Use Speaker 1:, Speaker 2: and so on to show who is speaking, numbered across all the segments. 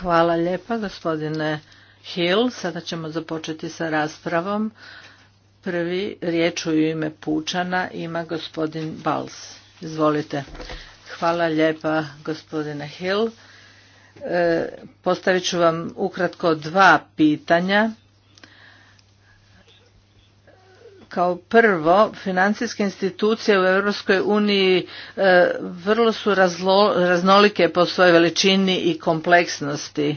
Speaker 1: Hvala lijepa gospodine Hill. Sada ćemo započeti sa raspravom. Prvi riječ u ime Pučana ima gospodin Bals. Izvolite. Hvala lijepa gospodine Hill. E, postavit ću vam ukratko dva pitanja. Kao prvo, financijske institucije u Europskoj uniji e, vrlo su raznolike po svojoj veličini i kompleksnosti. E,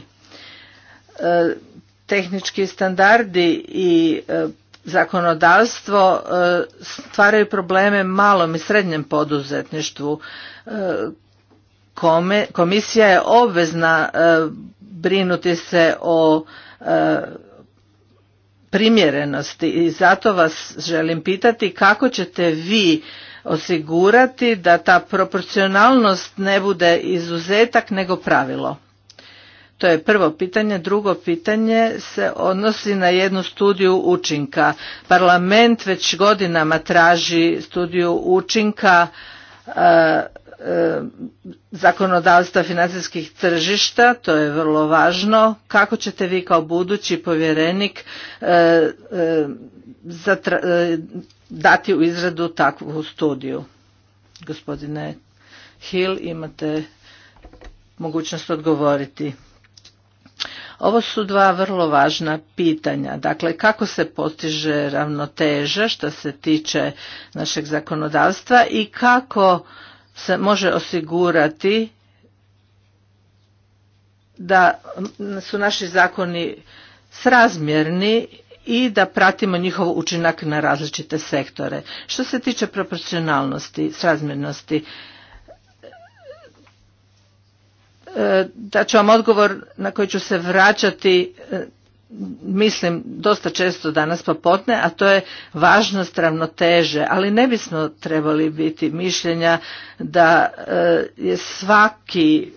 Speaker 1: tehnički standardi i e, zakonodavstvo stvaraju probleme malom i srednjem poduzetništvu. Komisija je obvezna brinuti se o primjerenosti i zato vas želim pitati kako ćete vi osigurati da ta proporcionalnost ne bude izuzetak nego pravilo. To je prvo pitanje. Drugo pitanje se odnosi na jednu studiju učinka. Parlament već godinama traži studiju učinka e, E, zakonodavstva financijskih tržišta, to je vrlo važno. Kako ćete vi kao budući povjerenik e, e, dati u izradu takvu studiju? Gospodine Hill, imate mogućnost odgovoriti. Ovo su dva vrlo važna pitanja. Dakle, kako se postiže ravnoteža što se tiče našeg zakonodavstva i kako se može osigurati da su naši zakoni srazmjerni i da pratimo njihov učinak na različite sektore. Što se tiče proporcionalnosti, srazmjernosti, e, da ću vam odgovor na koji ću se vraćati e, mislim dosta često danas popotne, a to je važnost ravnoteže, ali ne bismo trebali biti mišljenja da e, je svaki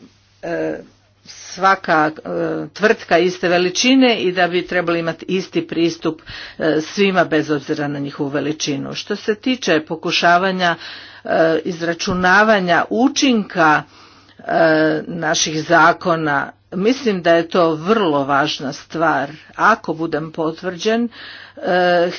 Speaker 1: e, svaka e, tvrtka iste veličine i da bi trebali imati isti pristup svima bez obzira na njihovu veličinu. Što se tiče pokušavanja izračunavanja učinka naših zakona Mislim da je to vrlo važna stvar. Ako budem potvrđen, e,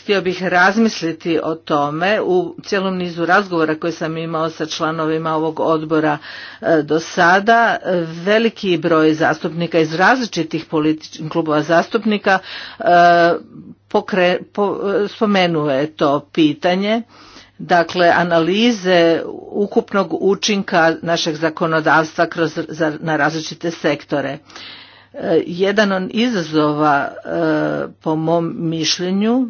Speaker 1: htio bih razmisliti o tome u cijelom nizu razgovora koje sam imao sa članovima ovog odbora e, do sada. Veliki broj zastupnika iz različitih klubova zastupnika e, spomenuje to pitanje dakle analize ukupnog učinka našeg zakonodavstva kroz, na različite sektore. E, jedan od izazova e, po mom mišljenju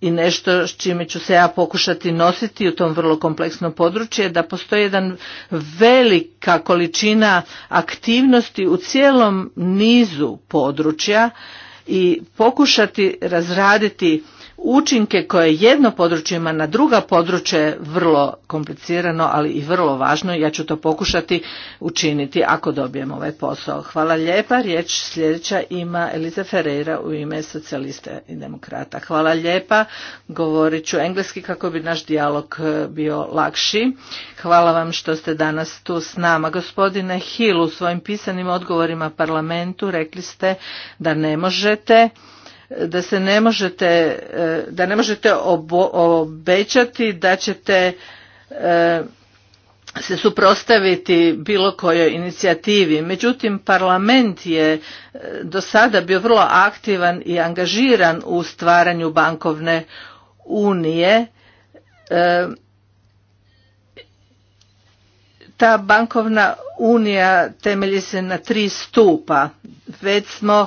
Speaker 1: i nešto s čime ću se ja pokušati nositi u tom vrlo kompleksnom području je da postoji jedan velika količina aktivnosti u cijelom nizu područja i pokušati razraditi učinke koje jedno područje ima na druga područje je vrlo komplicirano, ali i vrlo važno. Ja ću to pokušati učiniti ako dobijem ovaj posao. Hvala lijepa. Riječ sljedeća ima Eliza Ferreira u ime socijalista i demokrata. Hvala lijepa. Govorit ću engleski kako bi naš dijalog e, bio lakši. Hvala vam što ste danas tu s nama. Gospodine Hill, u svojim pisanim odgovorima parlamentu rekli ste da ne možete da se ne možete, e, da ne možete obećati da ćete e, se suprotstaviti bilo kojoj inicijativi. Međutim, parlament je e, do sada bio vrlo aktivan i angažiran u stvaranju bankovne unije. Ta bankovna unija temelji se na tri stupa. Već smo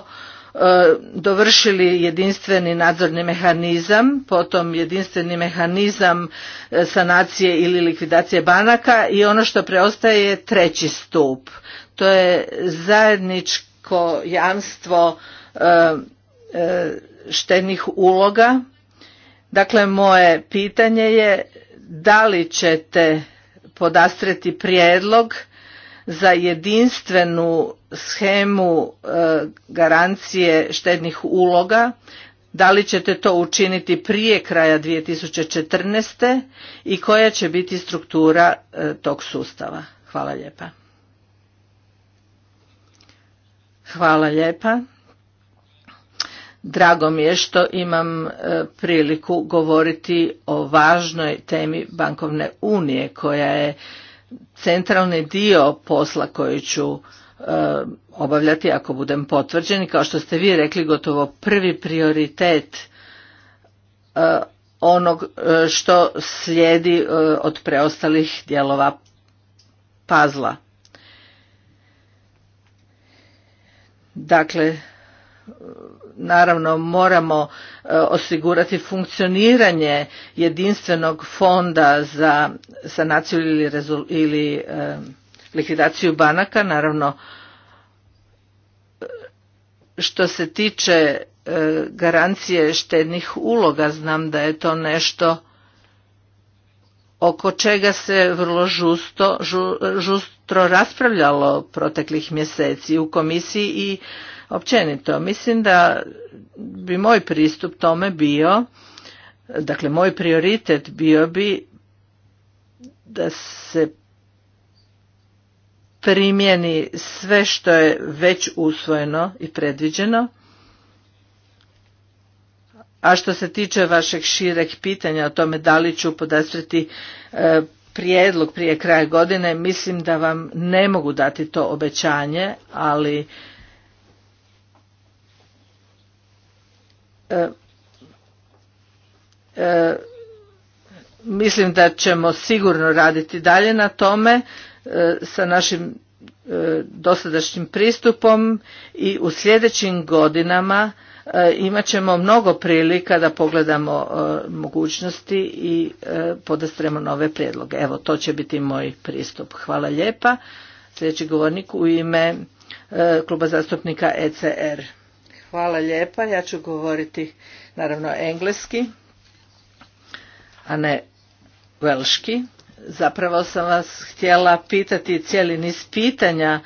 Speaker 1: E, dovršili jedinstveni nadzorni mehanizam, potom jedinstveni mehanizam e, sanacije ili likvidacije banaka i ono što preostaje je treći stup. To je zajedničko jamstvo e, štenih uloga. Dakle, moje pitanje je da li ćete podastreti prijedlog za jedinstvenu schemu e, garancije štednih uloga da li ćete to učiniti prije kraja 2014. i koja će biti struktura e, tog sustava? Hvala lijepa. Hvala lijepa. Drago mi je što imam e, priliku govoriti o važnoj temi bankovne unije koja je centralni dio posla koji ću E, obavljati ako budem potvrđen. Kao što ste vi rekli, gotovo prvi prioritet e, onog e, što slijedi od preostalih dijelova pazla. Dakle, naravno moramo osigurati funkcioniranje jedinstvenog fonda za sanaciju ili likvidaciju banaka, naravno što se tiče e, garancije štednih uloga, znam da je to nešto oko čega se vrlo žusto, žustro raspravljalo proteklih mjeseci u komisiji i općenito. Mislim da bi moj pristup tome bio, dakle moj prioritet bio bi da se primjeni sve što je već usvojeno i predviđeno. A što se tiče vašeg šireg pitanja o tome da li ću podastreti e, prijedlog prije kraja godine, mislim da vam ne mogu dati to obećanje, ali e, e, mislim da ćemo sigurno raditi dalje na tome. E, sa našim e, dosadašnjim pristupom i u sljedećim godinama e, imat ćemo mnogo prilika da pogledamo mogućnosti i podastremo nove prijedloge. Evo, to će biti moj pristup. Hvala lijepa. Sljedeći govornik u ime kluba zastupnika ECR. Hvala lijepa. Ja ću govoriti naravno engleski, a ne velški zapravo sam vas htjela pitati cijeli niz pitanja,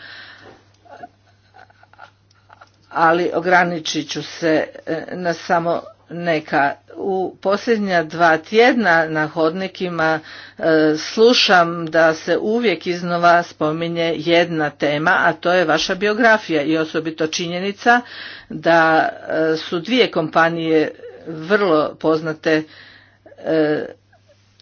Speaker 1: ali ograničit ću se e, na samo neka. U posljednja dva tjedna na hodnikima e, slušam da se uvijek iznova spominje jedna tema, a to je vaša biografija i osobito činjenica da e, su dvije kompanije vrlo poznate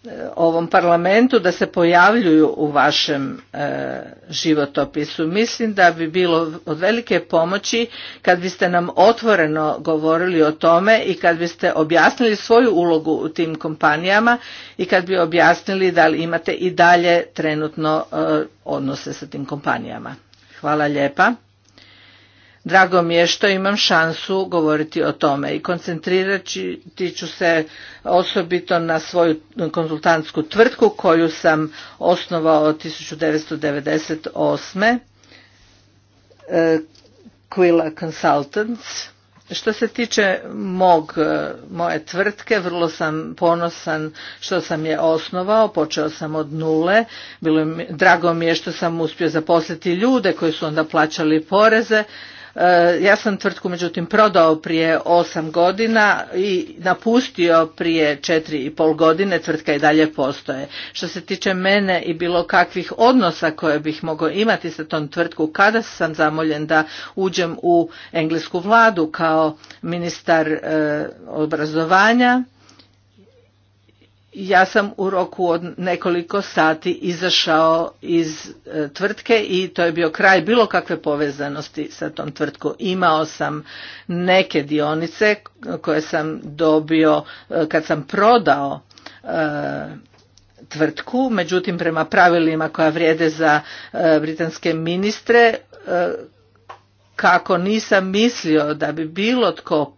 Speaker 1: E, ovom parlamentu da se pojavljuju u vašem e, životopisu mislim da bi bilo od velike pomoći kad biste nam otvoreno govorili o tome i kad biste objasnili svoju ulogu u tim kompanijama i kad bi objasnili da li imate i dalje trenutno e, odnose sa tim kompanijama hvala lijepa Drago mi je što imam šansu govoriti o tome i koncentrirati ću se osobito na svoju konzultantsku tvrtku koju sam osnovao od 1998. E, Quilla Consultants. Što se tiče mog, e, moje tvrtke, vrlo sam ponosan što sam je osnovao, počeo sam od nule, Bilo mi, drago mi je što sam uspio zaposliti ljude koji su onda plaćali poreze, E, ja sam tvrtku međutim prodao prije osam godina i napustio prije četiri i pol godine, tvrtka i dalje postoje. Što se tiče mene i bilo kakvih odnosa koje bih mogao imati sa tom tvrtku, kada sam zamoljen da uđem u englesku vladu kao ministar e, obrazovanja, ja sam u roku od nekoliko sati izašao iz e, tvrtke i to je bio kraj bilo kakve povezanosti sa tom tvrtkom. Imao sam neke dionice koje sam dobio e, kad sam prodao e, tvrtku, međutim prema pravilima koja vrijede za britanske ministre kako nisam mislio da bi bilo tko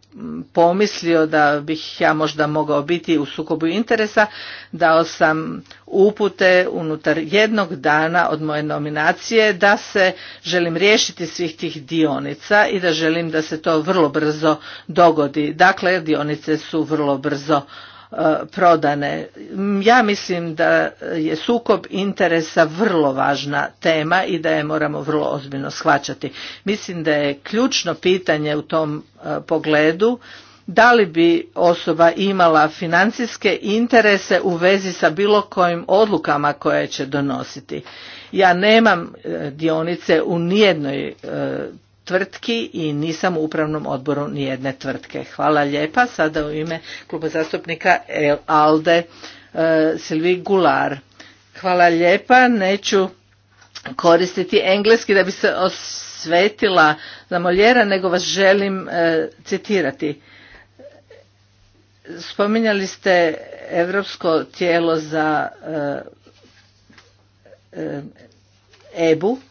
Speaker 1: pomislio da bih ja možda mogao biti u sukobu interesa, dao sam upute unutar jednog dana od moje nominacije da se želim riješiti svih tih dionica i da želim da se to vrlo brzo dogodi. Dakle, dionice su vrlo brzo E, prodane. Ja mislim da je sukob interesa vrlo važna tema i da je moramo vrlo ozbiljno shvaćati. Mislim da je ključno pitanje u tom e, pogledu da li bi osoba imala financijske interese u vezi sa bilo kojim odlukama koje će donositi. Ja nemam e, dionice u nijednoj tvrtki i nisam u upravnom odboru nijedne tvrtke. Hvala lijepa. Sada u ime kluba zastupnika ALDE e, Silvi Gular. Hvala lijepa. Neću koristiti engleski da bi se osvetila za Moljera, nego vas želim e, citirati. Spominjali ste Europsko tijelo za EBU e,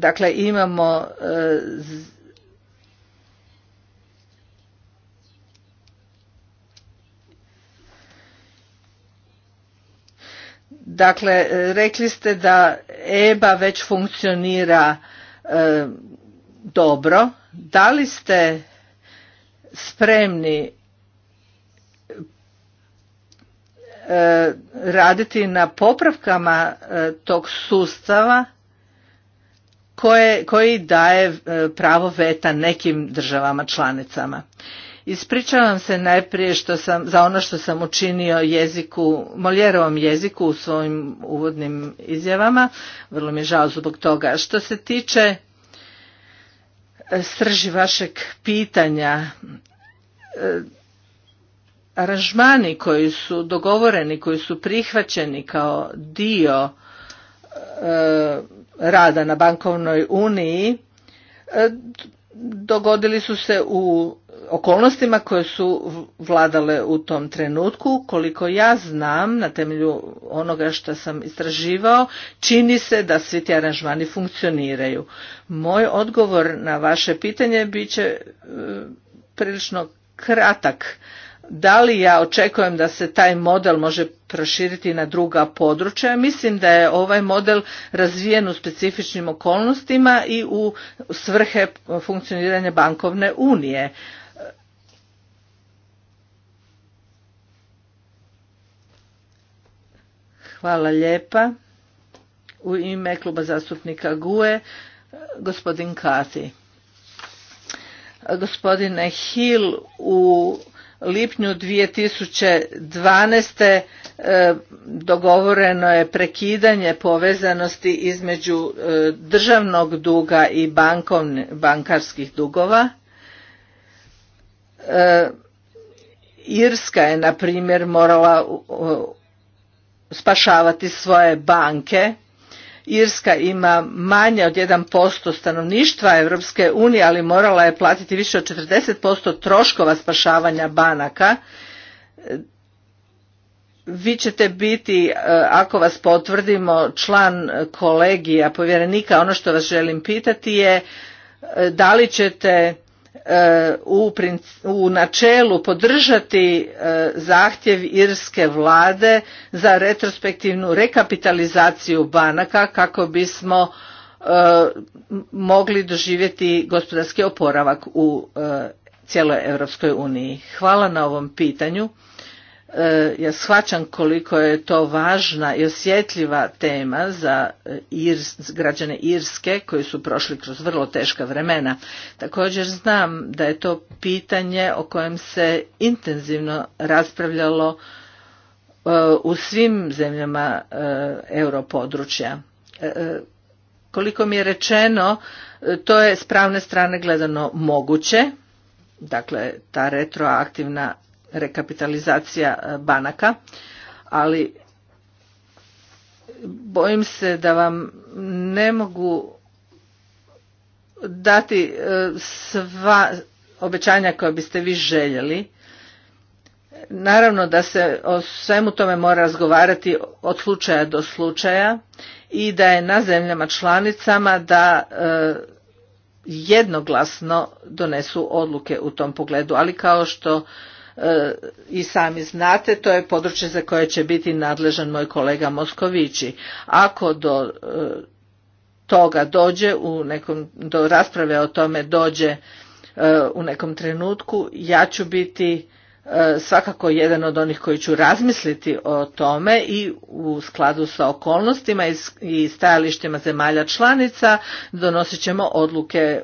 Speaker 1: Dakle, imamo e, Dakle, e, rekli ste da EBA već funkcionira e, dobro. Da li ste spremni raditi na popravkama tog sustava? koje, koji daje e, pravo veta nekim državama članicama. Ispričavam se najprije što sam, za ono što sam učinio jeziku, Moljerovom jeziku u svojim uvodnim izjavama. Vrlo mi je žao zbog toga. Što se tiče e, srži vašeg pitanja, e, aranžmani koji su dogovoreni, koji su prihvaćeni kao dio rada na bankovnoj uniji e, dogodili su se u okolnostima koje su vladale u tom trenutku. Koliko ja znam, na temelju onoga što sam istraživao, čini se da svi ti aranžmani funkcioniraju. Moj odgovor na vaše pitanje biće e, prilično kratak da li ja očekujem da se taj model može proširiti na druga područja. Mislim da je ovaj model razvijen u specifičnim okolnostima i u svrhe funkcioniranja bankovne unije. Hvala lijepa. U ime kluba zastupnika GUE, gospodin Kati. Gospodine Hill, u lipnju 2012. E, dogovoreno je prekidanje povezanosti između e, državnog duga i bankarskih dugova. E, Irska je, na primjer, morala spašavati svoje banke Irska ima manje od 1% stanovništva Europske unije, ali morala je platiti više od 40% troškova spašavanja banaka. Vi ćete biti, e, ako vas potvrdimo, član kolegija povjerenika. Ono što vas želim pitati je e, da li ćete E, u, načelu podržati e, zahtjev irske vlade za retrospektivnu rekapitalizaciju banaka kako bismo e, mogli doživjeti gospodarski oporavak u cijeloj Europskoj uniji. Hvala na ovom pitanju. E, ja shvaćam koliko je to važna i osjetljiva tema za e, građane Irske koji su prošli kroz vrlo teška vremena. Također znam da je to pitanje o kojem se intenzivno raspravljalo e, u svim zemljama europodručja. Koliko mi je rečeno, to je s pravne strane gledano moguće, dakle ta retroaktivna rekapitalizacija e, banaka, ali bojim se da vam ne mogu dati e, sva obećanja koja biste vi željeli. Naravno da se o svemu tome mora razgovarati od slučaja do slučaja i da je na zemljama članicama da e, jednoglasno donesu odluke u tom pogledu, ali kao što E, i sami znate, to je područje za koje će biti nadležan moj kolega Moskovići. Ako do e, toga dođe, u nekom, do rasprave o tome dođe e, u nekom trenutku, ja ću biti svakako jedan od onih koji ću razmisliti o tome i u skladu sa okolnostima i stajalištima zemalja članica donosit ćemo odluke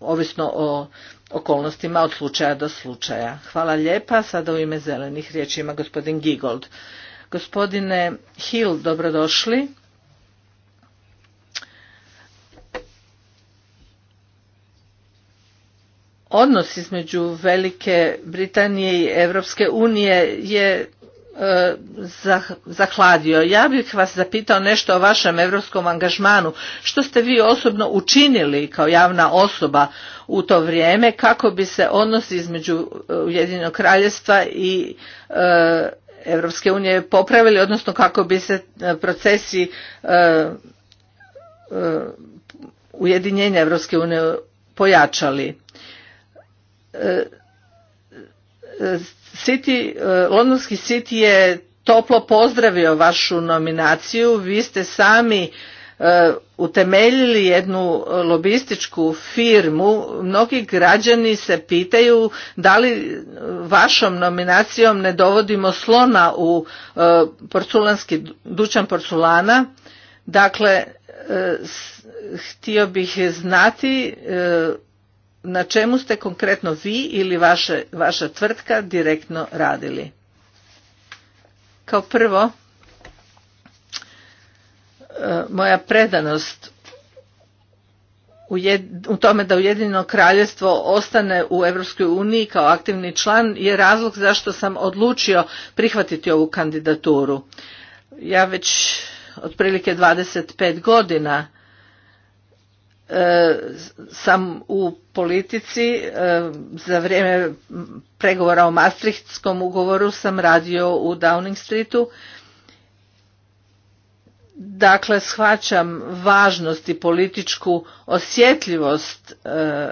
Speaker 1: ovisno o okolnostima od slučaja do slučaja. Hvala lijepa. Sada u ime zelenih riječi ima gospodin Gigold. Gospodine Hill, dobrodošli. Odnos između Velike Britanije i Europske unije je E, zahladio. Ja bih vas zapitao nešto o vašem europskom angažmanu. Što ste vi osobno učinili kao javna osoba u to vrijeme kako bi se odnosi između e, Ujedinjenog kraljestva i e, Evropske unije popravili, odnosno kako bi se procesi ujedinjenja Evropske unije pojačali City, eh, Londonski City je toplo pozdravio vašu nominaciju. Vi ste sami eh, utemeljili jednu lobističku firmu, mnogi građani se pitaju da li vašom nominacijom ne dovodimo slona u eh, porculanski, dućan porculana. Dakle, htio bih znati na čemu ste konkretno vi ili vaše, vaša tvrtka direktno radili? Kao prvo, e, moja predanost u tome da Ujedinjeno kraljevstvo ostane u Europskoj uniji kao aktivni član je razlog zašto sam odlučio prihvatiti ovu kandidaturu. Ja već otprilike 25 godina E, sam u politici e, za vrijeme pregovora o Maastrichtskom ugovoru sam radio u Downing Streetu dakle shvaćam važnost i političku osjetljivost e,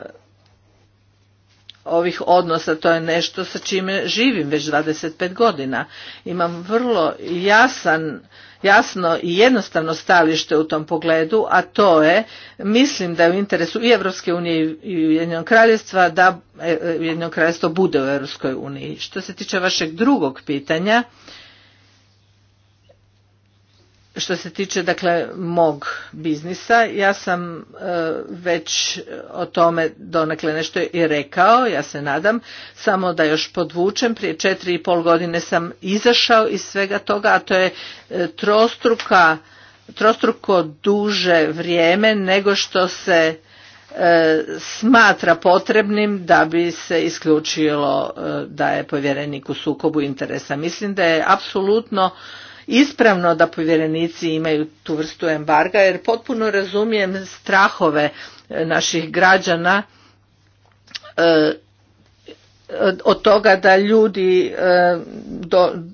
Speaker 1: ovih odnosa to je nešto sa čime živim već 25 godina imam vrlo jasan jasno i jednostavno stalište u tom pogledu, a to je, mislim da je u interesu i Europske unije i Ujedinjenog kraljestva da e, e, Ujedinjeno kraljevstvo bude u Europskoj uniji. Što se tiče vašeg drugog pitanja, što se tiče dakle mog biznisa ja sam e, već o tome donekle nešto i rekao ja se nadam samo da još podvučem prije četiri i pol godine sam izašao iz svega toga a to je e, trostruka trostruko duže vrijeme nego što se e, smatra potrebnim da bi se isključilo da je povjerenik u sukobu interesa mislim da je apsolutno ispravno da povjerenici imaju tu vrstu embarga jer potpuno razumijem strahove e, naših građana e, od toga da ljudi e,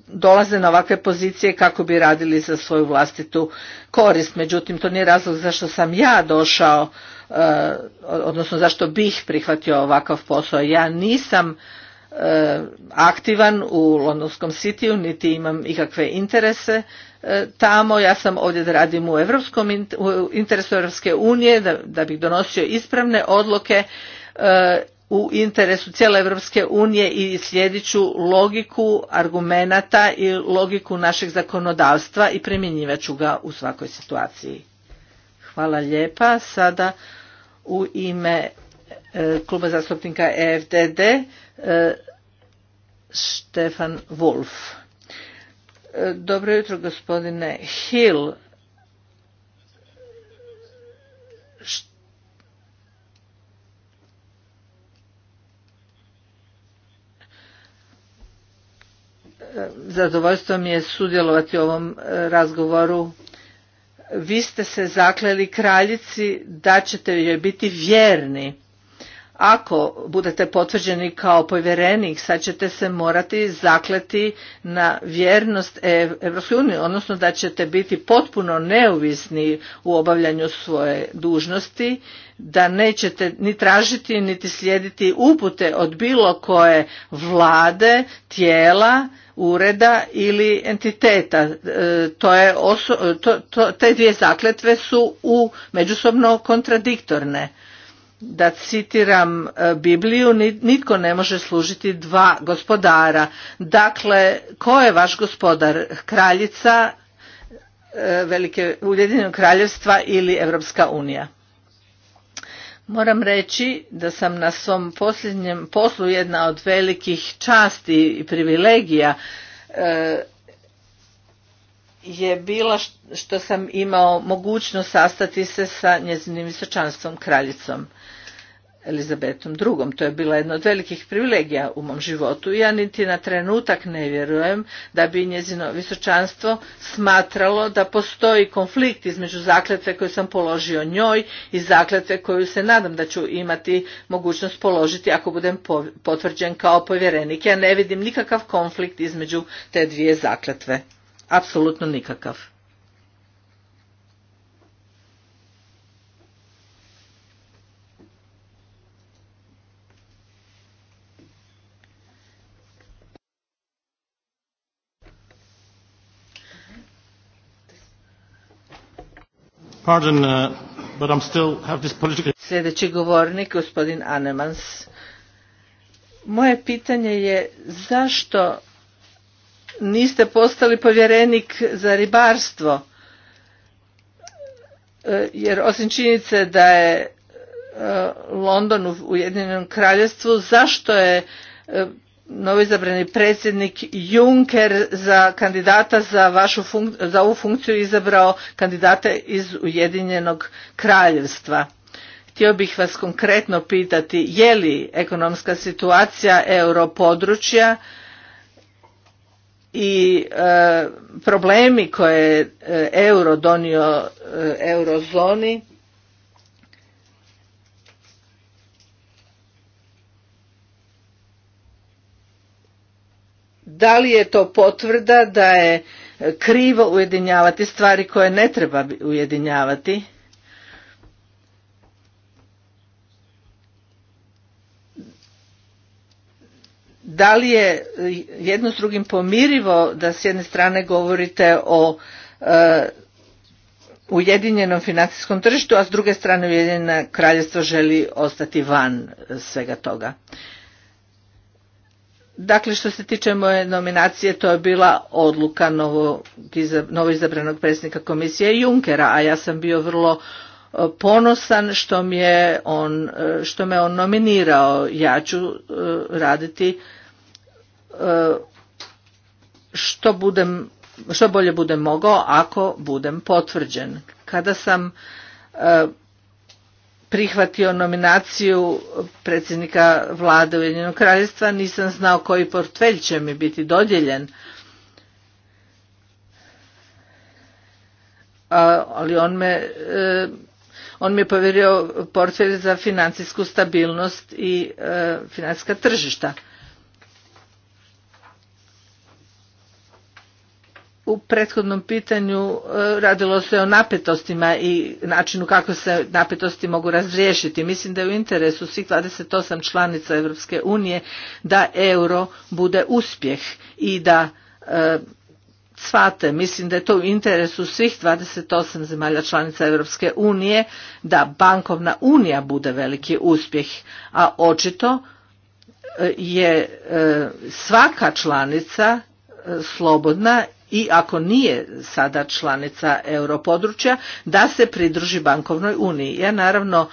Speaker 1: dolaze na ovakve pozicije kako bi radili za svoju vlastitu korist. Međutim, to nije razlog zašto sam ja došao, odnosno zašto bih prihvatio ovakav posao. Ja nisam aktivan u Londonskom sitiju, niti imam ikakve interese e, tamo. Ja sam ovdje da radim u, interesu Europske unije, da, bih donosio ispravne odluke e, u interesu cijele Europske unije i slijedit logiku argumenata i logiku našeg zakonodavstva i primjenjivat ću ga u svakoj situaciji. Hvala lijepa. Sada u ime kluba zastupnika EFDD Stefan e, Wolf. E, dobro jutro gospodine Hill. Zadovoljstvo mi je sudjelovati u ovom e, razgovoru. Vi ste se zakleli kraljici da ćete joj biti vjerni ako budete potvrđeni kao povjerenik, sad ćete se morati zakleti na vjernost EU odnosno da ćete biti potpuno neovisni u obavljanju svoje dužnosti, da nećete ni tražiti niti slijediti upute od bilo koje vlade, tijela, ureda ili entiteta. E, to je to, te dvije zakletve su u međusobno kontradiktorne da citiram e, Bibliju, nitko ne može služiti dva gospodara. Dakle, ko je vaš gospodar? Kraljica e, Velike Ujedinjenog kraljevstva ili Evropska unija? Moram reći da sam na svom posljednjem poslu jedna od velikih časti i privilegija e, je bila što sam imao mogućnost sastati se sa njezinim visočanstvom kraljicom Elizabetom II. To je bila jedna od velikih privilegija u mom životu. Ja niti na trenutak ne vjerujem da bi njezino visočanstvo smatralo da postoji konflikt između zakletve koju sam položio njoj i zakletve koju se nadam da ću imati mogućnost položiti ako budem potvrđen kao povjerenik. Ja ne vidim nikakav konflikt između te dvije zakletve apsolutno nikakav.
Speaker 2: Pardon, uh,
Speaker 1: but I'm still have this political... Sljedeći govornik, gospodin Anemans. Moje pitanje je zašto niste postali povjerenik za ribarstvo e, jer osim činjenice da je e, London u Ujedinjenom kraljevstvu zašto je e, novoizabrani predsjednik Juncker za kandidata za, vašu za ovu funkciju izabrao kandidate iz Ujedinjenog kraljevstva. Htio bih vas konkretno pitati je li ekonomska situacija europodručja područja i e, problemi koje je e, euro donio e, eurozoni da li je to potvrda da je krivo ujedinjavati stvari koje ne treba ujedinjavati da li je e, jedno s drugim pomirivo da s jedne strane govorite o e, ujedinjenom financijskom tržištu, a s druge strane Ujedinjena kraljestvo želi ostati van e, svega toga. Dakle, što se tiče moje nominacije, to je bila odluka novo predsjednika komisije Junkera, a ja sam bio vrlo ponosan što, mi je on, što me on nominirao. Ja ću e, raditi e, što, budem, što bolje budem mogao ako budem potvrđen. Kada sam e, prihvatio nominaciju predsjednika vlade Ujedinjenog kraljestva, nisam znao koji portfelj će mi biti dodijeljen. ali on me on mi je povjerio portfelj za financijsku stabilnost i e, financijska tržišta u prethodnom pitanju e, radilo se o napetostima i načinu kako se napetosti mogu razriješiti. Mislim da je u interesu svih 28 članica Europske unije da euro bude uspjeh i da e, shvate. Mislim da je to u interesu svih 28 zemalja članica Europske unije da bankovna unija bude veliki uspjeh, a očito e, je e, svaka članica e, slobodna i ako nije sada članica europodručja da se pridruži bankovnoj uniji. Ja naravno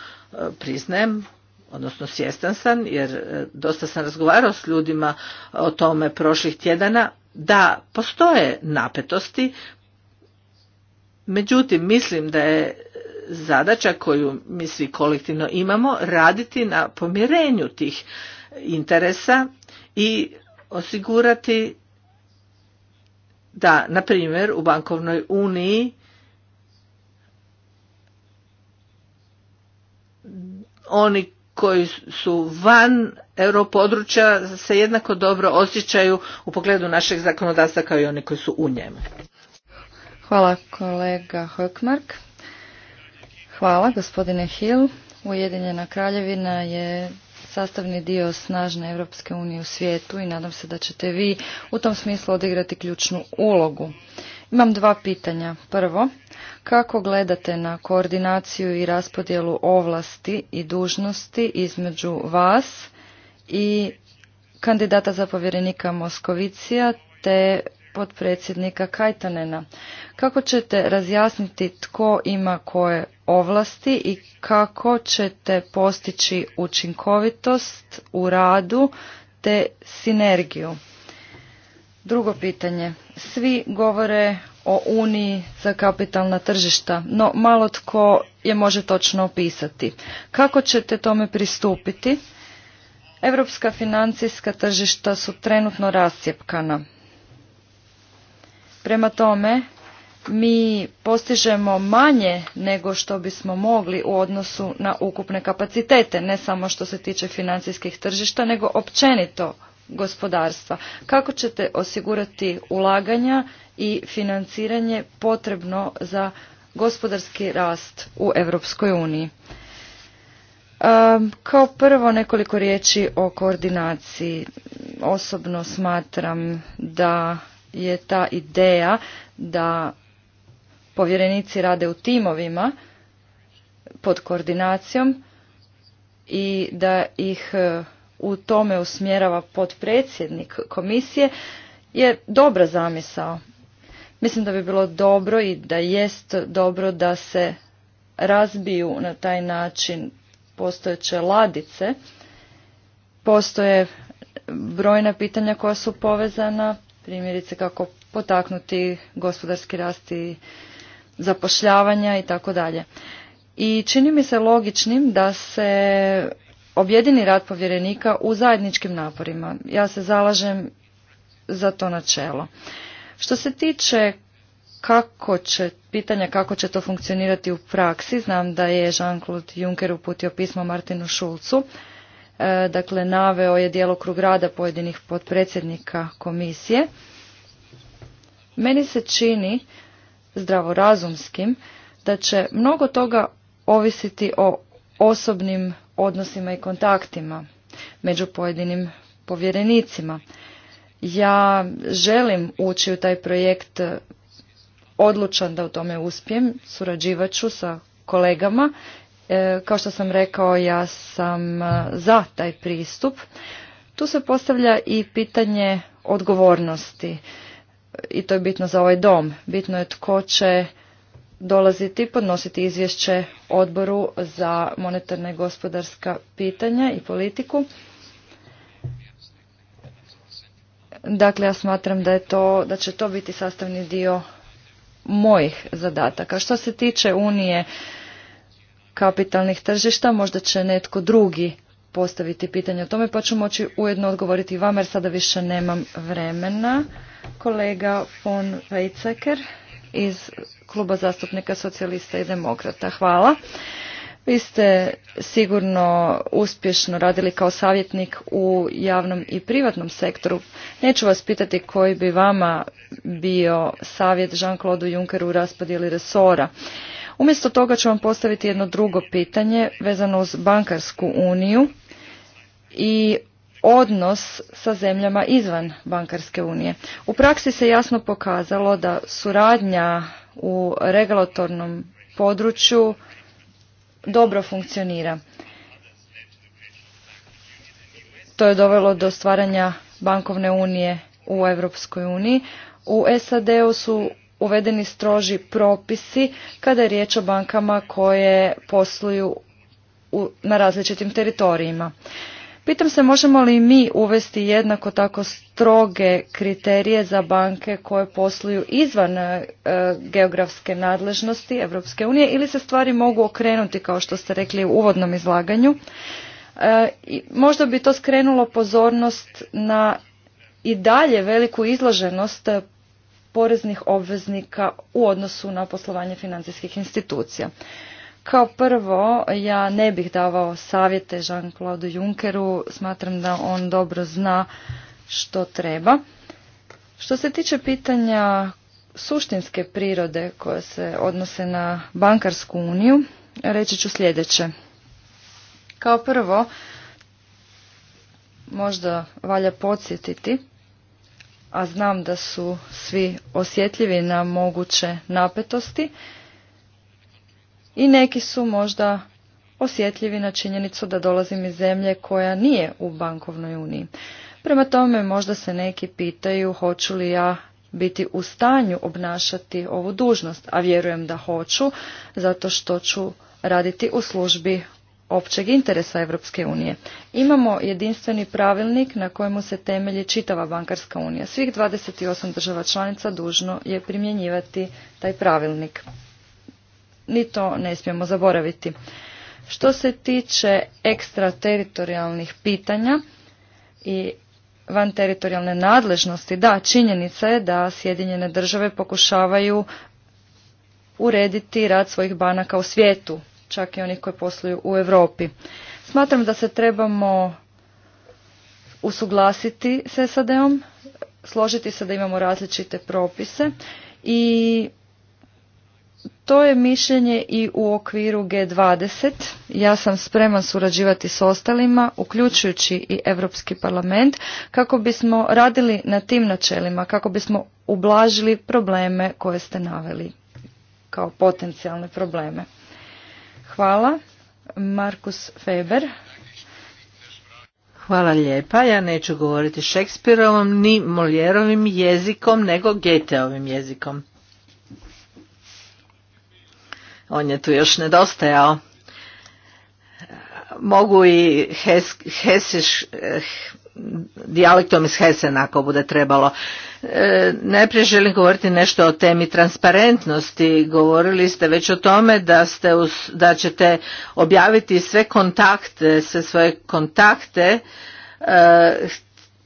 Speaker 1: priznajem odnosno svjestan sam jer dosta sam razgovarao s ljudima o tome prošlih tjedana da postoje napetosti, međutim mislim da je zadaća koju mi svi kolektivno imamo raditi na pomirenju tih interesa i osigurati da, na primjer, u bankovnoj uniji oni koji su van europodručja se jednako dobro osjećaju u pogledu našeg zakonodavstva kao i oni koji su u njemu.
Speaker 3: Hvala kolega Hökmark. Hvala gospodine Hill. Ujedinjena kraljevina je sastavni dio snažne Europske unije u svijetu i nadam se da ćete vi u tom smislu odigrati ključnu ulogu. Imam dva pitanja. Prvo, kako gledate na koordinaciju i raspodjelu ovlasti i dužnosti između vas i kandidata za povjerenika Moskovicija te potpredsjednika Kajtanena. Kako ćete razjasniti tko ima koje ovlasti i kako ćete postići učinkovitost u radu te sinergiju? Drugo pitanje. Svi govore o Uniji za kapitalna tržišta, no malo tko je može točno opisati. Kako ćete tome pristupiti? Europska financijska tržišta su trenutno rasjepkana. Prema tome, mi postižemo manje nego što bismo mogli u odnosu na ukupne kapacitete, ne samo što se tiče financijskih tržišta, nego općenito gospodarstva. Kako ćete osigurati ulaganja i financiranje potrebno za gospodarski rast u Europskoj uniji? Kao prvo nekoliko riječi o koordinaciji. Osobno smatram da je ta ideja da povjerenici rade u timovima pod koordinacijom i da ih e, u tome usmjerava potpredsjednik komisije je dobra zamisao. Mislim da bi bilo dobro i da jest dobro da se razbiju na taj način postojeće ladice. Postoje brojna pitanja koja su povezana, primjerice kako potaknuti gospodarski rast i zapošljavanja i tako dalje. I čini mi se logičnim da se objedini rad povjerenika u zajedničkim naporima. Ja se zalažem za to načelo. Što se tiče kako će, pitanja kako će to funkcionirati u praksi. Znam da je Jean-Claude Juncker uputio pismo Martinu Šulcu. E, dakle, naveo je djelokrug rada pojedinih potpredsjednika komisije. Meni se čini zdravorazumskim da će mnogo toga ovisiti o osobnim odnosima i kontaktima među pojedinim povjerenicima. Ja želim ući u taj projekt odlučan da u tome uspijem, surađivat ću sa kolegama. E, kao što sam rekao, ja sam e, za taj pristup. Tu se postavlja i pitanje odgovornosti i to je bitno za ovaj dom. Bitno je tko će dolaziti, podnositi izvješće odboru za monetarna i gospodarska pitanja i politiku. Dakle, ja smatram da, je to, da će to biti sastavni dio mojih zadataka. Što se tiče Unije kapitalnih tržišta, možda će netko drugi postaviti pitanje o tome, pa ću moći ujedno odgovoriti vama, jer sada više nemam vremena. Kolega von Weizsäcker iz Kluba zastupnika socijalista i demokrata. Hvala. Vi ste sigurno uspješno radili kao savjetnik u javnom i privatnom sektoru. Neću vas pitati koji bi vama bio savjet Jean-Claude Junckeru u raspodjeli resora. Umjesto toga ću vam postaviti jedno drugo pitanje vezano uz bankarsku uniju i odnos sa zemljama izvan bankarske unije. U praksi se jasno pokazalo da suradnja u regulatornom području dobro funkcionira. To je dovelo do stvaranja bankovne unije u Europskoj uniji. U SAD-u su uvedeni stroži propisi kada je riječ o bankama koje posluju na različitim teritorijima. Pitam se možemo li mi uvesti jednako tako stroge kriterije za banke koje posluju izvan e, geografske nadležnosti Europske unije ili se stvari mogu okrenuti kao što ste rekli u uvodnom izlaganju. E, možda bi to skrenulo pozornost na i dalje veliku izloženost poreznih obveznika u odnosu na poslovanje financijskih institucija. Kao prvo, ja ne bih davao savjete Jean-Claude Junckeru, smatram da on dobro zna što treba. Što se tiče pitanja suštinske prirode koje se odnose na bankarsku uniju, reći ću sljedeće. Kao prvo, možda valja podsjetiti, a znam da su svi osjetljivi na moguće napetosti, i neki su možda osjetljivi na činjenicu da dolazim iz zemlje koja nije u bankovnoj uniji. Prema tome možda se neki pitaju hoću li ja biti u stanju obnašati ovu dužnost, a vjerujem da hoću, zato što ću raditi u službi općeg interesa Europske unije. Imamo jedinstveni pravilnik na kojemu se temelji čitava bankarska unija. Svih 28 država članica dužno je primjenjivati taj pravilnik ni to ne smijemo zaboraviti. Što se tiče ekstrateritorijalnih pitanja i van teritorijalne nadležnosti, da, činjenica je da Sjedinjene države pokušavaju urediti rad svojih banaka u svijetu, čak i onih koji posluju u Europi. Smatram da se trebamo usuglasiti s SAD-om, složiti se da imamo različite propise i to je mišljenje i u okviru G20. Ja sam spreman surađivati s ostalima, uključujući i Europski parlament, kako bismo radili na tim načelima, kako bismo ublažili probleme koje ste naveli kao potencijalne probleme. Hvala.
Speaker 1: Markus Feber. Hvala lijepa. Ja neću govoriti Šekspirovom ni Moljerovim jezikom, nego Geteovim jezikom on je tu još nedostajao. Mogu i hes, hesiš, eh, dijalektom iz Hesena ako bude trebalo. E, najprije želim govoriti nešto o temi transparentnosti. Govorili ste već o tome da, ste us, da ćete objaviti sve kontakte, sve svoje kontakte. E,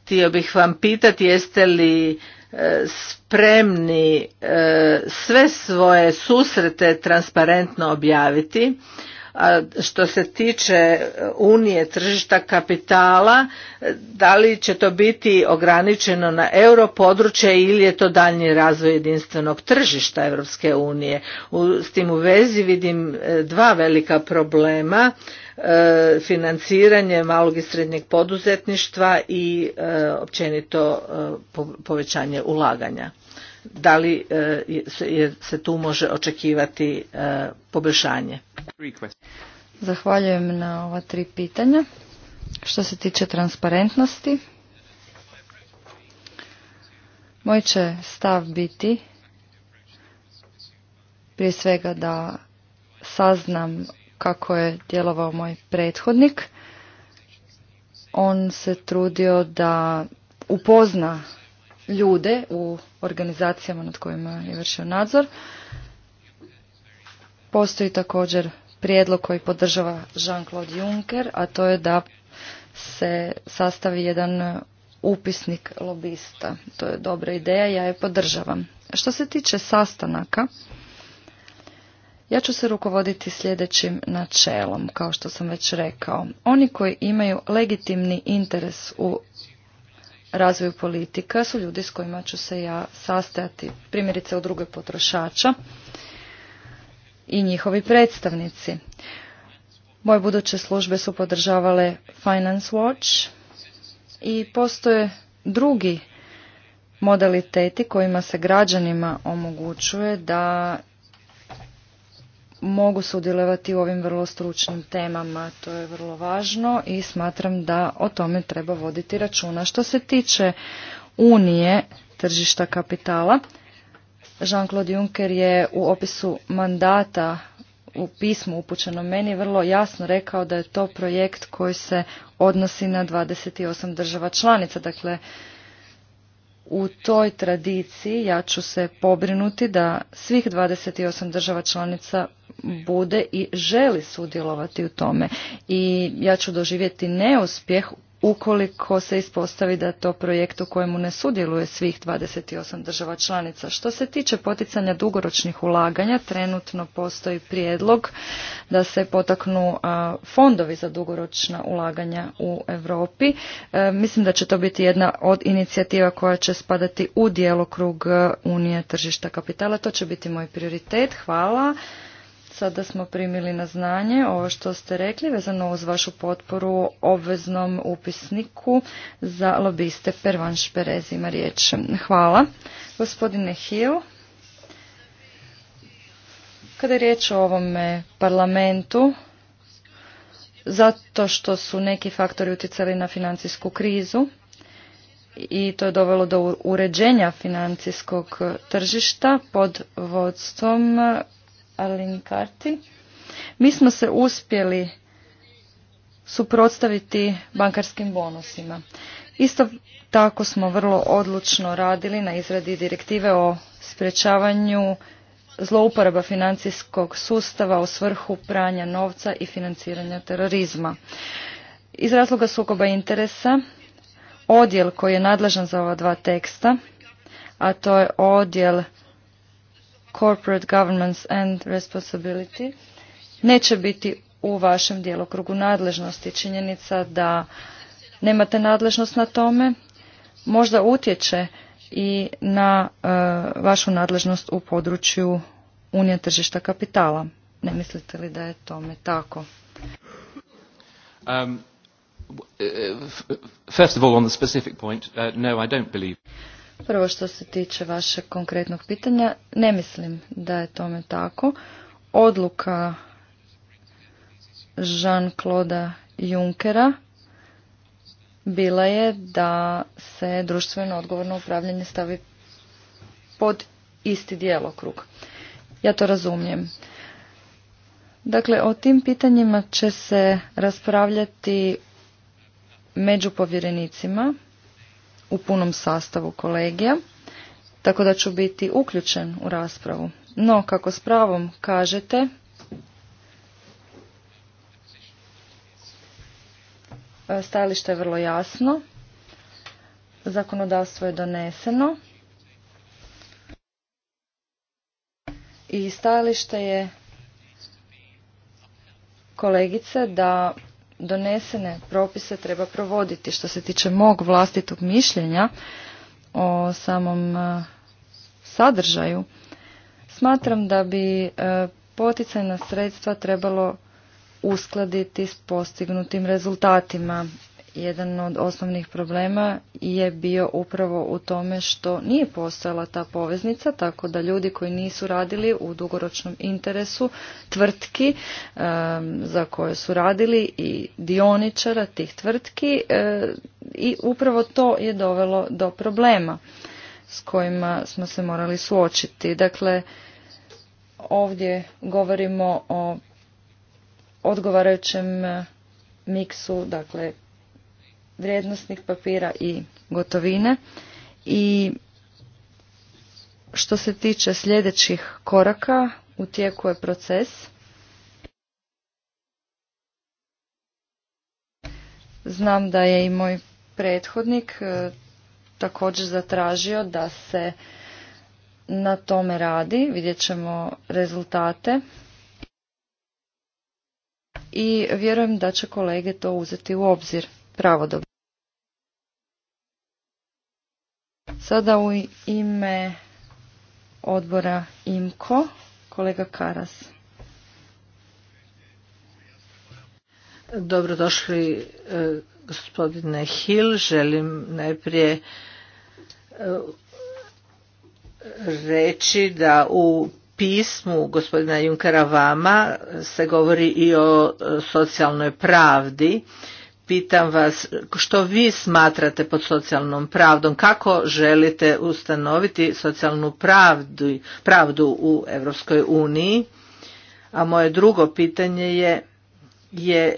Speaker 1: htio bih vam pitati jeste li E, spremni e, sve svoje susrete transparentno objaviti. što se tiče unije tržišta kapitala, e, da li će to biti ograničeno na euro područje ili je to daljnji razvoj jedinstvenog tržišta Europske unije. S tim u vezi vidim dva velika problema. E, financiranje malog i srednjeg poduzetništva i e, općenito e, povećanje ulaganja. Da li se tu može očekivati poboljšanje?
Speaker 3: Zahvaljujem na ova tri pitanja. Što se tiče transparentnosti, moj će stav biti prije svega da saznam kako je djelovao moj prethodnik. On se trudio da upozna ljude u organizacijama nad kojima je vršio nadzor. Postoji također prijedlog koji podržava Jean-Claude Juncker, a to je da se sastavi jedan upisnik lobista. To je dobra ideja, ja je podržavam. Što se tiče sastanaka, ja ću se rukovoditi sljedećim načelom, kao što sam već rekao. Oni koji imaju legitimni interes u razvoju politika su ljudi s kojima ću se ja sastajati, primjerice od druge potrošača i njihovi predstavnici. Moje buduće službe su podržavale Finance Watch i postoje drugi modaliteti kojima se građanima omogućuje da mogu sudjelovati u ovim vrlo stručnim temama. To je vrlo važno i smatram da o tome treba voditi računa. Što se tiče Unije tržišta kapitala, Jean-Claude Juncker je u opisu mandata u pismu upućeno meni vrlo jasno rekao da je to projekt koji se odnosi na 28 država članica. Dakle, u toj tradiciji ja ću se pobrinuti da svih 28 država članica bude i želi sudjelovati u tome. I ja ću doživjeti neuspjeh ukoliko se ispostavi da to projekt u kojemu ne sudjeluje svih 28 država članica. Što se tiče poticanja dugoročnih ulaganja, trenutno postoji prijedlog da se potaknu fondovi za dugoročna ulaganja u Europi. E, mislim da će to biti jedna od inicijativa koja će spadati u djelokrug e, Unije tržišta kapitala. To će biti moj prioritet. Hvala. Sada smo primili na znanje ovo što ste rekli vezano uz vašu potporu obveznom upisniku za lobiste Pervan Šperez ima riječ. Hvala. Gospodine Hill, kada je riječ o ovome parlamentu, zato što su neki faktori utjecali na financijsku krizu i to je dovelo do uređenja financijskog tržišta pod vodstvom Arleni Karti. Mi smo se uspjeli suprotstaviti bankarskim bonusima. Isto tako smo vrlo odlučno radili na izradi direktive o sprječavanju zlouporaba financijskog sustava u svrhu pranja novca i financiranja terorizma. Iz razloga sukoba interesa odjel koji je nadležan za ova dva teksta, a to je odjel Corporate Governance and Responsibility neće biti u vašem djelokrugu nadležnosti. Činjenica da nemate nadležnost na tome možda utječe i na e, vašu nadležnost u području unije tržišta kapitala. Ne mislite li da je tome tako?
Speaker 2: Um, e, e, on the specific point, uh, no, I don't believe.
Speaker 3: Prvo što se tiče vašeg konkretnog pitanja, ne mislim da je tome tako. Odluka Jean-Claude Junckera bila je da se društveno odgovorno upravljanje stavi pod isti djelokrug. Ja to razumijem. Dakle, o tim pitanjima će se raspravljati među povjerenicima u punom sastavu kolegija, tako da ću biti uključen u raspravu. No, kako s pravom kažete, stajalište je vrlo jasno, zakonodavstvo je doneseno i stajalište je kolegice da donesene propise treba provoditi. Što se tiče mog vlastitog mišljenja o samom e, sadržaju, smatram da bi e, poticajna sredstva trebalo uskladiti s postignutim rezultatima jedan od osnovnih problema je bio upravo u tome što nije postojala ta poveznica, tako da ljudi koji nisu radili u dugoročnom interesu tvrtki za koje su radili i dioničara tih tvrtki e, i upravo to je dovelo do problema s kojima smo se morali suočiti. Dakle, ovdje govorimo o odgovarajućem miksu, dakle vrijednostnih papira i gotovine i što se tiče sljedećih koraka u tijeku je proces znam da je i moj prethodnik e, također zatražio da se na tome radi vidjet ćemo rezultate i vjerujem da će kolege to uzeti u obzir pravodobno. Sada u ime odbora IMKO, kolega Karas.
Speaker 1: Dobrodošli e, gospodine Hill. Želim najprije e, reći da u pismu gospodina Junkera Vama se govori i o e, socijalnoj pravdi pitam vas što vi smatrate pod socijalnom pravdom, kako želite ustanoviti socijalnu pravdu, pravdu u Europskoj uniji? A moje drugo pitanje je, je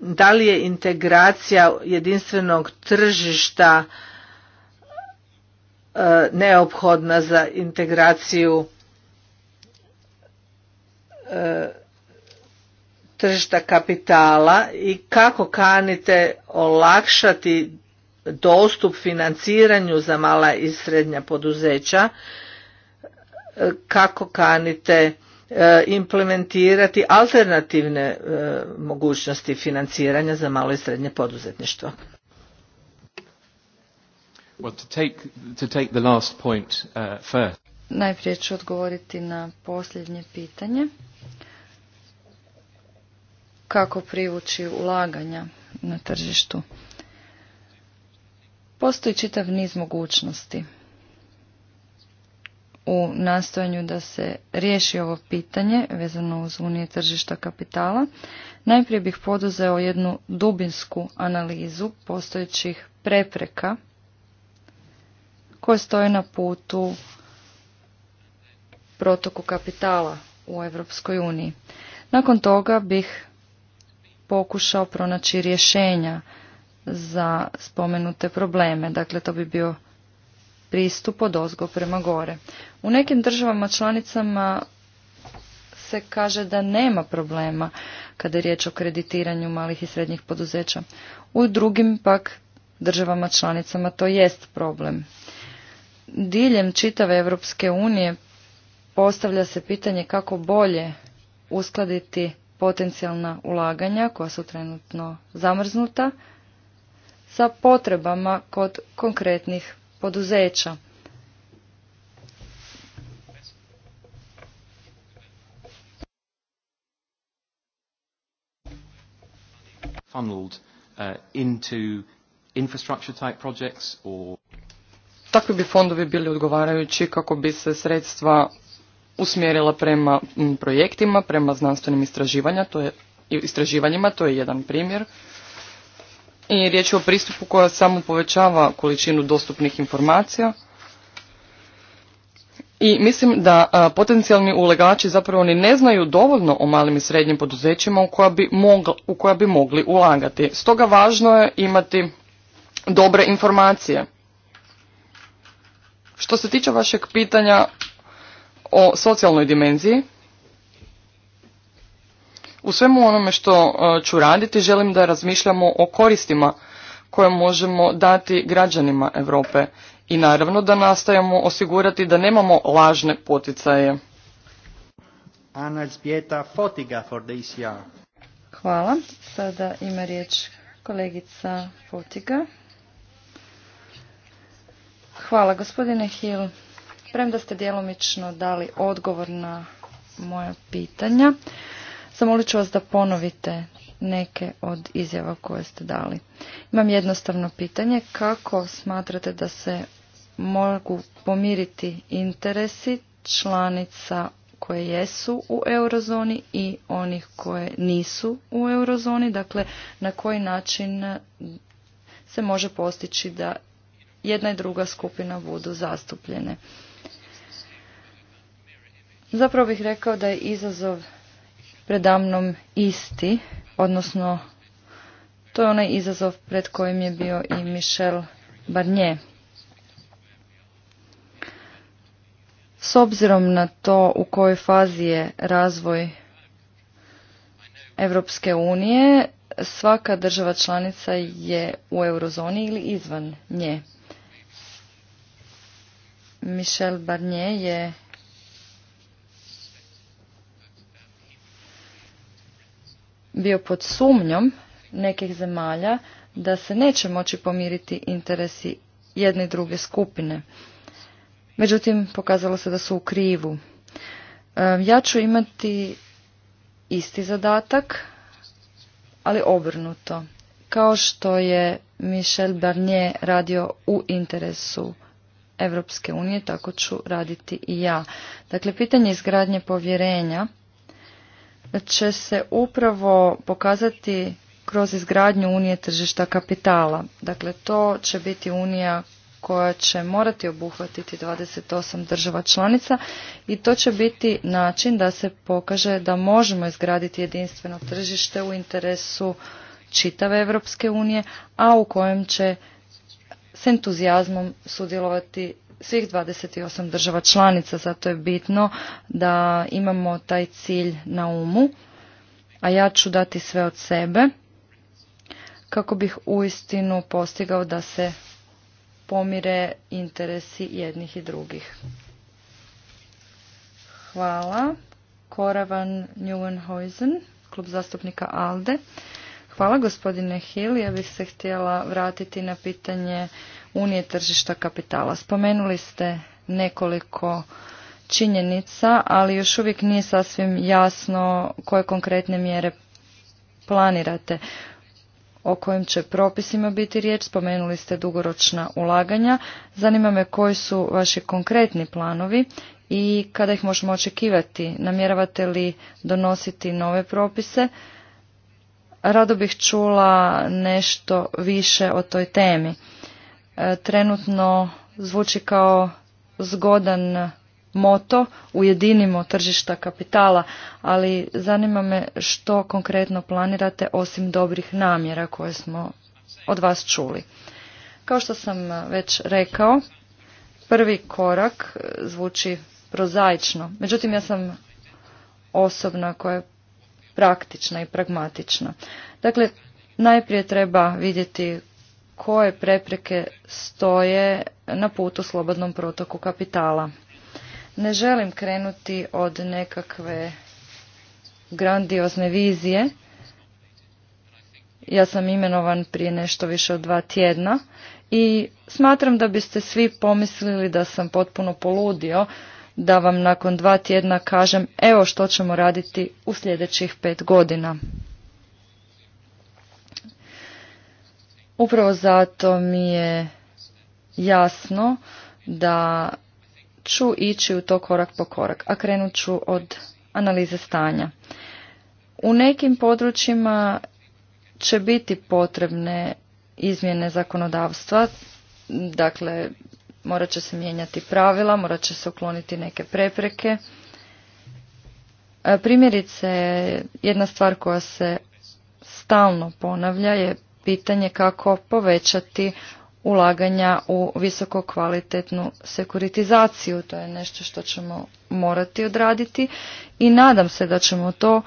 Speaker 1: da li je integracija jedinstvenog tržišta e, neophodna za integraciju e, tržišta kapitala i kako kanite olakšati dostup financiranju za mala i srednja poduzeća, e, kako kanite e, implementirati alternativne e, mogućnosti financiranja za malo i srednje poduzetništvo.
Speaker 3: Najprije ću odgovoriti na posljednje pitanje kako privući ulaganja na tržištu. Postoji čitav niz mogućnosti u nastojanju da se riješi ovo pitanje vezano uz unije tržišta kapitala. Najprije bih poduzeo jednu dubinsku analizu postojećih prepreka koje stoje na putu protoku kapitala u Europskoj uniji. Nakon toga bih pokušao pronaći rješenja za spomenute probleme. Dakle, to bi bio pristup od ozgo prema gore. U nekim državama članicama se kaže da nema problema kada je riječ o kreditiranju malih i srednjih poduzeća. U drugim pak državama članicama to jest problem. Diljem čitave Europske unije postavlja se pitanje kako bolje uskladiti potencijalna ulaganja koja su trenutno zamrznuta sa potrebama kod konkretnih poduzeća.
Speaker 2: Uh,
Speaker 4: Takvi bi fondovi bili odgovarajući kako bi se sredstva usmjerila prema projektima, prema znanstvenim to je, istraživanjima, to je jedan primjer. I riječ je o pristupu koja samo povećava količinu dostupnih informacija. I mislim da potencijalni ulegači zapravo oni ne znaju dovoljno o malim i srednjim poduzećima u bi, u koja bi mogli ulagati. Stoga važno je imati dobre informacije. Što se tiče vašeg pitanja o socijalnoj dimenziji. U svemu onome što e, ću raditi želim da razmišljamo o koristima koje možemo dati građanima Europe i naravno da nastajemo osigurati da nemamo lažne poticaje.
Speaker 3: Hvala. Sada ima riječ kolegica Fotiga. Hvala gospodine Hill. Premda ste djelomično dali odgovor na moja pitanja, zamolit ću vas da ponovite neke od izjava koje ste dali. Imam jednostavno pitanje. Kako smatrate da se mogu pomiriti interesi članica koje jesu u eurozoni i onih koje nisu u eurozoni? Dakle, na koji način se može postići da jedna i druga skupina budu zastupljene? Zapravo bih rekao da je izazov predamnom isti, odnosno to je onaj izazov pred kojim je bio i Michel Barnier. S obzirom na to u kojoj fazi je razvoj Evropske unije, svaka država članica je u eurozoni ili izvan nje. Michel Barnier je bio pod sumnjom nekih zemalja da se neće moći pomiriti interesi jedne i druge skupine. Međutim, pokazalo se da su u krivu. E, ja ću imati isti zadatak, ali obrnuto. Kao što je Michel Barnier radio u interesu Evropske unije, tako ću raditi i ja. Dakle, pitanje izgradnje povjerenja će se upravo pokazati kroz izgradnju unije tržišta kapitala. Dakle, to će biti unija koja će morati obuhvatiti 28 država članica i to će biti način da se pokaže da možemo izgraditi jedinstveno tržište u interesu čitave Europske unije, a u kojem će s entuzijazmom sudjelovati svih 28 država članica, zato je bitno da imamo taj cilj na umu, a ja ću dati sve od sebe kako bih uistinu postigao da se pomire interesi jednih i drugih. Hvala. Koravan Neuenhuizen, klub zastupnika ALDE. Hvala gospodine Hill, ja bih se htjela vratiti na pitanje unije tržišta kapitala. Spomenuli ste nekoliko činjenica, ali još uvijek nije sasvim jasno koje konkretne mjere planirate o kojim će propisima biti riječ, spomenuli ste dugoročna ulaganja. Zanima me koji su vaši konkretni planovi i kada ih možemo očekivati. Namjeravate li donositi nove propise? Rado bih čula nešto više o toj temi. E, trenutno zvuči kao zgodan moto ujedinimo tržišta kapitala, ali zanima me što konkretno planirate osim dobrih namjera koje smo od vas čuli. Kao što sam već rekao, prvi korak zvuči prozaično, međutim ja sam osobna koja je praktična i pragmatična. Dakle, najprije treba vidjeti koje prepreke stoje na putu slobodnom protoku kapitala. Ne želim krenuti od nekakve grandiozne vizije. Ja sam imenovan prije nešto više od dva tjedna i smatram da biste svi pomislili da sam potpuno poludio da vam nakon dva tjedna kažem evo što ćemo raditi u sljedećih pet godina. Upravo zato mi je jasno da ću ići u to korak po korak, a krenut ću od analize stanja. U nekim područjima će biti potrebne izmjene zakonodavstva, dakle morat će se mijenjati pravila, morat će se ukloniti neke prepreke. E, primjerice, jedna stvar koja se stalno ponavlja je pitanje kako povećati ulaganja u visoko kvalitetnu sekuritizaciju. To je nešto što ćemo morati odraditi i nadam se da ćemo to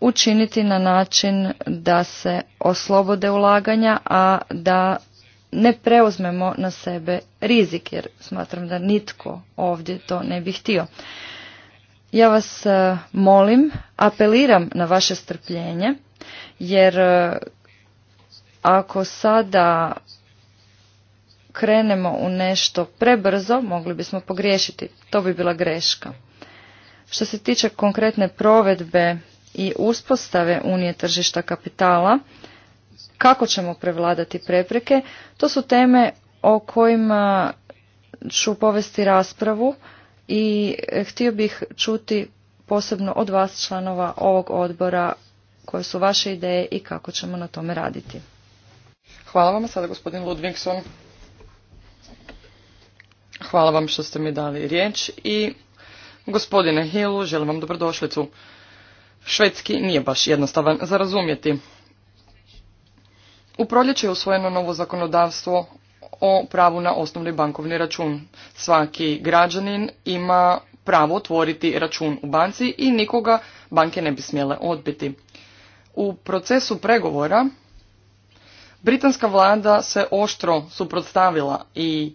Speaker 3: učiniti na način da se oslobode ulaganja, a da ne preuzmemo na sebe rizik, jer smatram da nitko ovdje to ne bi htio. Ja vas e, molim, apeliram na vaše strpljenje, jer e, ako sada krenemo u nešto prebrzo, mogli bismo pogriješiti. To bi bila greška. Što se tiče konkretne provedbe i uspostave Unije tržišta kapitala, kako ćemo prevladati prepreke, to su teme o kojima ću povesti raspravu i htio bih čuti posebno od vas članova ovog odbora koje su vaše ideje i kako ćemo na tome raditi. Hvala vam sada gospodin Ludvigson.
Speaker 4: Hvala vam što ste mi dali riječ i gospodine Hillu želim vam dobrodošlicu. Švedski nije baš jednostavan za razumjeti. U proljeće je usvojeno novo zakonodavstvo o pravu na osnovni bankovni račun. Svaki građanin ima pravo otvoriti račun u banci i nikoga banke ne bi smjele odbiti. U procesu pregovora Britanska vlada se oštro suprotstavila i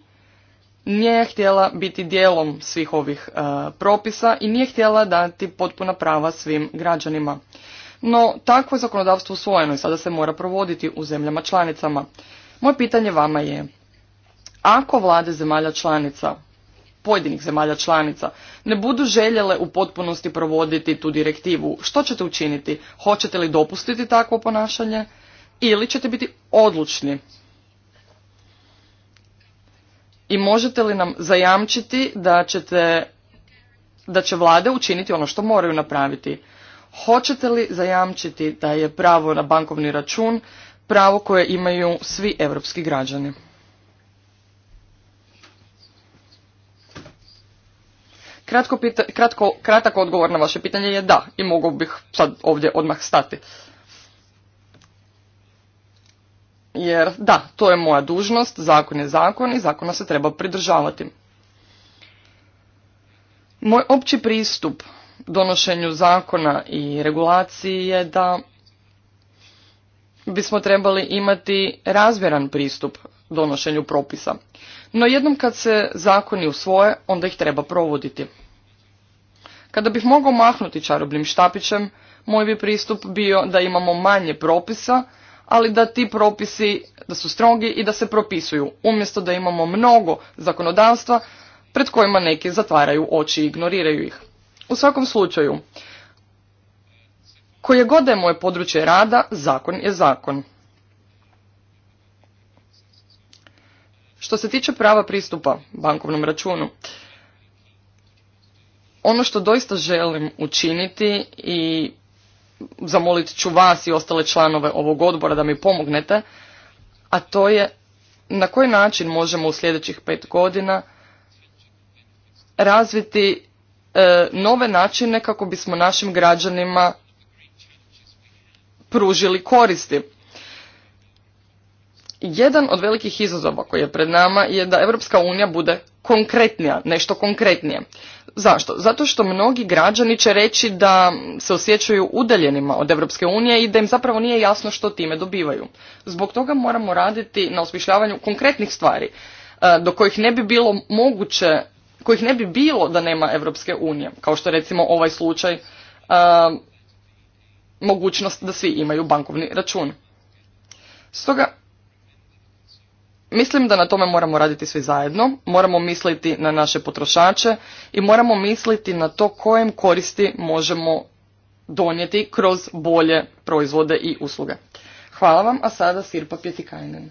Speaker 4: nije htjela biti dijelom svih ovih e, propisa i nije htjela dati potpuna prava svim građanima. No, takvo je zakonodavstvo usvojeno i sada se mora provoditi u zemljama članicama. Moje pitanje vama je, ako vlade zemalja članica, pojedinih zemalja članica, ne budu željele u potpunosti provoditi tu direktivu, što ćete učiniti? Hoćete li dopustiti takvo ponašanje? ili ćete biti odlučni? I možete li nam zajamčiti da, ćete, da će vlade učiniti ono što moraju napraviti? Hoćete li zajamčiti da je pravo na bankovni račun pravo koje imaju svi europski građani? Kratko pita, kratko, kratak odgovor na vaše pitanje je da i mogu bih sad ovdje odmah stati. Jer da, to je moja dužnost, zakon je zakon i zakona se treba pridržavati. Moj opći pristup donošenju zakona i regulaciji je da bismo trebali imati razvjeran pristup donošenju propisa. No jednom kad se zakoni usvoje, onda ih treba provoditi. Kada bih mogao mahnuti čarobnim štapićem, moj bi pristup bio da imamo manje propisa, ali da ti propisi da su strogi i da se propisuju, umjesto da imamo mnogo zakonodavstva pred kojima neki zatvaraju oči i ignoriraju ih. U svakom slučaju, koje god je moje područje rada, zakon je zakon. Što se tiče prava pristupa bankovnom računu, ono što doista želim učiniti i zamolit ću vas i ostale članove ovog odbora da mi pomognete, a to je na koji način možemo u sljedećih pet godina razviti e, nove načine kako bismo našim građanima pružili koristi. Jedan od velikih izazova koji je pred nama je da Europska unija bude konkretnija, nešto konkretnije. Zašto? Zato što mnogi građani će reći da se osjećaju udaljenima od Europske unije i da im zapravo nije jasno što time dobivaju. Zbog toga moramo raditi na osmišljavanju konkretnih stvari e, do kojih ne bi bilo moguće, kojih ne bi bilo da nema Europske unije, kao što recimo ovaj slučaj e, mogućnost da svi imaju bankovni račun. Stoga Mislim da na tome moramo raditi svi zajedno, moramo misliti na naše potrošače i moramo misliti na to kojem koristi možemo donijeti kroz bolje proizvode i usluge. Hvala vam, a sada Sirpa Pjetikajnen.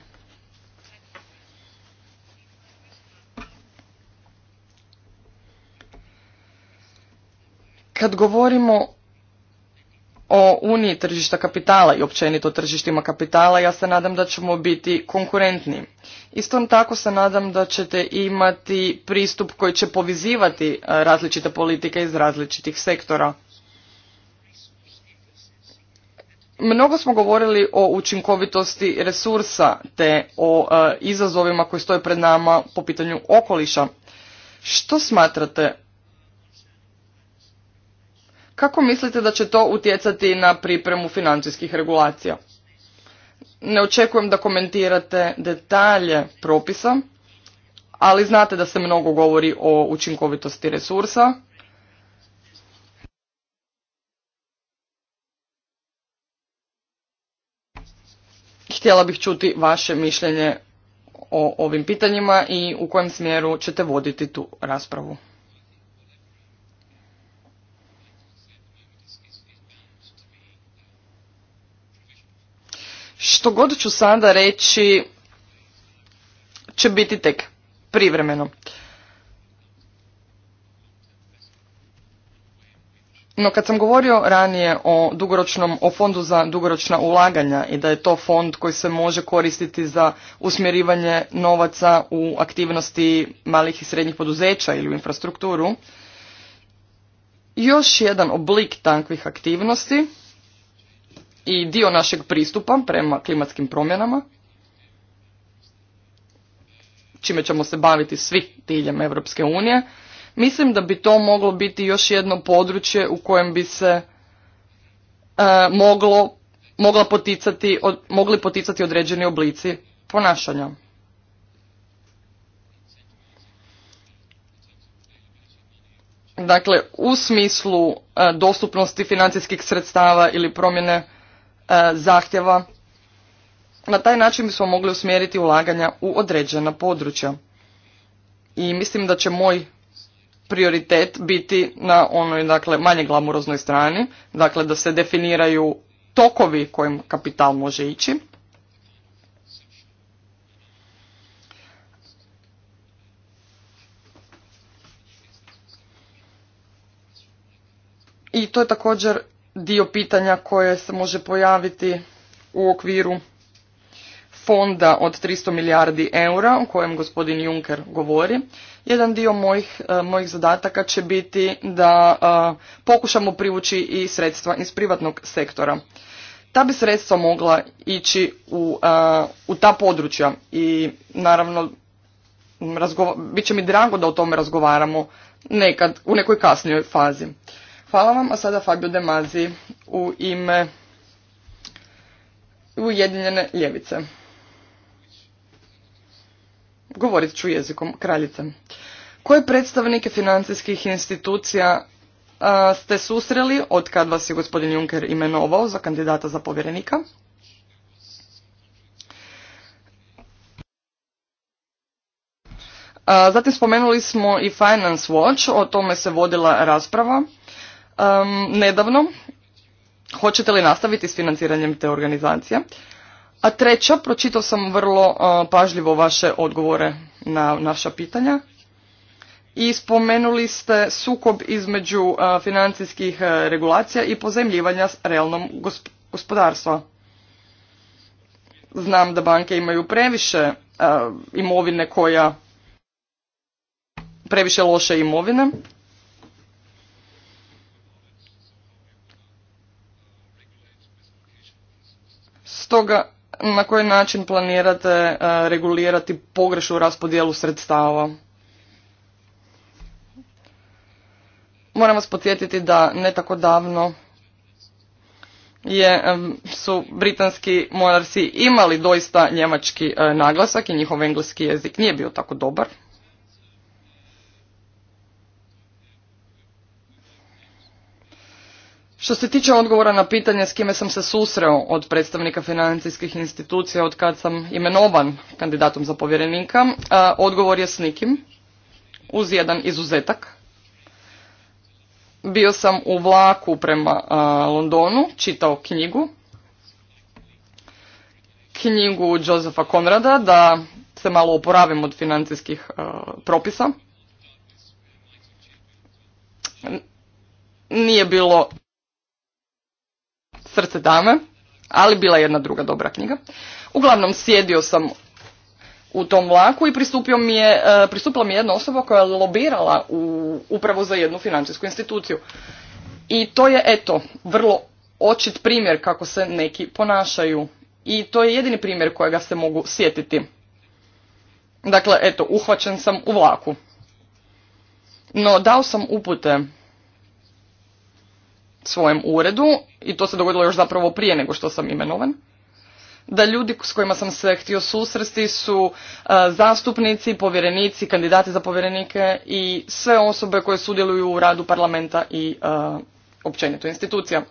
Speaker 4: Kad govorimo o uniji tržišta kapitala i općenito tržištima kapitala, ja se nadam da ćemo biti konkurentni. Isto tako se nadam da ćete imati pristup koji će povizivati e, različite politike iz različitih sektora. Mnogo smo govorili o učinkovitosti resursa te o e, izazovima koji stoje pred nama po pitanju okoliša. Što smatrate kako mislite da će to utjecati na pripremu financijskih regulacija? Ne očekujem da komentirate detalje propisa, ali znate da se mnogo govori o učinkovitosti resursa. Htjela bih čuti vaše mišljenje o ovim pitanjima i u kojem smjeru ćete voditi tu raspravu. što god ću sada reći će biti tek privremeno. No kad sam govorio ranije o dugoročnom o fondu za dugoročna ulaganja i da je to fond koji se može koristiti za usmjerivanje novaca u aktivnosti malih i srednjih poduzeća ili u infrastrukturu, još jedan oblik takvih aktivnosti i dio našeg pristupa prema klimatskim promjenama, čime ćemo se baviti svi diljem Europske unije, mislim da bi to moglo biti još jedno područje u kojem bi se e, moglo, mogla poticati, mogli poticati određeni oblici ponašanja. Dakle, u smislu e, dostupnosti financijskih sredstava ili promjene E, zahtjeva. Na taj način bismo mogli usmjeriti ulaganja u određena područja. I mislim da će moj prioritet biti na onoj dakle, manje glamuroznoj strani, dakle da se definiraju tokovi kojim kapital može ići. I to je također dio pitanja koje se može pojaviti u okviru fonda od 300 milijardi eura o kojem gospodin Juncker govori. Jedan dio mojih, e, zadataka će biti da e, pokušamo privući i sredstva iz privatnog sektora. Ta bi sredstva mogla ići u, e, ta područja i naravno bit će mi drago da o tome razgovaramo nekad u nekoj kasnijoj fazi. Hvala vam, a sada Fabio Demazi u ime Ujedinjene ljevice. Govorit ću jezikom kraljice. Koje predstavnike financijskih institucija ste susreli od kad vas je gospodin Juncker imenovao za kandidata za povjerenika? zatim spomenuli smo i Finance Watch, o tome se vodila rasprava nedavno. Hoćete li nastaviti s financiranjem te organizacije? A treća, pročitao sam vrlo e, pažljivo vaše odgovore na naša pitanja. I spomenuli ste sukob između e, financijskih e, regulacija i pozemljivanja s realnom gospodarstva. Znam da banke imaju previše imovine koja previše loše imovine toga na koji način planirate e, regulirati pogrešnu raspodjelu sredstava? Moram vas podsjetiti da ne tako davno je, su britanski monarsi imali doista njemački e, naglasak i njihov engleski jezik nije bio tako dobar. Što se tiče odgovora na pitanje s kime sam se susreo od predstavnika financijskih institucija od kad sam imenovan kandidatom za povjerenika, odgovor je s nikim, uz jedan izuzetak. Bio sam u vlaku prema Londonu, čitao knjigu, knjigu Josefa Konrada da se malo oporavim od financijskih propisa. Nije bilo Srce dame, ali bila je jedna druga dobra knjiga. Uglavnom sjedio sam u tom vlaku i pristupio mi je, e, pristupila mi je jedna osoba koja je lobirala u, upravo za jednu financijsku instituciju. I to je, eto, vrlo očit primjer kako se neki ponašaju. I to je jedini primjer kojega se mogu sjetiti. Dakle, eto, uhvaćen sam u vlaku. No, dao sam upute svojem uredu, i to se dogodilo još zapravo prije nego što sam imenovan, da ljudi s kojima sam se htio susresti su e, zastupnici, povjerenici, kandidati za povjerenike i sve osobe koje sudjeluju u radu parlamenta i e, općenito institucija.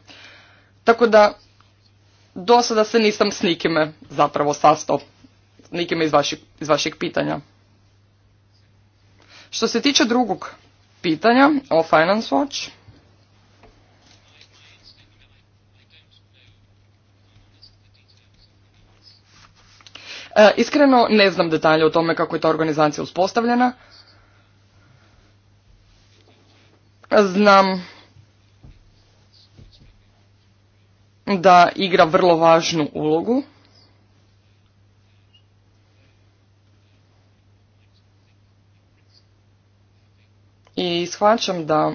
Speaker 4: Tako da do sada se nisam s nikime zapravo sastao, nikime iz, vaši, iz vašeg pitanja. Što se tiče drugog pitanja o Finance Watch, E, iskreno ne znam detalje o tome kako je ta organizacija uspostavljena. Znam da igra vrlo važnu ulogu. I shvaćam da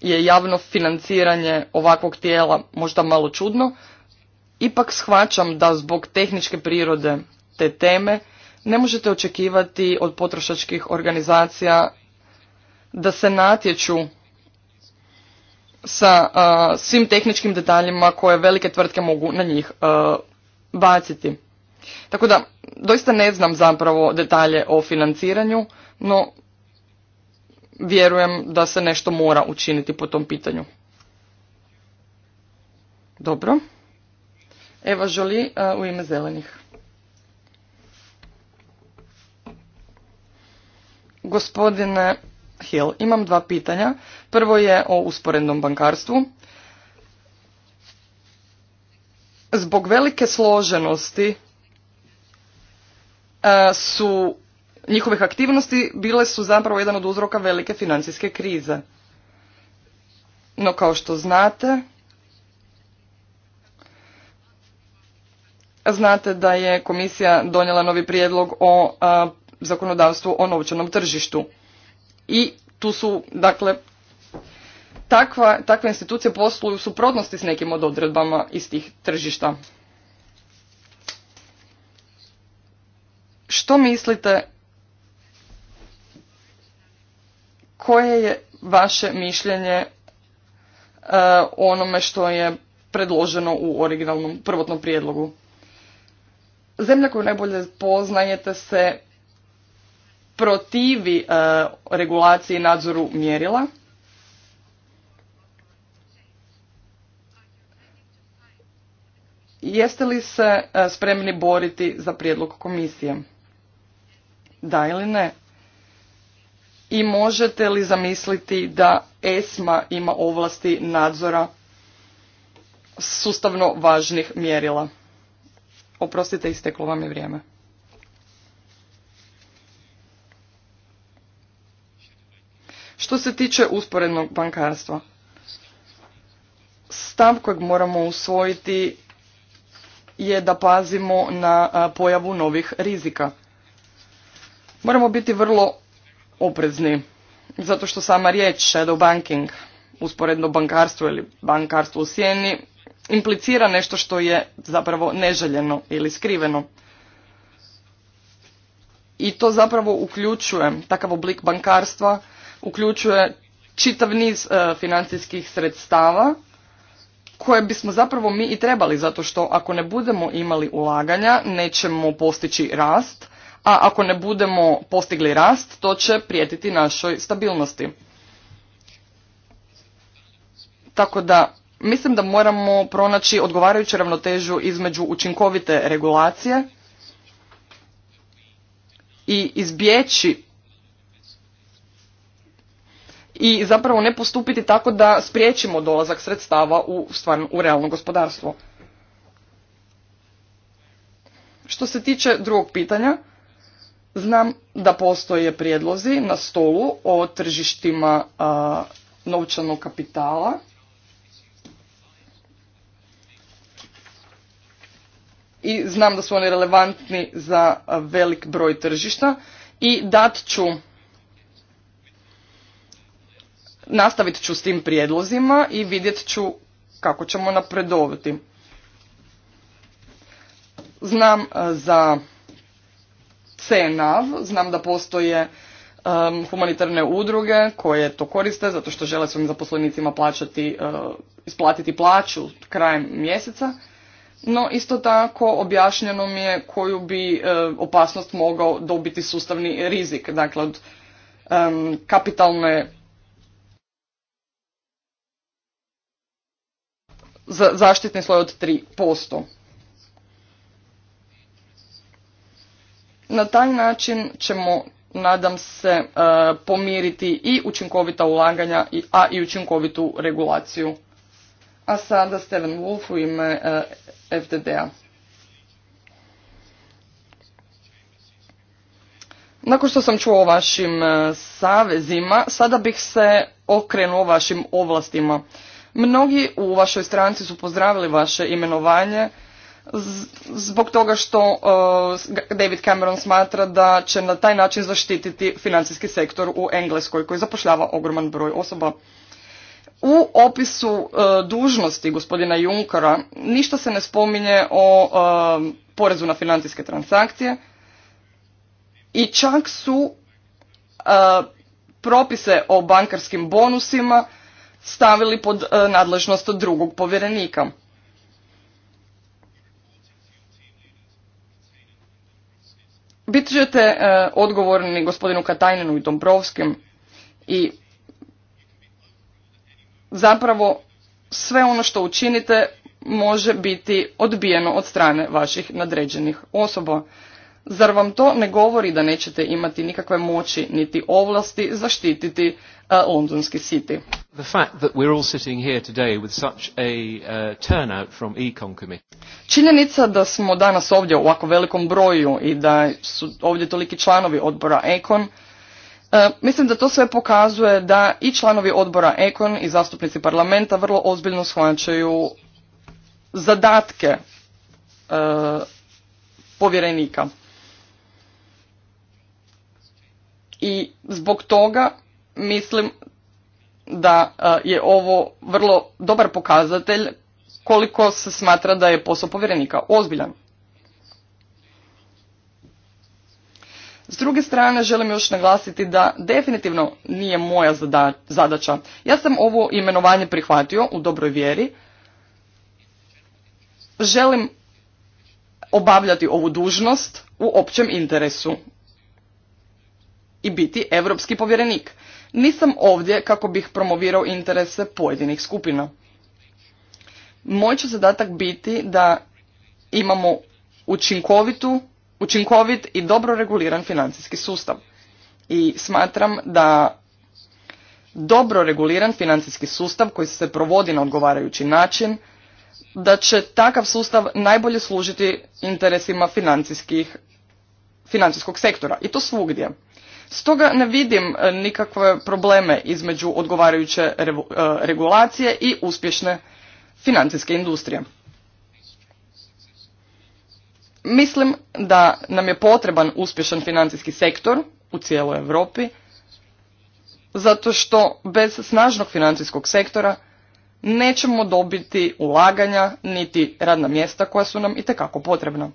Speaker 4: je javno financiranje ovakvog tijela možda malo čudno, Ipak shvaćam da zbog tehničke prirode te teme ne možete očekivati od potrošačkih organizacija da se natječu sa svim tehničkim detaljima koje velike tvrtke mogu na njih baciti. Tako da, doista ne znam zapravo detalje o financiranju, no vjerujem da se nešto mora učiniti po tom pitanju. Dobro. Eva Žoli e, u ime zelenih. Gospodine Hill, imam dva pitanja. Prvo je o usporednom bankarstvu. Zbog velike složenosti e, su njihovih aktivnosti bile su zapravo jedan od uzroka velike financijske krize. No kao što znate, znate da je komisija donijela novi prijedlog o zakonodavstvu o novčanom tržištu. I tu su, dakle, takva, takve institucije posluju u suprotnosti s nekim od odredbama iz tih tržišta. Što mislite, koje je vaše mišljenje o onome što je predloženo u originalnom prvotnom prijedlogu? zemlja koju najbolje poznajete se protivi e, regulaciji i nadzoru mjerila. Jeste li se e, spremni boriti za prijedlog komisije? Da ili ne? I možete li zamisliti da ESMA ima ovlasti nadzora sustavno važnih mjerila? Oprostite, isteklo vam je vrijeme. Što se tiče usporednog bankarstva, stav kojeg moramo usvojiti je da pazimo na pojavu novih rizika. Moramo biti vrlo oprezni, zato što sama riječ shadow banking, usporedno bankarstvo ili bankarstvo u sjeni, implicira nešto što je zapravo neželjeno ili skriveno. I to zapravo uključuje takav oblik bankarstva, uključuje čitav niz e, financijskih sredstava koje bismo zapravo mi i trebali zato što ako ne budemo imali ulaganja nećemo postići rast, a ako ne budemo postigli rast to će prijetiti našoj stabilnosti. Tako da Mislim da moramo pronaći odgovarajuću ravnotežu između učinkovite regulacije i izbjeći i zapravo ne postupiti tako da spriječimo dolazak sredstava u, stvarno, u realno gospodarstvo. Što se tiče drugog pitanja, znam da postoje prijedlozi na stolu o tržištima novčanog kapitala i znam da su oni relevantni za velik broj tržišta i dat ću nastavit ću s tim prijedlozima i vidjet ću kako ćemo napredovati. Znam e, za CNAV, znam da postoje e, humanitarne udruge koje to koriste zato što žele svojim zaposlenicima plaćati, e, isplatiti plaću krajem mjeseca no isto tako objašnjeno mi je koju bi e, opasnost mogao dobiti sustavni rizik, dakle od kapitalne za zaštitni sloj od 3%. Na taj način ćemo, nadam se, e, pomiriti i učinkovita ulaganja, a i učinkovitu regulaciju. A sada Steven Wolf u ime eh, fdd Nakon što sam čuo o vašim eh, savezima, sada bih se okrenuo vašim ovlastima. Mnogi u vašoj stranci su pozdravili vaše imenovanje zbog toga što eh, David Cameron smatra da će na taj način zaštititi financijski sektor u Engleskoj koji zapošljava ogroman broj osoba. U opisu e, dužnosti gospodina Junkara ništa se ne spominje o e, porezu na financijske transakcije i čak su e, propise o bankarskim bonusima stavili pod nadležnost drugog povjerenika. Bit ćete odgovorni gospodinu Katajninu i Dombrovskim i zapravo sve ono što učinite može biti odbijeno od strane vaših nadređenih osoba. Zar vam to ne govori da nećete imati nikakve moći niti ovlasti zaštititi e, londonski
Speaker 2: city? The
Speaker 4: Činjenica da smo danas ovdje u ovako velikom broju i da su ovdje toliki članovi odbora Econ E, mislim da to sve pokazuje da i članovi odbora Ekon i zastupnici parlamenta vrlo ozbiljno shvaćaju zadatke e, povjerenika. I zbog toga mislim da e, je ovo vrlo dobar pokazatelj koliko se smatra da je posao povjerenika ozbiljan. S druge strane želim još naglasiti da definitivno nije moja zadaća. Ja sam ovo imenovanje prihvatio u dobroj vjeri. Želim obavljati ovu dužnost u općem interesu i biti europski povjerenik. Nisam ovdje kako bih promovirao interese pojedinih skupina. Moj će zadatak biti da imamo učinkovitu učinkovit i dobro reguliran financijski sustav. I smatram da dobro reguliran financijski sustav koji se provodi na odgovarajući način, da će takav sustav najbolje služiti interesima financijskih, financijskog sektora i to svugdje. Stoga ne vidim e, nikakve probleme između odgovarajuće e, regulacije i uspješne financijske industrije. Mislim da nam je potreban uspješan financijski sektor u cijeloj Europi, zato što bez snažnog financijskog sektora nećemo dobiti ulaganja niti radna mjesta koja su nam itekako potrebna.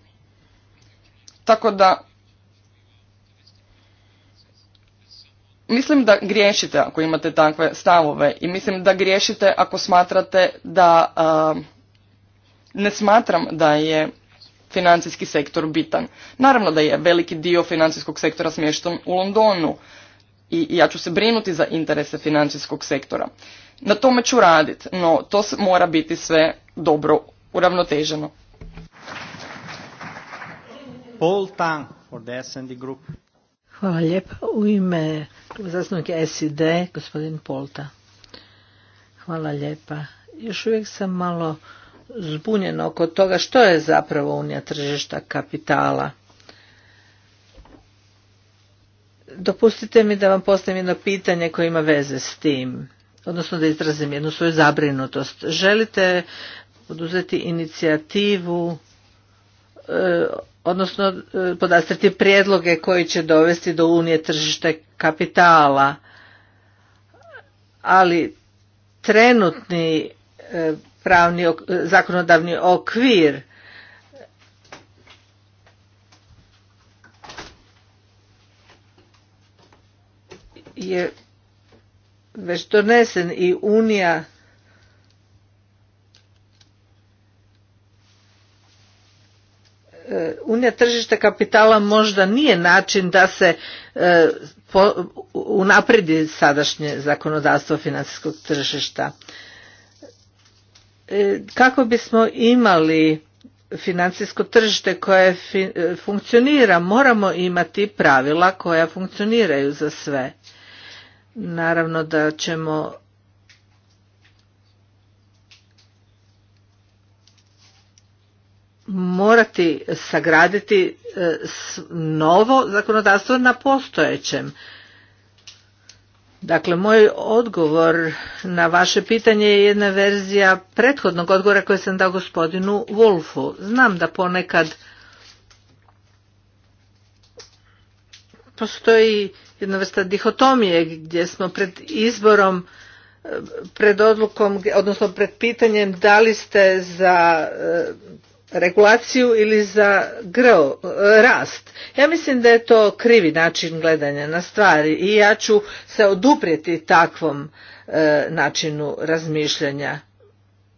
Speaker 4: Tako da mislim da griješite ako imate takve stavove i mislim da griješite ako smatrate da ne smatram da je financijski sektor bitan. Naravno da je veliki dio financijskog sektora smješten u Londonu i ja ću se brinuti za interese financijskog sektora. Na tome ću raditi, no to mora biti sve dobro uravnoteženo. Paul for the S&D Group.
Speaker 1: Hvala lijepa. U ime gospodin Polta. Hvala lijepa. Još uvijek sam malo zbunjeno oko toga što je zapravo unija tržišta kapitala. Dopustite mi da vam postavim jedno pitanje koje ima veze s tim, odnosno da izrazim jednu svoju zabrinutost. Želite poduzeti inicijativu, e, odnosno e, podastriti prijedloge koji će dovesti do unije tržišta kapitala, ali trenutni e, pravni zakonodavni okvir je već donesen i unija e, unija tržišta kapitala možda nije način da se e, unapredi sadašnje zakonodavstvo financijskog tržišta E, kako bismo imali financijsko tržište koje e, funkcionira moramo imati pravila koja funkcioniraju za sve naravno da ćemo morati sagraditi e, novo zakonodavstvo na postojećem Dakle, moj odgovor na vaše pitanje je jedna verzija prethodnog odgovora koje sam dao gospodinu Wolfu. Znam da ponekad postoji jedna vrsta dihotomije gdje smo pred izborom, pred odlukom, odnosno pred pitanjem da li ste za regulaciju ili za grl, e, rast. Ja mislim da je to krivi način gledanja na stvari i ja ću se oduprijeti takvom e, načinu razmišljanja.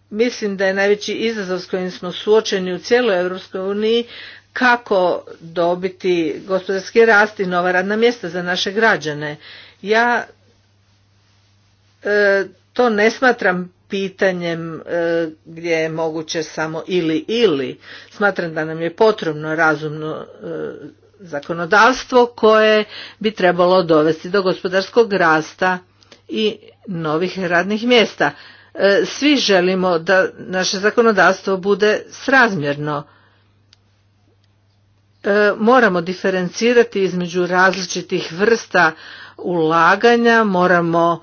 Speaker 1: Mislim da je najveći izazov s kojim smo suočeni u cijeloj Europskoj uniji kako dobiti gospodarski rast i nova radna mjesta za naše građane. Ja e, to ne smatram pitanjem e, gdje je moguće samo ili ili. Smatram da nam je potrebno razumno e, zakonodavstvo koje bi trebalo dovesti do gospodarskog rasta i novih radnih mjesta. E, svi želimo da naše zakonodavstvo bude srazmjerno. Moramo diferencirati između različitih vrsta ulaganja, moramo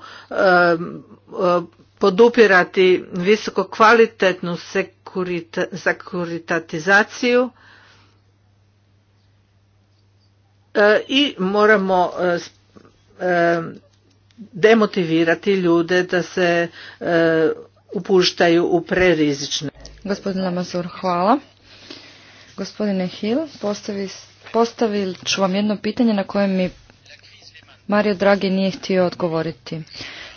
Speaker 1: podupirati visoko kvalitetnu sekurita, sekuritatizaciju e, i moramo e, e, demotivirati ljude da se upuštaju u prerizične. Gospodin Lamazur,
Speaker 3: hvala. Gospodine Hill, postavi, ću vam jedno pitanje na koje mi Mario Dragi nije htio odgovoriti.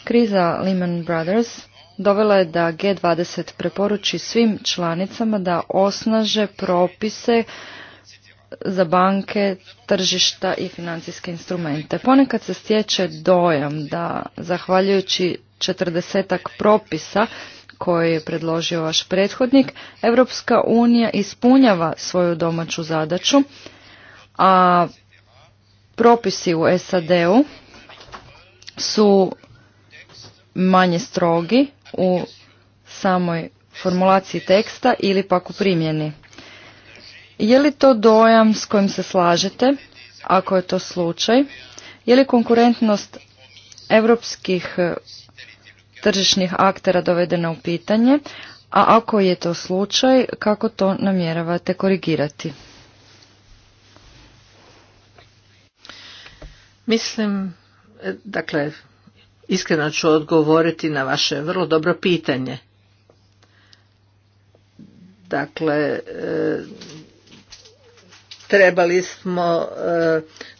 Speaker 3: Kriza Lehman Brothers dovela je da G20 preporuči svim članicama da osnaže propise za banke, tržišta i financijske instrumente. Ponekad se stječe dojam da zahvaljujući četrdesetak propisa koje je predložio vaš prethodnik, Europska unija ispunjava svoju domaću zadaću, a propisi u SAD-u su manje strogi u samoj formulaciji teksta ili pak u primjeni. Je li to dojam s kojim se slažete, ako je to slučaj? Je li konkurentnost europskih e, tržišnih aktera dovedena u pitanje, a ako je to slučaj, kako to namjeravate korigirati?
Speaker 1: Mislim, e, dakle, Iskreno ću odgovoriti na vaše vrlo dobro pitanje. Dakle, e, trebali smo e,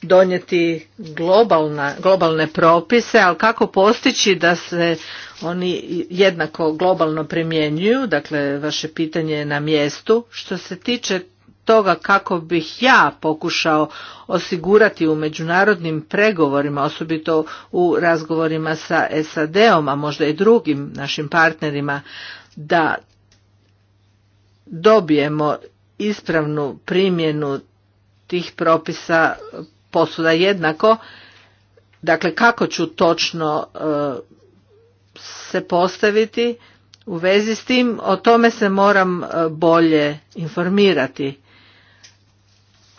Speaker 1: donijeti globalna, globalne propise, ali kako postići da se oni jednako globalno primjenjuju, dakle vaše pitanje je na mjestu. Što se tiče toga kako bih ja pokušao osigurati u međunarodnim pregovorima, osobito u razgovorima sa SAD-om, a možda i drugim našim partnerima, da dobijemo ispravnu primjenu tih propisa posuda jednako. Dakle, kako ću točno e, se postaviti u vezi s tim, o tome se moram e, bolje informirati.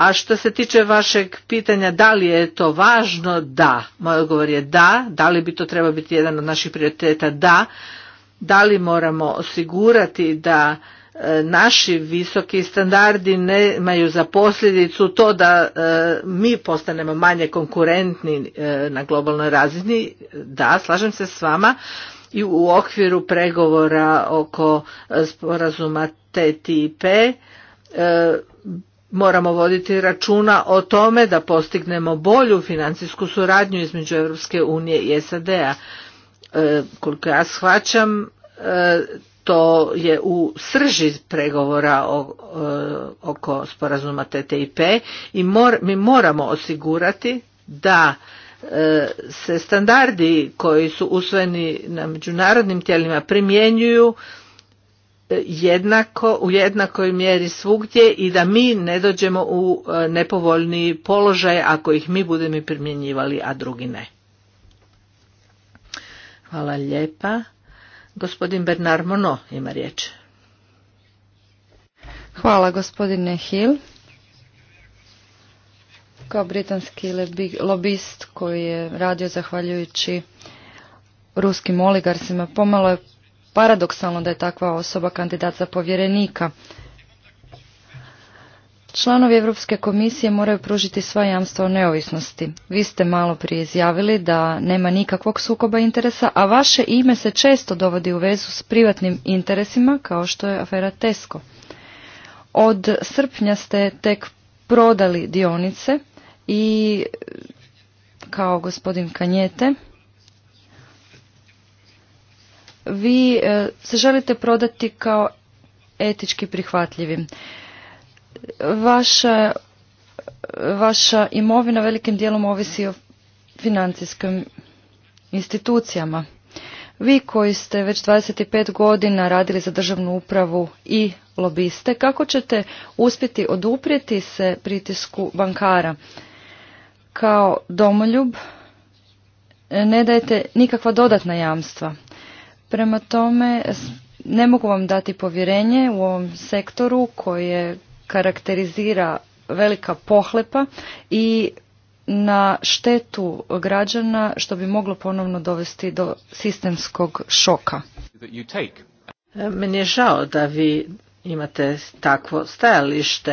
Speaker 1: A što se tiče vašeg pitanja da li je to važno, da. Moj odgovor je da. Da li bi to trebao biti jedan od naših prioriteta, da. Da li moramo osigurati da e, naši visoki standardi nemaju za posljedicu to da e, mi postanemo manje konkurentni e, na globalnoj razini. Da, slažem se s vama i u okviru pregovora oko sporazuma TTIP moramo voditi računa o tome da postignemo bolju financijsku suradnju između Europske unije i SAD-a. E, koliko ja shvaćam, e, to je u srži pregovora e, oko sporazuma TTIP i mi moramo osigurati da se standardi koji su usvojeni na međunarodnim tijelima primjenjuju jednako, u jednakoj mjeri svugdje i da mi ne dođemo u e, nepovoljniji položaj ako ih mi budemo primjenjivali, a drugi ne. Hvala lijepa. Gospodin Bernard Mono ima riječ. Hvala gospodine Hill. Kao britanski
Speaker 3: lobist koji je radio zahvaljujući ruskim oligarsima, pomalo je paradoksalno da je takva osoba kandidat za povjerenika. Članovi Europske komisije moraju pružiti sva jamstva o neovisnosti. Vi ste malo prije izjavili da nema nikakvog sukoba interesa, a vaše ime se često dovodi u vezu s privatnim interesima, kao što je afera Tesco. Od srpnja ste tek prodali dionice i kao gospodin Kanjete, vi e, se želite prodati kao etički prihvatljivim. Vaša, vaša imovina velikim dijelom ovisi o financijskim institucijama. Vi koji ste već 25 godina radili za državnu upravu i lobiste, kako ćete uspjeti oduprijeti se pritisku bankara? Kao domoljub ne dajete nikakva dodatna jamstva Prema tome, ne mogu vam dati povjerenje u ovom sektoru koje karakterizira velika pohlepa i na štetu građana što bi moglo ponovno dovesti do sistemskog
Speaker 1: šoka. E, meni je žao da vi imate takvo stajalište.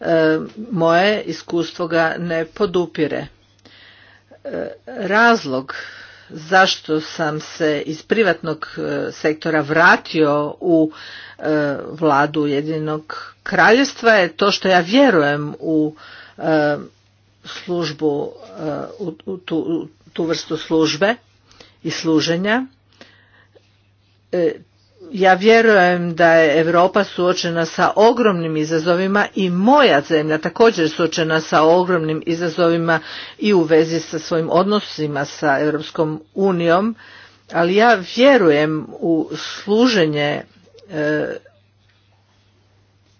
Speaker 1: E, moje iskustvo ga ne podupire. E, razlog zašto sam se iz privatnog e, sektora vratio u e, vladu jedinog kraljevstva je to što ja vjerujem u e, službu, u tu, tu vrstu službe i služenja ja vjerujem da je Europa suočena sa ogromnim izazovima i moja zemlja također suočena sa ogromnim izazovima i u vezi sa svojim odnosima sa Europskom unijom, ali ja vjerujem u služenje e,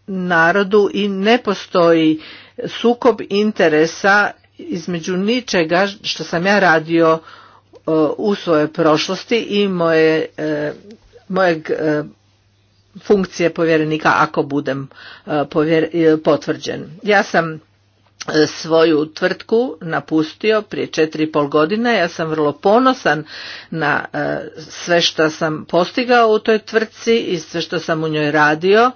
Speaker 1: narodu i ne postoji sukob interesa između ničega što sam ja radio e, u svojoj prošlosti i moje e, mojeg e, funkcije povjerenika ako budem e, e, potvrđen. Ja sam svoju tvrtku napustio prije četiri i pol godine. Ja sam vrlo ponosan na sve što sam postigao u toj tvrtci i sve što sam u njoj radio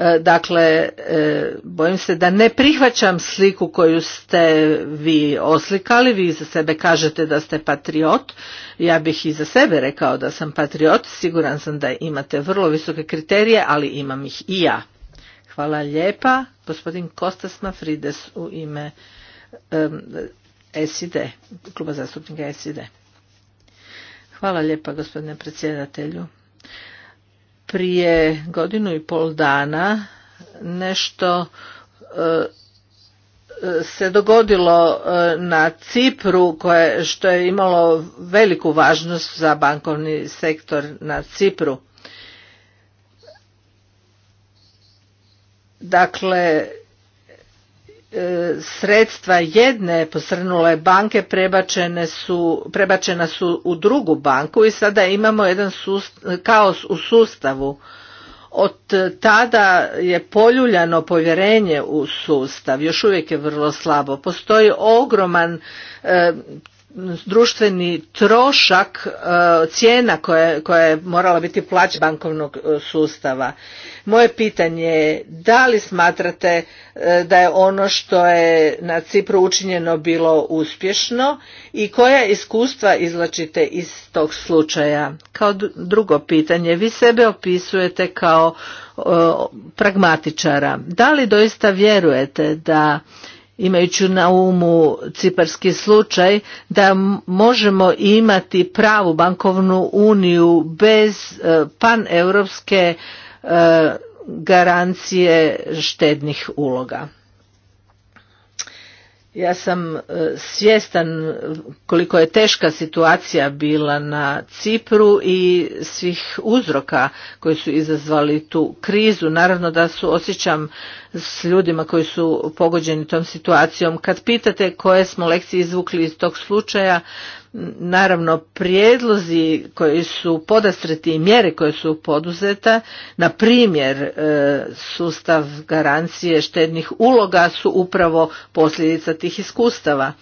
Speaker 1: E, dakle, e, bojim se da ne prihvaćam sliku koju ste vi oslikali, vi za sebe kažete da ste patriot, ja bih i za sebe rekao da sam patriot, siguran sam da imate vrlo visoke kriterije, ali imam ih i ja. Hvala lijepa, gospodin Kostas Mafrides u ime SD SID, kluba zastupnika SID. Hvala lijepa gospodine predsjedatelju prije godinu i pol dana nešto e, e, se dogodilo e, na Cipru koje, što je imalo veliku važnost za bankovni sektor na Cipru. Dakle, E, sredstva jedne posrnule banke prebačene su, prebačena su u drugu banku i sada imamo jedan kaos u sustavu. Od tada je poljuljano povjerenje u sustav, još uvijek je vrlo slabo. Postoji ogroman e, društveni trošak e, cijena koja, je morala biti plać bankovnog e, sustava. Moje pitanje je da li smatrate e, da je ono što je na Cipru učinjeno bilo uspješno i koja iskustva izlačite iz tog slučaja? Kao drugo pitanje, vi sebe opisujete kao pragmatičara. Da li doista vjerujete da imajući na umu ciparski slučaj da možemo imati pravu bankovnu uniju bez e, paneuropske e, garancije štednih uloga ja sam e, svjestan koliko je teška situacija bila na Cipru i svih uzroka koji su izazvali tu krizu. Naravno da su osjećam s ljudima koji su pogođeni tom situacijom. Kad pitate koje smo lekcije izvukli iz tog slučaja, naravno prijedlozi koji su podastreti i mjere koje su poduzeta, na primjer e, sustav garancije štednih uloga su upravo posljedica tih iskustava.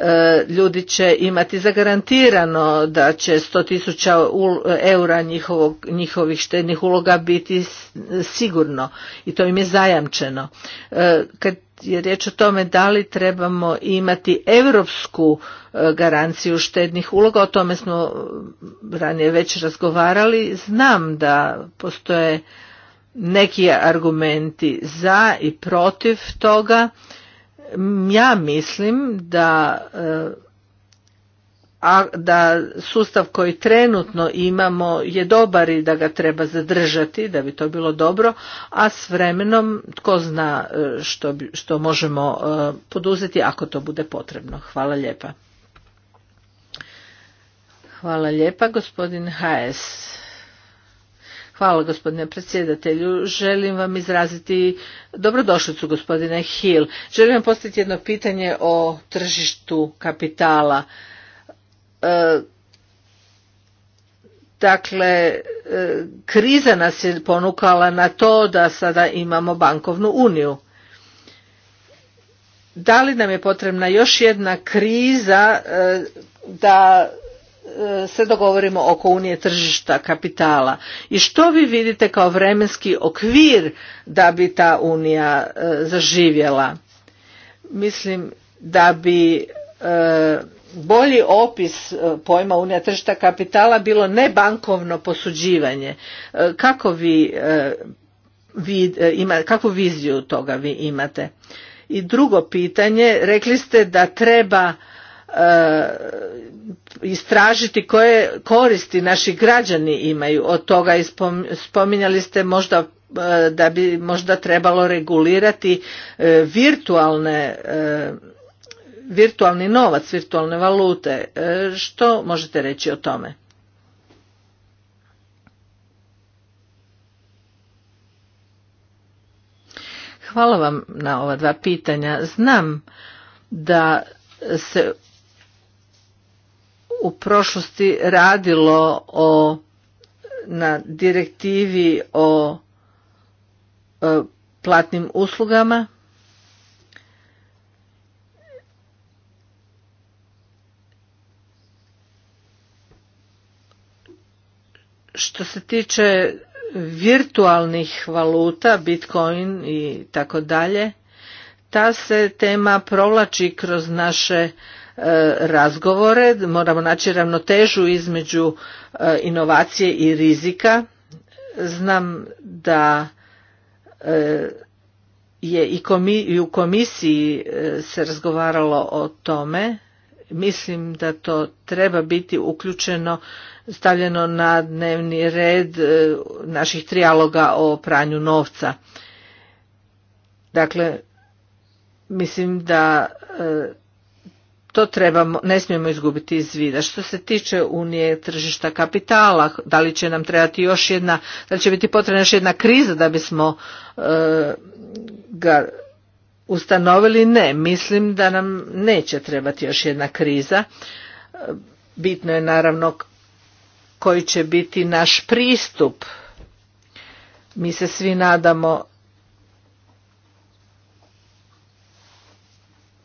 Speaker 1: E, ljudi će imati zagarantirano da će 100.000 eura njihovog, njihovih štednih uloga biti sigurno i to im je zajamčeno. E, kad je riječ o tome da li trebamo imati europsku e, garanciju štednih uloga, o tome smo e, ranije već razgovarali. Znam da postoje neki argumenti za i protiv toga. Ja mislim da e, a da sustav koji trenutno imamo je dobar i da ga treba zadržati, da bi to bilo dobro, a s vremenom tko zna e, što, što možemo e, poduzeti ako to bude potrebno. Hvala lijepa. Hvala lijepa gospodin HS. Hvala gospodine predsjedatelju. Želim vam izraziti dobrodošlicu gospodine Hill. Želim vam postaviti jedno pitanje o tržištu kapitala. Dakle, e, kriza nas je ponukala na to da sada imamo bankovnu uniju. Da li nam je potrebna još jedna kriza e, da e, se dogovorimo oko unije tržišta kapitala i što vi vidite kao vremenski okvir da bi ta unija zaživjela? Mislim da bi bolji opis e, pojma unija tržišta kapitala bilo nebankovno posuđivanje. E, kako vi, e, vi kakvu viziju toga vi imate? I drugo pitanje, rekli ste da treba istražiti koje koristi naši građani imaju od toga i spominjali ste možda da bi možda trebalo regulirati virtualne virtualni novac, virtualne valute. E, što možete reći o tome? Hvala vam na ova dva pitanja. Znam da se u prošlosti radilo o na direktivi o, o e, platnim uslugama Što se tiče virtualnih valuta, Bitcoin i tako dalje, ta se tema provlači kroz naše e, razgovore, moramo naći ravnotežu između e, inovacije i rizika. Znam da e, je i u komisiji se razgovaralo o tome. Mislim da to treba biti uključeno stavljeno na dnevni red e, naših trijaloga o pranju novca. Dakle, mislim da e, to trebamo, ne smijemo izgubiti iz vida. Što se tiče unije tržišta kapitala, da li će nam trebati još jedna, da li će biti potrebna još jedna kriza da bismo e, ga ustanovili? Ne, mislim da nam neće trebati još jedna kriza. Bitno je naravno koji će biti naš pristup. Mi se svi nadamo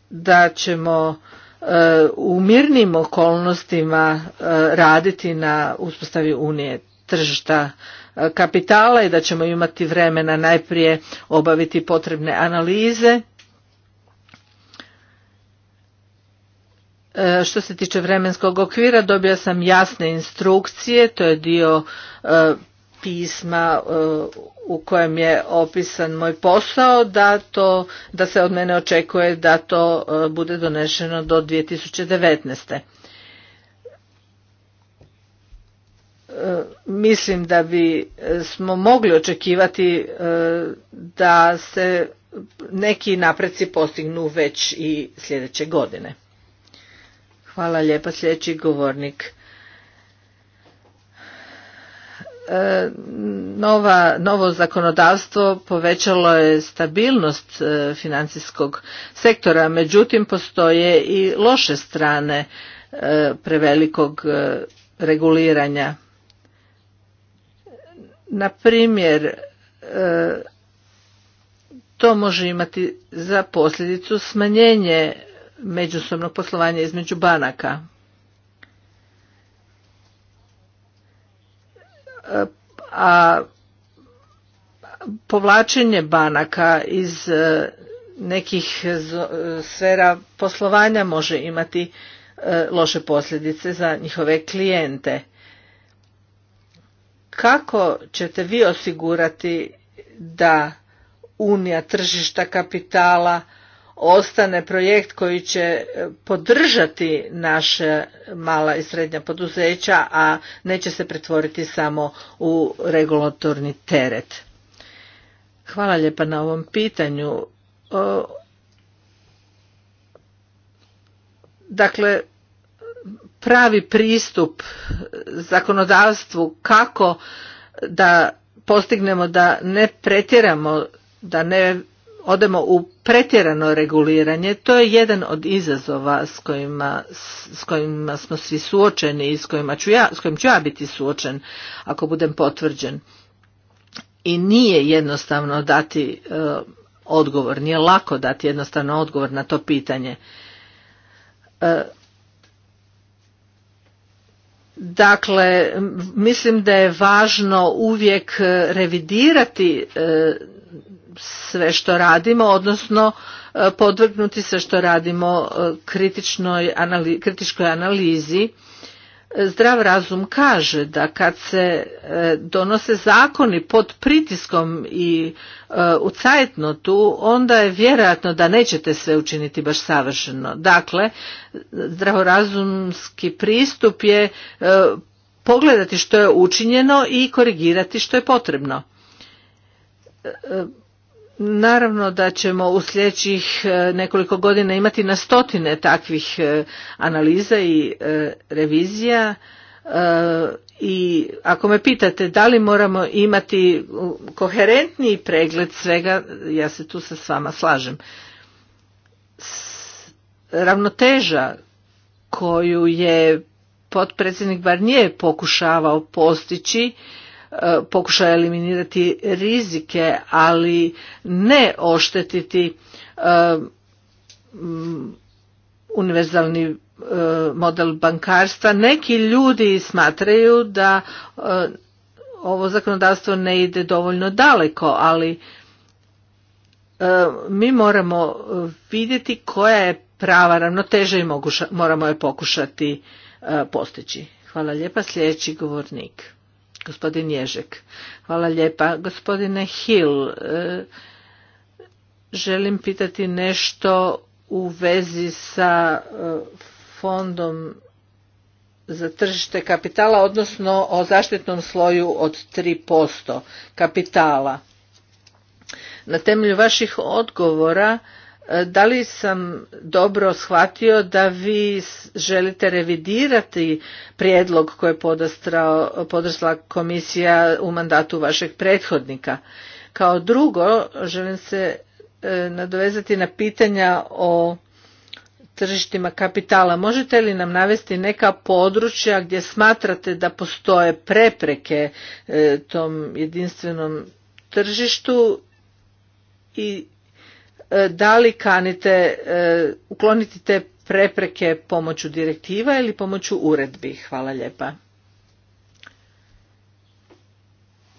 Speaker 1: da ćemo e, u mirnim okolnostima e, raditi na uspostavi unije tržišta e, kapitala i da ćemo imati vremena najprije obaviti potrebne analize E, što se tiče vremenskog okvira, dobio sam jasne instrukcije, to je dio e, pisma e, u kojem je opisan moj posao da to da se od mene očekuje da to bude donešeno do 2019. Mislim da bi smo mogli očekivati da se neki napreci postignu već i sljedeće godine. Hvala lijepa, sljedeći govornik. E, nova, novo zakonodavstvo povećalo je stabilnost e, financijskog sektora, međutim postoje i loše strane e, prevelikog reguliranja. Na primjer, to može imati za posljedicu smanjenje međusobnog poslovanja između banaka. A povlačenje banaka iz e, nekih e, sfera poslovanja može imati e, loše posljedice za njihove klijente. Kako ćete vi osigurati da unija tržišta kapitala ostane projekt koji će e, podržati naše mala i srednja poduzeća, a neće se pretvoriti samo u regulatorni teret. Hvala lijepa na ovom pitanju. Dakle, pravi pristup zakonodavstvu kako da postignemo da ne pretjeramo da ne odemo u pretjerano reguliranje, to je jedan od izazova s kojima, s kojima smo svi suočeni i s, kojima ću ja, kojim ću ja biti suočen ako budem potvrđen. I nije jednostavno dati e, odgovor, nije lako dati jednostavno odgovor na to pitanje. E, dakle, mislim da je važno uvijek e, revidirati sve što radimo, odnosno e, podvrgnuti sve što radimo e, kritičkoj analizi. Zdrav razum kaže da kad se e, donose zakoni pod pritiskom i u onda je vjerojatno da nećete sve učiniti baš savršeno. Dakle, zdravorazumski pristup je pogledati što je učinjeno i korigirati što je potrebno Naravno da ćemo u sljedećih e, nekoliko godina imati na stotine takvih e, analiza i e, revizija i ako me pitate da li moramo imati koherentniji pregled svega, ja se tu sa s vama slažem. Ravnoteža koju je potpredsjednik nije pokušavao postići pokušaja eliminirati rizike, ali ne oštetiti um, univerzalni uh, model bankarstva. Neki ljudi smatraju da uh, ovo zakonodavstvo ne ide dovoljno daleko, ali uh, mi moramo vidjeti koja je prava ravnoteža i moramo je pokušati postići. Hvala lijepa. Sljedeći govornik. Gospodin Ježek. Hvala lijepa. Gospodine Hill, e, želim pitati nešto u vezi sa e, fondom za tržište kapitala, odnosno o zaštitnom sloju od 3% kapitala. Na temelju vaših odgovora E, da li sam dobro shvatio da vi želite revidirati prijedlog koji je podrasla komisija u mandatu vašeg prethodnika? Kao drugo, želim se e, nadovezati na pitanja o tržištima kapitala. Možete li nam navesti neka područja gdje smatrate da postoje prepreke e, tom jedinstvenom tržištu i E, da li kanite e, ukloniti te prepreke pomoću direktiva ili pomoću uredbi? Hvala lijepa.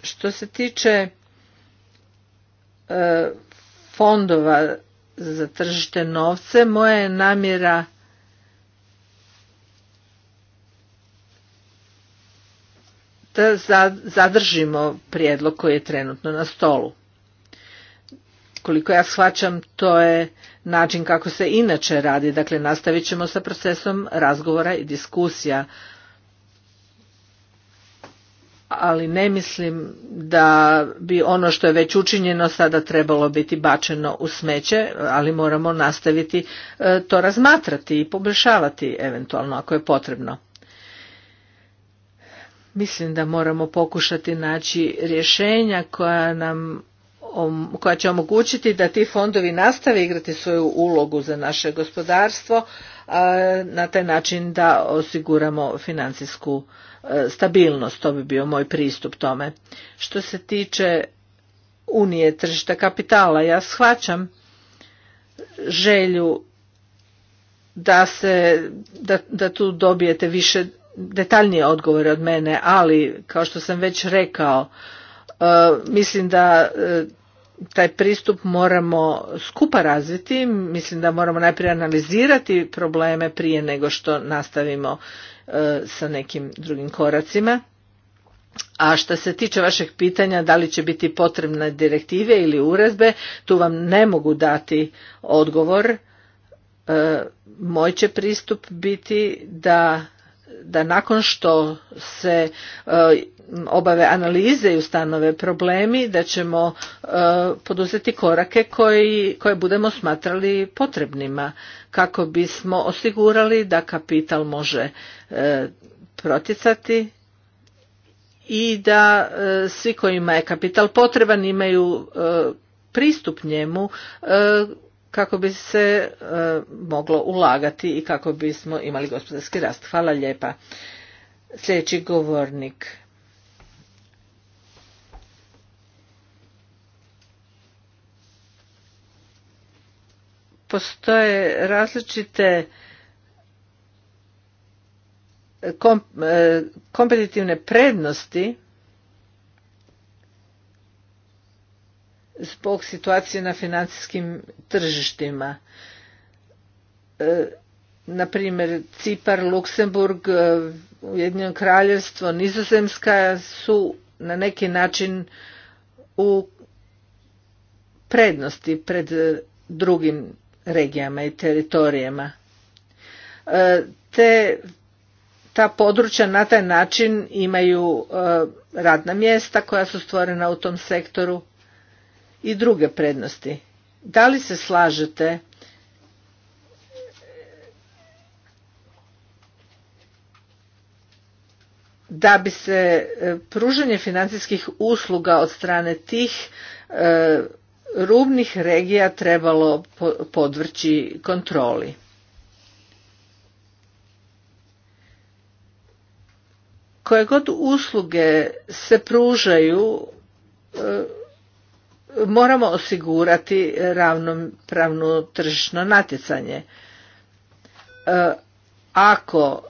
Speaker 1: Što se tiče e, fondova za tržište novce, moja je namjera da zadržimo prijedlog koji je trenutno na stolu koliko ja shvaćam, to je način kako se inače radi. Dakle, nastavit ćemo sa procesom razgovora i diskusija. Ali ne mislim da bi ono što je već učinjeno sada trebalo biti bačeno u smeće, ali moramo nastaviti e, to razmatrati i poboljšavati eventualno ako je potrebno. Mislim da moramo pokušati naći rješenja koja nam koja će omogućiti da ti fondovi nastave igrati svoju ulogu za naše gospodarstvo na taj način da osiguramo financijsku e, stabilnost. To bi bio moj pristup tome. Što se tiče unije tržišta kapitala, ja shvaćam želju da se da, da tu dobijete više detaljnije odgovore od mene, ali kao što sam već rekao, e, mislim da e, taj pristup moramo skupa razviti, mislim da moramo najprije analizirati probleme prije nego što nastavimo e, sa nekim drugim koracima. A što se tiče vašeg pitanja da li će biti potrebne direktive ili uredbe, tu vam ne mogu dati odgovor. E, moj će pristup biti da da nakon što se e, obave analize i ustanove problemi, da ćemo e, poduzeti korake koje budemo smatrali potrebnima kako bismo osigurali da kapital može e, proticati i da e, svi kojima je kapital potreban imaju pristup njemu kako bi se moglo ulagati i kako bismo imali gospodarski rast. Hvala lijepa. Sljedeći govornik postoje različite eh, eh, kompetitivne prednosti zbog situacije na financijskim tržištima. Naprimjer, eh, na Cipar, Luksemburg, Ujedinjeno kraljevstvo, Nizozemska su na neki način u prednosti pred drugim regijama i teritorijama. E, te ta područja na taj način imaju e, radna mjesta koja su stvorena u tom sektoru i druge prednosti. Da li se slažete da bi se e, pružanje financijskih usluga od strane tih rubnih regija trebalo podvrći kontroli. Koje god usluge se pružaju, e, moramo osigurati ravnopravno tržišno natjecanje. E, ako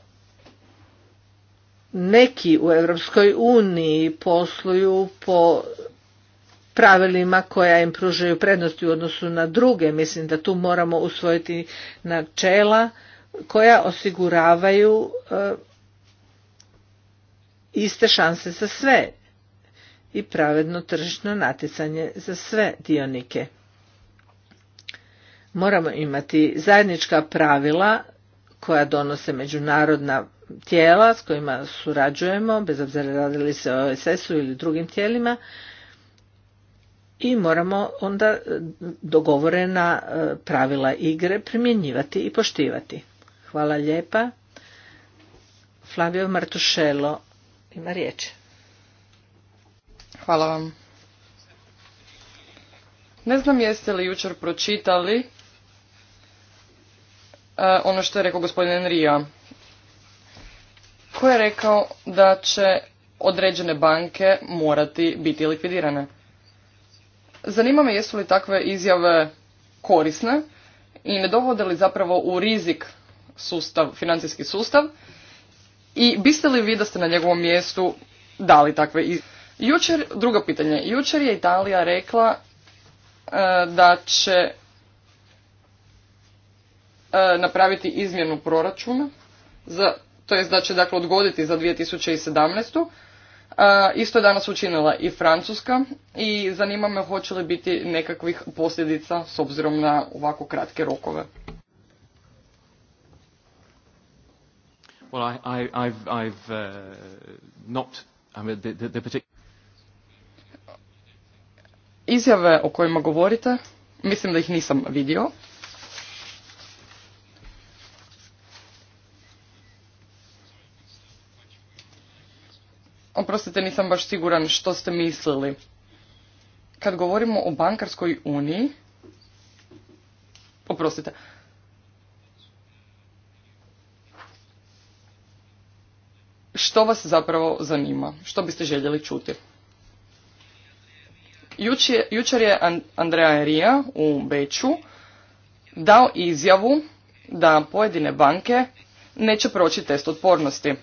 Speaker 1: neki u Europskoj uniji posluju po pravilima koja im pružaju prednosti u odnosu na druge. Mislim da tu moramo usvojiti načela koja osiguravaju e, iste šanse za sve i pravedno tržišno natjecanje za sve dionike. Moramo imati zajednička pravila koja donose međunarodna tijela s kojima surađujemo, bez obzira radili se o OSS-u ili drugim tijelima, i moramo onda e, dogovorena e, pravila igre primjenjivati i poštivati. Hvala lijepa. Flavio Martušelo ima riječ. Hvala vam.
Speaker 4: Ne znam jeste li jučer pročitali e, ono što je rekao gospodin Enrija. Ko je rekao da će određene banke morati biti likvidirane? Zanima me jesu li takve izjave korisne i ne dovode li zapravo u rizik sustav, financijski sustav i biste li vi da ste na njegovom mjestu dali takve izjave? Jučer, drugo pitanje, jučer je Italija rekla e, da će e, napraviti izmjenu proračuna, za, to jest da će dakle odgoditi za 2017 Isto je danas učinila i Francuska i zanima me hoće li biti nekakvih posljedica s obzirom na ovako kratke rokove.
Speaker 2: Izjave o kojima
Speaker 4: govorite, mislim da ih nisam vidio. oprostite, nisam baš siguran što ste mislili. Kad govorimo o bankarskoj uniji, oprostite, što vas zapravo zanima? Što biste željeli čuti? Jučer, je Andrea Rija u Beću dao izjavu da pojedine banke neće proći test otpornosti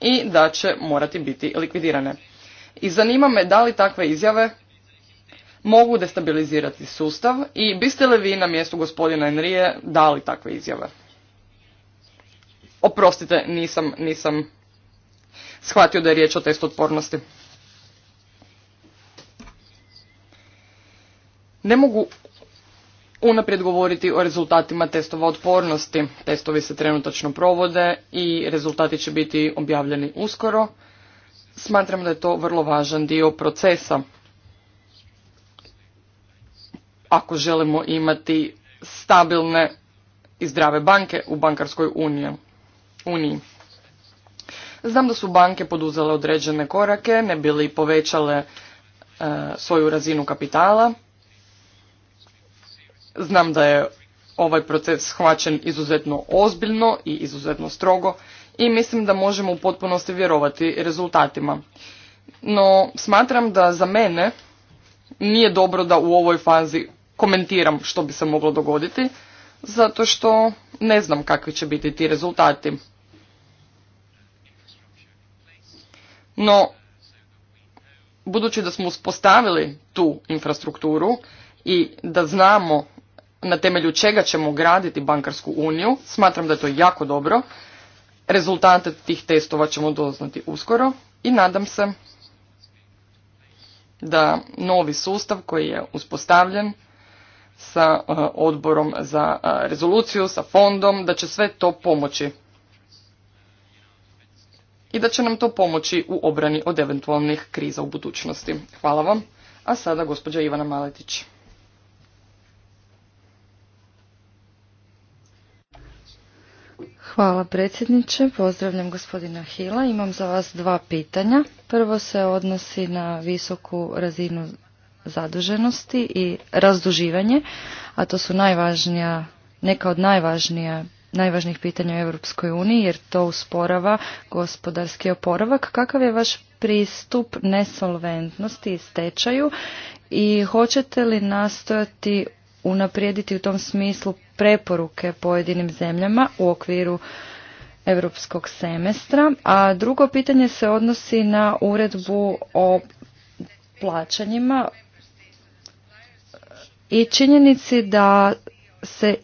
Speaker 4: i da će morati biti likvidirane. I zanima me da li takve izjave mogu destabilizirati sustav i biste li vi na mjestu gospodina Enrije dali takve izjave? Oprostite, nisam, nisam shvatio da je riječ o testu otpornosti. Ne mogu unaprijed govoriti o rezultatima testova otpornosti. Testovi se trenutačno provode i rezultati će biti objavljeni uskoro. Smatram da je to vrlo važan dio procesa. Ako želimo imati stabilne i zdrave banke u bankarskoj uniji. Znam da su banke poduzele određene korake, ne bili povećale e, svoju razinu kapitala Znam da je ovaj proces shvaćen izuzetno ozbiljno i izuzetno strogo i mislim da možemo u potpunosti vjerovati rezultatima. No, smatram da za mene nije dobro da u ovoj fazi komentiram što bi se moglo dogoditi, zato što ne znam kakvi će biti ti rezultati. No, budući da smo uspostavili tu infrastrukturu i da znamo na temelju čega ćemo graditi bankarsku uniju. Smatram da je to jako dobro. Rezultate tih testova ćemo doznati uskoro i nadam se da novi sustav koji je uspostavljen sa e, odborom za e, rezoluciju, sa fondom, da će sve to pomoći. I da će nam to pomoći u obrani od eventualnih kriza u budućnosti. Hvala vam. A sada gospođa Ivana Maletić.
Speaker 3: Hvala predsjedniče, pozdravljam gospodina Hila. Imam za vas dva pitanja. Prvo se odnosi na visoku razinu zaduženosti i razduživanje, a to su najvažnija, neka od najvažnija najvažnijih pitanja u Europskoj uniji jer to usporava gospodarski oporavak. Kakav je vaš pristup nesolventnosti i stečaju i hoćete li nastojati unaprijediti u tom smislu preporuke pojedinim zemljama u okviru europskog semestra, a drugo pitanje se odnosi na uredbu o plaćanjima i činjenici da se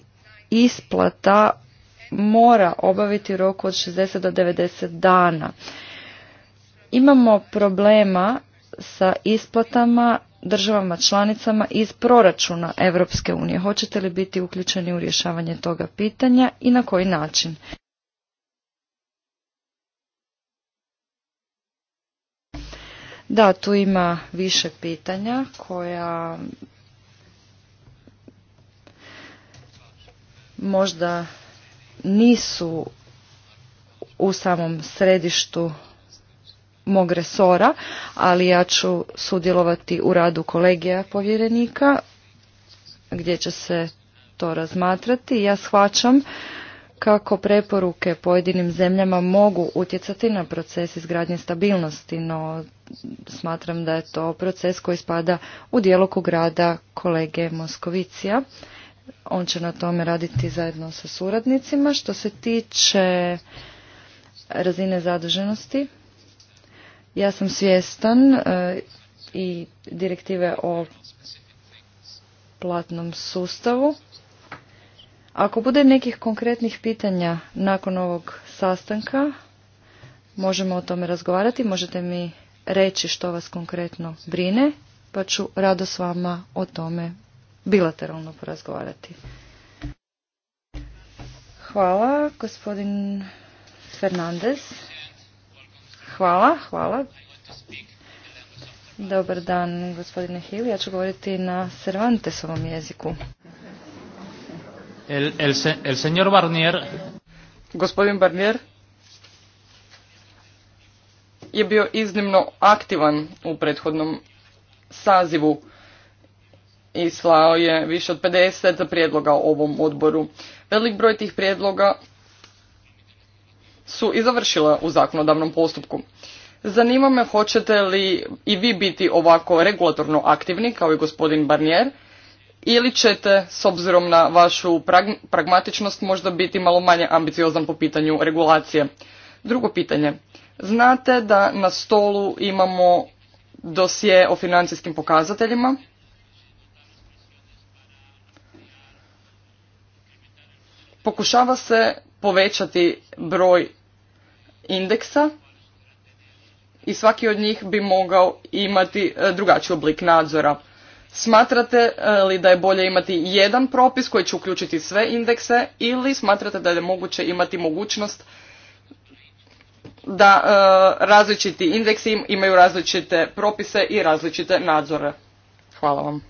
Speaker 3: isplata mora obaviti u roku od 60 do 90 dana. Imamo problema sa isplatama državama članicama iz proračuna Europske unije. Hoćete li biti uključeni u rješavanje toga pitanja i na koji način? Da, tu ima više pitanja koja možda nisu u samom središtu mog resora, ali ja ću sudjelovati u radu kolegija povjerenika gdje će se to razmatrati. Ja shvaćam kako preporuke pojedinim zemljama mogu utjecati na proces izgradnje stabilnosti, no smatram da je to proces koji spada u djelokrug grada kolege Moskovicija. On će na tome raditi zajedno sa suradnicima. Što se tiče razine zaduženosti, ja sam svjestan e, i direktive o platnom sustavu. Ako bude nekih konkretnih pitanja nakon ovog sastanka, možemo o tome razgovarati, možete mi reći što vas konkretno brine, pa ću rado s vama o tome bilateralno porazgovarati. Hvala, gospodin Fernandez. Hvala, hvala. Dobar dan, gospodine Hill. Ja ću govoriti na Cervantesovom jeziku.
Speaker 2: El, el, el señor Barnier.
Speaker 4: Gospodin Barnier je bio iznimno aktivan u prethodnom sazivu i slao je više od 50 prijedloga ovom odboru. Velik broj tih prijedloga su i završila u zakonodavnom postupku. Zanima me hoćete li i vi biti ovako regulatorno aktivni kao i gospodin Barnier ili ćete s obzirom na vašu pragmatičnost možda biti malo manje ambiciozan po pitanju regulacije. Drugo pitanje. Znate da na stolu imamo dosje o financijskim pokazateljima. Pokušava se povećati broj indeksa i svaki od njih bi mogao imati e, drugačiji oblik nadzora. Smatrate e, li da je bolje imati jedan propis koji će uključiti sve indekse ili smatrate da je moguće imati mogućnost da e, različiti indeksi imaju različite propise i različite nadzore? Hvala vam.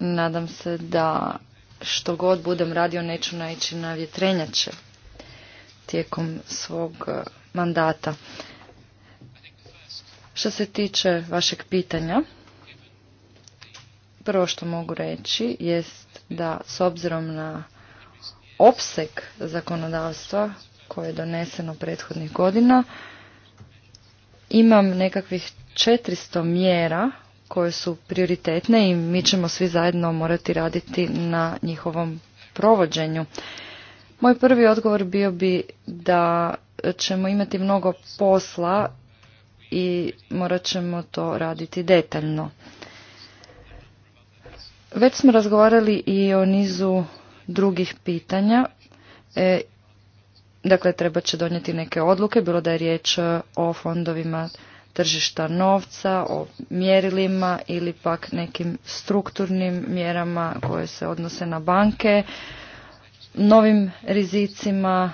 Speaker 3: Nadam se da što god budem radio neću naići na vjetrenjače tijekom svog uh, mandata. Što se tiče vašeg pitanja, prvo što mogu reći jest da s obzirom na opseg zakonodavstva koje je doneseno prethodnih godina, imam nekakvih 400 mjera koje su prioritetne i mi ćemo svi zajedno morati raditi na njihovom provođenju. Moj prvi odgovor bio bi da ćemo imati mnogo posla i morat ćemo to raditi detaljno. Već smo razgovarali i o nizu drugih pitanja e, Dakle, treba će donijeti neke odluke, bilo da je riječ e, o fondovima tržišta novca, o mjerilima ili pak nekim strukturnim mjerama koje se odnose na banke, novim rizicima.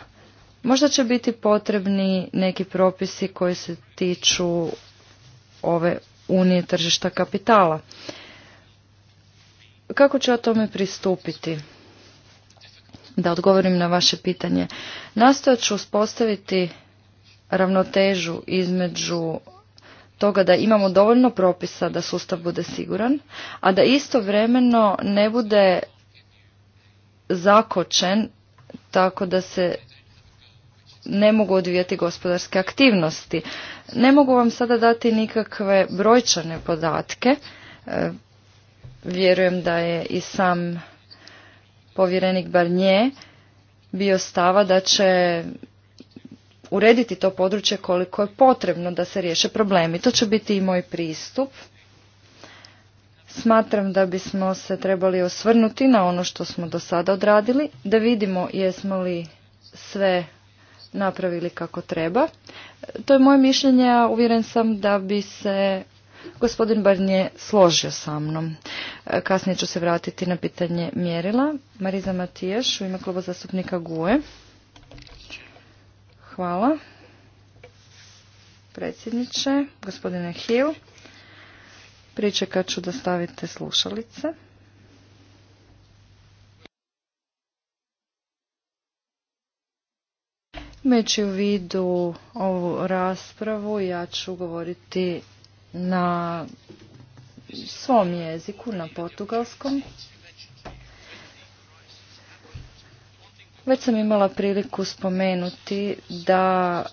Speaker 3: Možda će biti potrebni neki propisi koji se tiču ove unije tržišta kapitala. Kako će o tome pristupiti? da odgovorim na vaše pitanje. Nastojat ću uspostaviti ravnotežu između toga da imamo dovoljno propisa da sustav bude siguran, a da istovremeno ne bude zakočen tako da se ne mogu odvijati gospodarske aktivnosti. Ne mogu vam sada dati nikakve brojčane podatke. E, vjerujem da je i sam povjerenik Barnje bio stava da će urediti to područje koliko je potrebno da se riješe problemi. To će biti i moj pristup. Smatram da bismo se trebali osvrnuti na ono što smo do sada odradili, da vidimo jesmo li sve napravili kako treba. To je moje mišljenje, a uvjeren sam da bi se Gospodin je složio sa mnom. E, kasnije ću se vratiti na pitanje mjerila. Mariza Matijaš u ime kluba zastupnika GUE. Hvala. Predsjedniče, gospodine Hill, pričekat ću da stavite slušalice. Imajući u vidu ovu raspravu, ja ću govoriti na svom jeziku, na portugalskom. Već sam imala priliku spomenuti da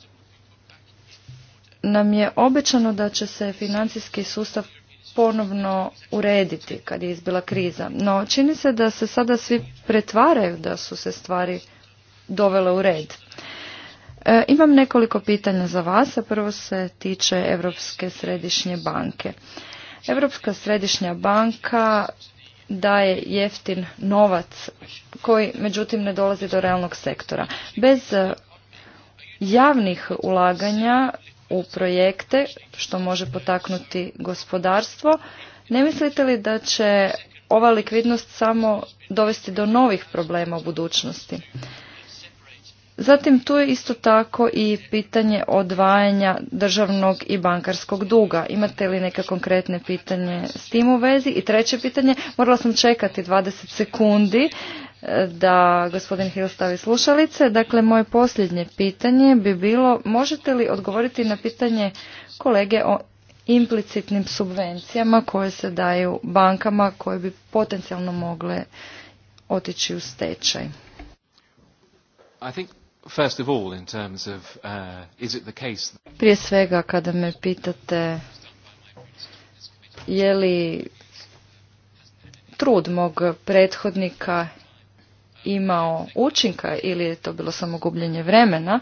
Speaker 3: nam je obećano da će se financijski sustav ponovno urediti kad je izbila kriza. No čini se da se sada svi pretvaraju da su se stvari dovele u red. E, imam nekoliko pitanja za vas, a prvo se tiče Europske središnje banke. Europska središnja banka daje jeftin novac koji međutim ne dolazi do realnog sektora. Bez e, javnih ulaganja u projekte što može potaknuti gospodarstvo, ne mislite li da će ova likvidnost samo dovesti do novih problema u budućnosti? Zatim tu je isto tako i pitanje odvajanja državnog i bankarskog duga. Imate li neke konkretne pitanje s tim u vezi? I treće pitanje, morala sam čekati 20 sekundi e, da gospodin Hill stavi slušalice. Dakle, moje posljednje pitanje bi bilo, možete li odgovoriti na pitanje kolege o implicitnim subvencijama koje se daju bankama koje bi potencijalno mogle otići u stečaj? I think prije svega kada me pitate je li trud mog prethodnika imao učinka ili je to bilo samo gubljenje vremena,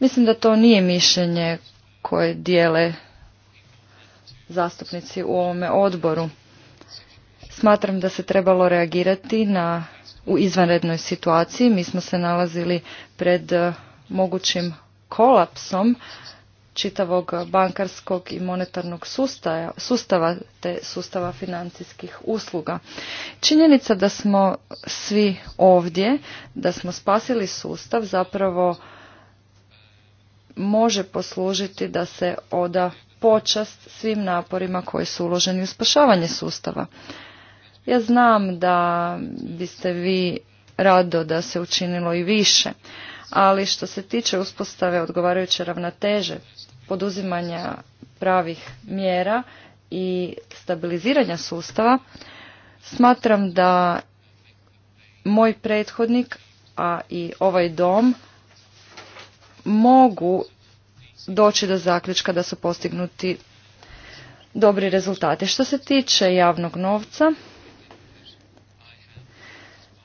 Speaker 3: mislim da to nije mišljenje koje dijele zastupnici u ovome odboru. Smatram da se trebalo reagirati na u izvanrednoj situaciji. Mi smo se nalazili pred e, mogućim kolapsom čitavog bankarskog i monetarnog sustava, sustava te sustava financijskih usluga. Činjenica da smo svi ovdje, da smo spasili sustav zapravo može poslužiti da se oda počast svim naporima koji su uloženi u spašavanje sustava. Ja znam da biste vi rado da se učinilo i više, ali što se tiče uspostave odgovarajuće ravnoteže, poduzimanja pravih mjera i stabiliziranja sustava, smatram da moj prethodnik, a i ovaj dom, mogu doći do zaključka da su postignuti dobri rezultati. Što se tiče javnog novca,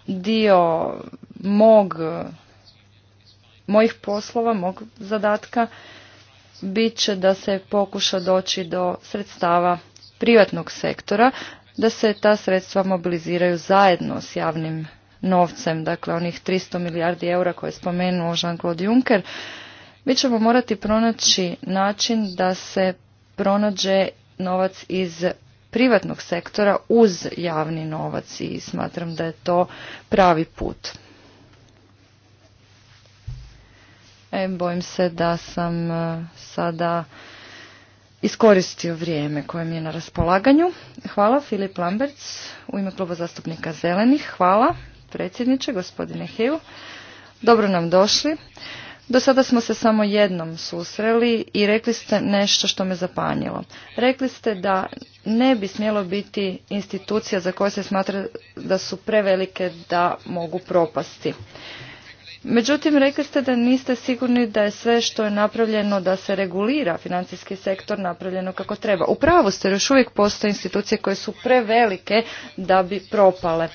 Speaker 3: dio mog, mojih poslova, mog zadatka, bit će da se pokuša doći do sredstava privatnog sektora, da se ta sredstva mobiliziraju zajedno s javnim novcem, dakle onih 300 milijardi eura koje je spomenuo Jean-Claude Juncker, mi ćemo morati pronaći način da se pronađe novac iz privatnog sektora uz javni novac i smatram da je to pravi put. E, bojim se da sam e, sada iskoristio vrijeme koje mi je na raspolaganju. Hvala Filip Lamberts u ime kluba zastupnika Zelenih. Hvala predsjedniče, gospodine Hill. Dobro nam došli. Do sada smo se samo jednom susreli i rekli ste nešto što me zapanjilo. Rekli ste da ne bi smjelo biti institucija za koje se smatra da su prevelike da mogu propasti. Međutim, rekli ste da niste sigurni da je sve što je napravljeno da se regulira financijski sektor napravljeno kako treba. U pravu ste, još uvijek postoje institucije koje su prevelike da bi propale.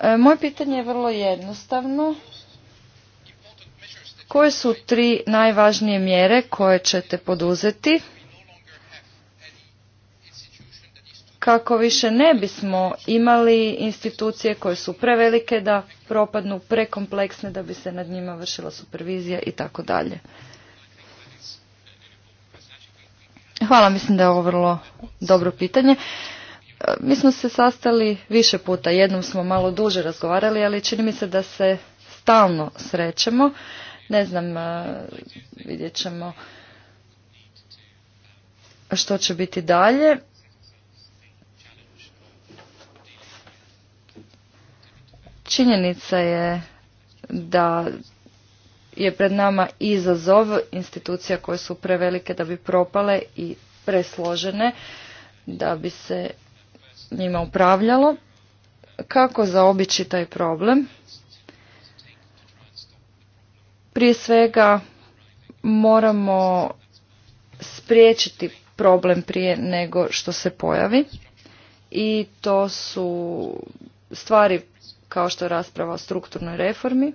Speaker 3: E, moje pitanje je vrlo jednostavno koje su tri najvažnije mjere koje ćete poduzeti kako više ne bismo imali institucije koje su prevelike da propadnu, prekompleksne da bi se nad njima vršila supervizija i tako dalje. Hvala, mislim da je ovo vrlo dobro pitanje. Mi smo se sastali više puta, jednom smo malo duže razgovarali, ali čini mi se da se stalno srećemo. Ne znam, e, vidjet ćemo što će biti dalje. Činjenica je da je pred nama izazov institucija koje su prevelike da bi propale i presložene da bi se njima upravljalo. Kako zaobići taj problem? Prije svega moramo spriječiti problem prije nego što se pojavi i to su stvari kao što je rasprava o strukturnoj reformi.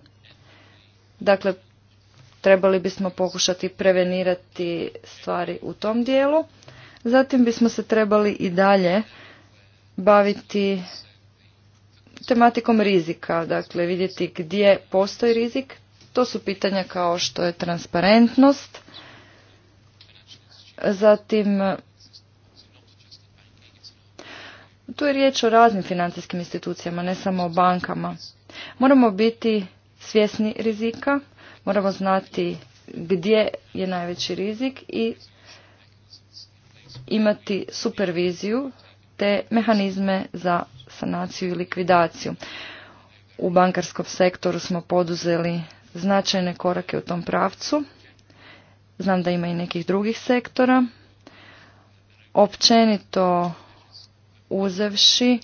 Speaker 3: Dakle, trebali bismo pokušati prevenirati stvari u tom dijelu. Zatim bismo se trebali i dalje baviti tematikom rizika, dakle vidjeti gdje postoji rizik, to su pitanja kao što je transparentnost, zatim tu je riječ o raznim financijskim institucijama, ne samo o bankama. Moramo biti svjesni rizika, moramo znati gdje je najveći rizik i imati superviziju te mehanizme za sanaciju i likvidaciju. U bankarskom sektoru smo poduzeli značajne korake u tom pravcu. Znam da ima i nekih drugih sektora. Općenito uzevši,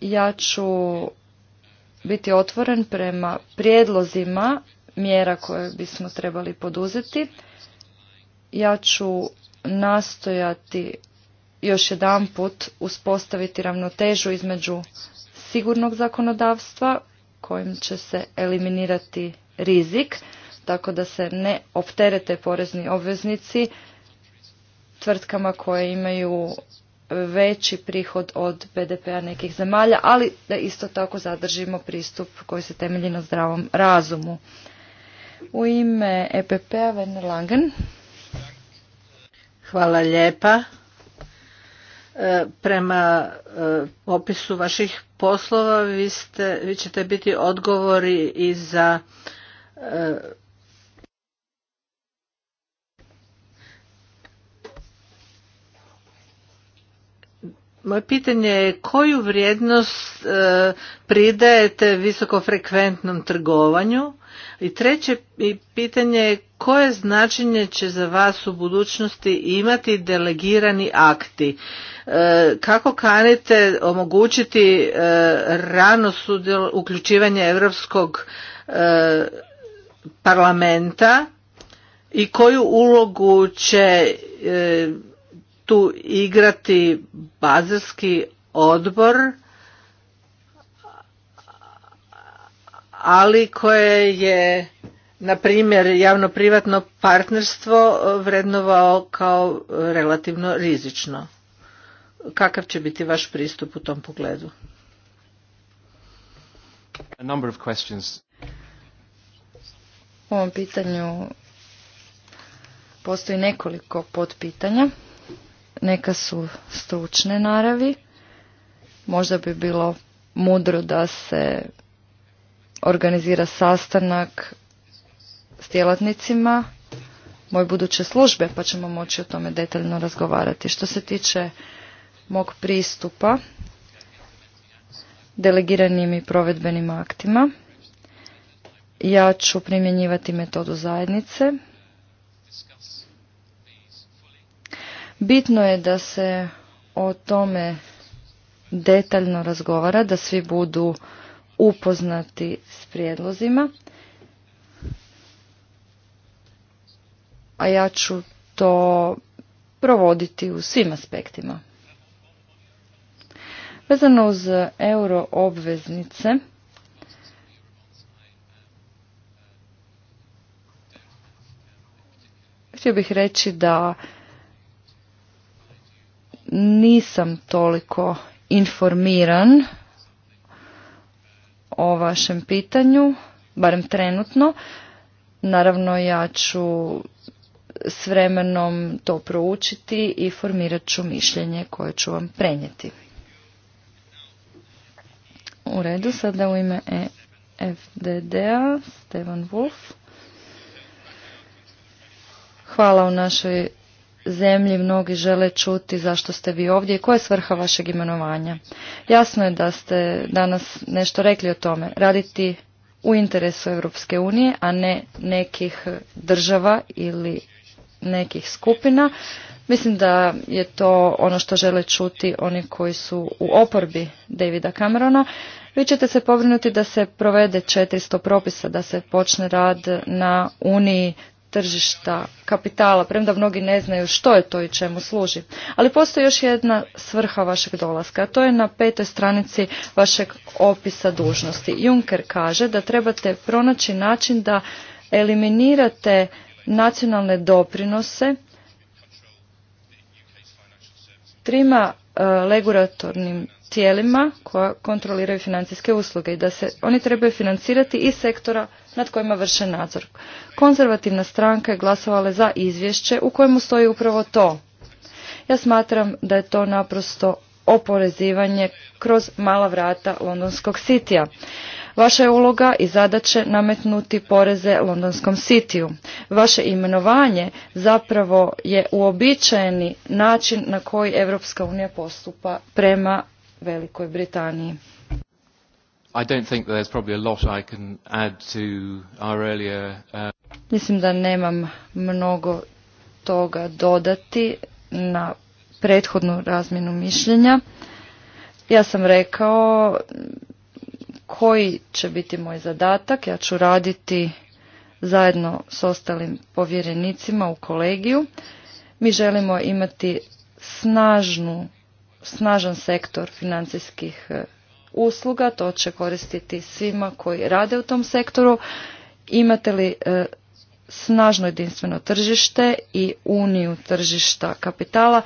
Speaker 3: ja ću biti otvoren prema prijedlozima mjera koje bismo trebali poduzeti. Ja ću nastojati još jedan put uspostaviti ravnotežu između sigurnog zakonodavstva kojim će se eliminirati rizik, tako da se ne opterete porezni obveznici tvrtkama koje imaju veći prihod od BDP-a nekih zemalja, ali da isto tako zadržimo pristup koji se temelji na zdravom razumu. U ime EPP-a Werner Langen.
Speaker 1: Hvala lijepa. E, prema e, opisu vaših poslova vi, ste, vi ćete biti odgovori i za moje pitanje je koju vrijednost e, pridajete visokofrekventnom trgovanju? I treće pitanje je koje značenje će za vas u budućnosti imati delegirani akti? E, kako kanite omogućiti e, rano uključivanje Europskog parlamenta i koju ulogu će e, tu igrati bazarski odbor ali koje je na primjer javno privatno partnerstvo vrednovao kao relativno rizično kakav će biti vaš pristup u tom pogledu
Speaker 3: u ovom pitanju postoji nekoliko potpitanja. Neka su stručne naravi. Možda bi bilo mudro da se organizira sastanak s djelatnicima moje buduće službe, pa ćemo moći o tome detaljno razgovarati. Što se tiče mog pristupa delegiranim i provedbenim aktima, ja ću primjenjivati metodu zajednice. Bitno je da se o tome detaljno razgovara, da svi budu upoznati s prijedlozima. A ja ću to provoditi u svim aspektima. Vezano uz euro obveznice, htio bih reći da nisam toliko informiran o vašem pitanju, barem trenutno. Naravno ja ću s vremenom to proučiti i formirat ću mišljenje koje ću vam prenijeti. U redu, sada u ime e FDD-a Stevan Wolf. Hvala u našoj zemlji mnogi žele čuti zašto ste vi ovdje i koja je svrha vašeg imenovanja. Jasno je da ste danas nešto rekli o tome. Raditi u interesu Europske unije, a ne nekih država ili nekih skupina. Mislim da je to ono što žele čuti oni koji su u oporbi Davida Camerona. Vi ćete se pobrinuti da se provede 400 propisa, da se počne rad na Uniji tržišta kapitala, premda mnogi ne znaju što je to i čemu služi. Ali postoji još jedna svrha vašeg dolaska, a to je na petoj stranici vašeg opisa dužnosti. Juncker kaže da trebate pronaći način da eliminirate nacionalne doprinose trima leguratornim e, tijelima koja kontroliraju financijske usluge i da se oni trebaju financirati iz sektora nad kojima vrše nadzor. Konzervativna stranka je glasovala za izvješće u kojemu stoji upravo to. Ja smatram da je to naprosto oporezivanje kroz mala vrata londonskog sitija. Vaša je uloga i zadaće nametnuti poreze londonskom sitiju. Vaše imenovanje zapravo je uobičajeni način na koji Europska unija postupa prema Velikoj Britaniji.
Speaker 2: I don't think there's probably a lot I can add to our earlier, uh,
Speaker 3: Mislim da nemam mnogo toga dodati na prethodnu razmjenu mišljenja. Ja sam rekao koji će biti moj zadatak. Ja ću raditi zajedno s ostalim povjerenicima u kolegiju. Mi želimo imati snažnu, snažan sektor financijskih usluga, to će koristiti svima koji rade u tom sektoru. Imate li e, snažno jedinstveno tržište i uniju tržišta kapitala,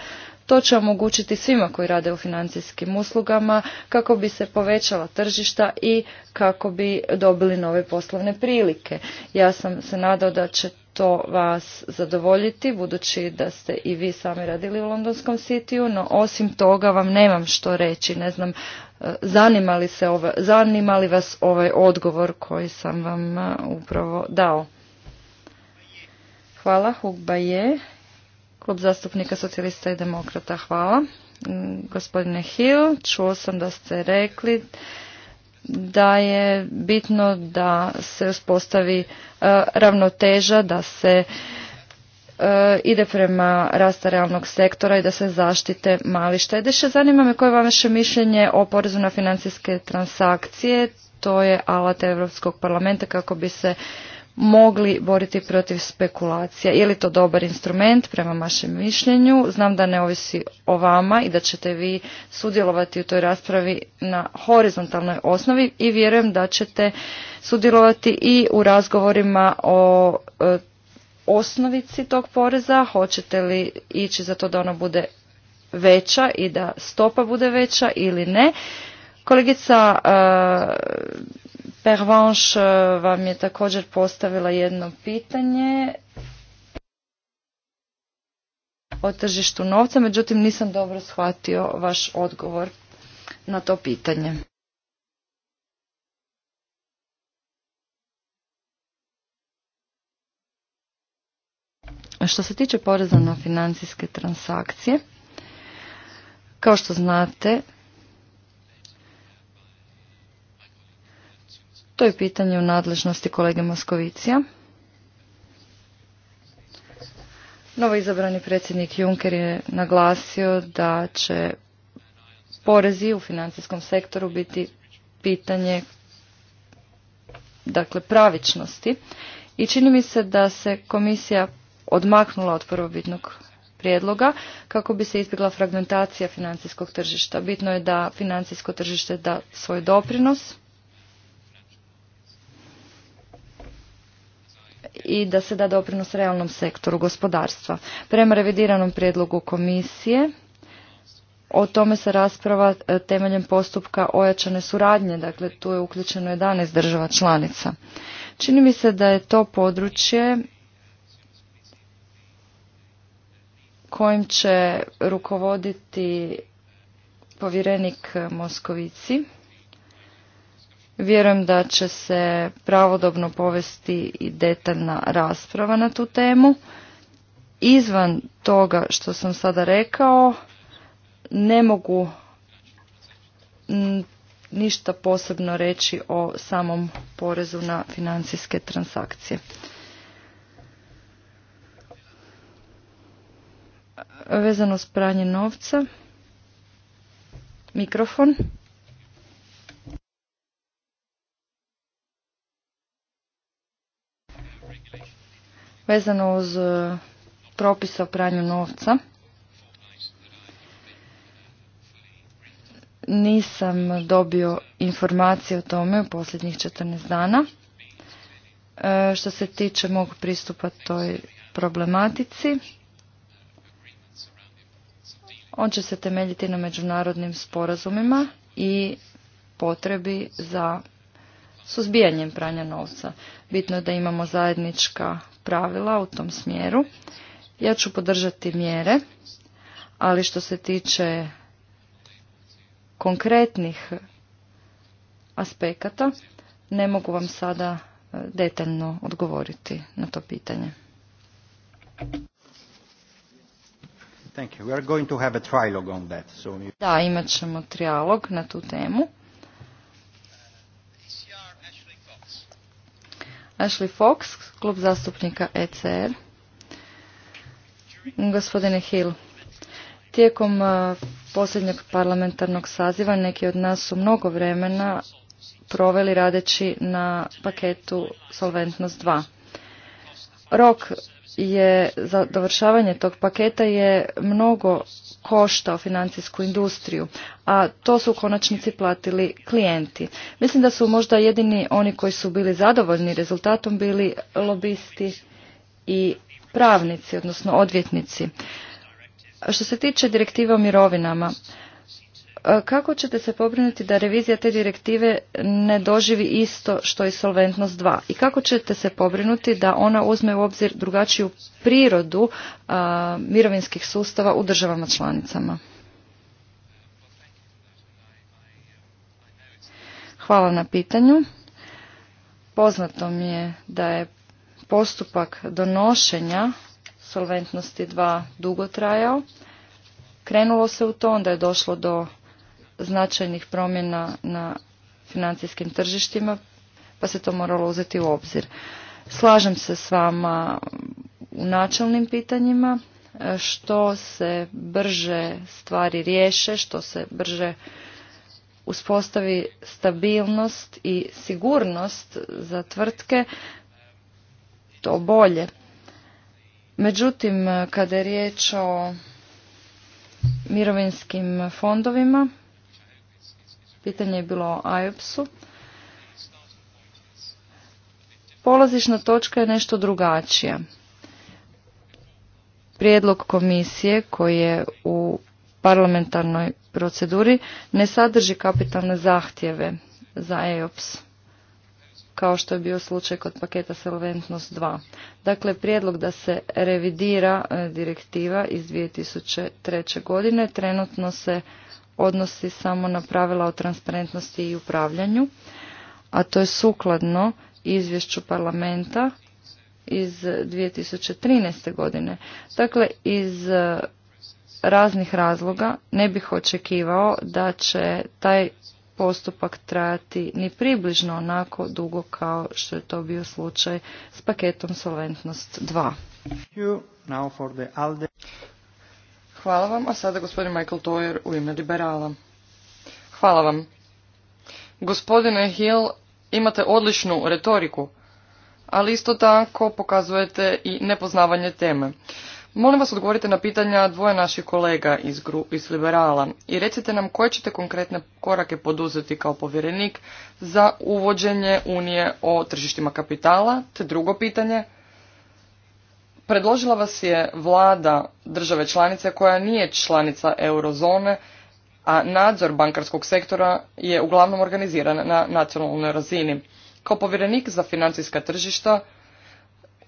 Speaker 3: to će omogućiti svima koji rade u financijskim uslugama kako bi se povećala tržišta i kako bi dobili nove poslovne prilike. Ja sam se nadao da će to vas zadovoljiti budući da ste i vi sami radili u Londonskom sitiju, no osim toga vam nemam što reći. Ne znam zanimali, se ova, vas ovaj odgovor koji sam vam e, upravo dao. Hvala, Hugba je. Klub zastupnika socijalista i demokrata, hvala. Mm, gospodine Hill, čuo sam da ste rekli da je bitno da se uspostavi e, ravnoteža, da se E, ide prema rasta realnog sektora i da se zaštite mali štediše. Zanima me koje je vaše mišljenje o porezu na financijske transakcije. To je alat Europskog parlamenta kako bi se mogli boriti protiv spekulacija. Je li to dobar instrument prema vašem mišljenju? Znam da ne ovisi o vama i da ćete vi sudjelovati u toj raspravi na horizontalnoj osnovi i vjerujem da ćete sudjelovati i u razgovorima o e, osnovici tog poreza, hoćete li ići za to da ona bude veća i da stopa bude veća ili ne. Kolegica e, Pervanš e, vam je također postavila jedno pitanje o tržištu novca, međutim nisam dobro shvatio vaš odgovor na to pitanje. Što se tiče poreza na financijske transakcije, kao što znate, to je pitanje u nadležnosti kolege Moskovicija. Novo izabrani predsjednik Juncker je naglasio da će porezi u financijskom sektoru biti pitanje dakle pravičnosti i čini mi se da se komisija odmaknula od prvobitnog prijedloga kako bi se izbjegla fragmentacija financijskog tržišta. Bitno je da financijsko tržište da svoj doprinos i da se da doprinos realnom sektoru gospodarstva. Prema revidiranom prijedlogu komisije o tome se rasprava e, temeljem postupka ojačane suradnje, dakle tu je uključeno 11 država članica. Čini mi se da je to područje kojim će rukovoditi povjerenik Moskovici. Vjerujem da će se pravodobno povesti i detaljna rasprava na tu temu. Izvan toga što sam sada rekao, ne mogu ništa posebno reći o samom porezu na financijske transakcije. vezano s pranje novca. Mikrofon. Vezano uz e, propisa o pranju novca. Nisam dobio informacije o tome u posljednjih 14 dana. E, što se tiče mog pristupa toj problematici, on će se temeljiti na međunarodnim sporazumima i potrebi za suzbijanjem pranja novca. Bitno je da imamo zajednička pravila u tom smjeru. Ja ću podržati mjere, ali što se tiče konkretnih aspekata, ne mogu vam sada e, detaljno odgovoriti na to pitanje. Da, imat ćemo trialog na tu temu. Ashley Fox, klub zastupnika ECR. Gospodine Hill, tijekom uh, posljednjeg parlamentarnog saziva neki od nas su mnogo vremena proveli radeći na paketu Solventnost 2. Rok je za dovršavanje tog paketa je mnogo koštao financijsku industriju, a to su u konačnici platili klijenti. Mislim da su možda jedini oni koji su bili zadovoljni rezultatom bili lobisti i pravnici, odnosno odvjetnici. Što se tiče direktive o mirovinama, E, kako ćete se pobrinuti da revizija te direktive ne doživi isto što i Solventnost 2? I kako ćete se pobrinuti da ona uzme u obzir drugačiju prirodu e, mirovinskih sustava u državama članicama? Hvala na pitanju. Poznato mi je da je postupak donošenja Solventnosti 2 dugo trajao. Krenulo se u to, onda je došlo do značajnih promjena na financijskim tržištima, pa se to moralo uzeti u obzir. Slažem se s vama u načelnim pitanjima, e, što se brže stvari riješe, što se brže uspostavi stabilnost i sigurnost za tvrtke, to bolje. Međutim, e, kada je riječ o mirovinskim fondovima, Pitanje je bilo o iops Polazišna točka je nešto drugačija. Prijedlog komisije koji je u parlamentarnoj proceduri ne sadrži kapitalne zahtjeve za EOPS kao što je bio slučaj kod paketa Solventnost 2. Dakle, prijedlog da se revidira e, direktiva iz 2003. godine trenutno se odnosi samo na pravila o transparentnosti i upravljanju, a to je sukladno izvješću parlamenta iz 2013. godine. Dakle, iz e, raznih razloga ne bih očekivao da će taj postupak trajati ni približno onako dugo kao što je to bio slučaj s paketom Solventnost
Speaker 4: 2. Hvala vam, a sada gospodin Michael Toyer u ime liberala. Hvala vam. Gospodine Hill, imate odličnu retoriku, ali isto tako pokazujete i nepoznavanje teme. Molim vas odgovorite na pitanja dvoje naših kolega iz, gru, iz Liberala i recite nam koje ćete konkretne korake poduzeti kao povjerenik za uvođenje Unije o tržištima kapitala, te drugo pitanje – Predložila vas je vlada države članice koja nije članica eurozone, a nadzor bankarskog sektora je uglavnom organiziran na nacionalnoj razini. Kao povjerenik za financijska tržišta,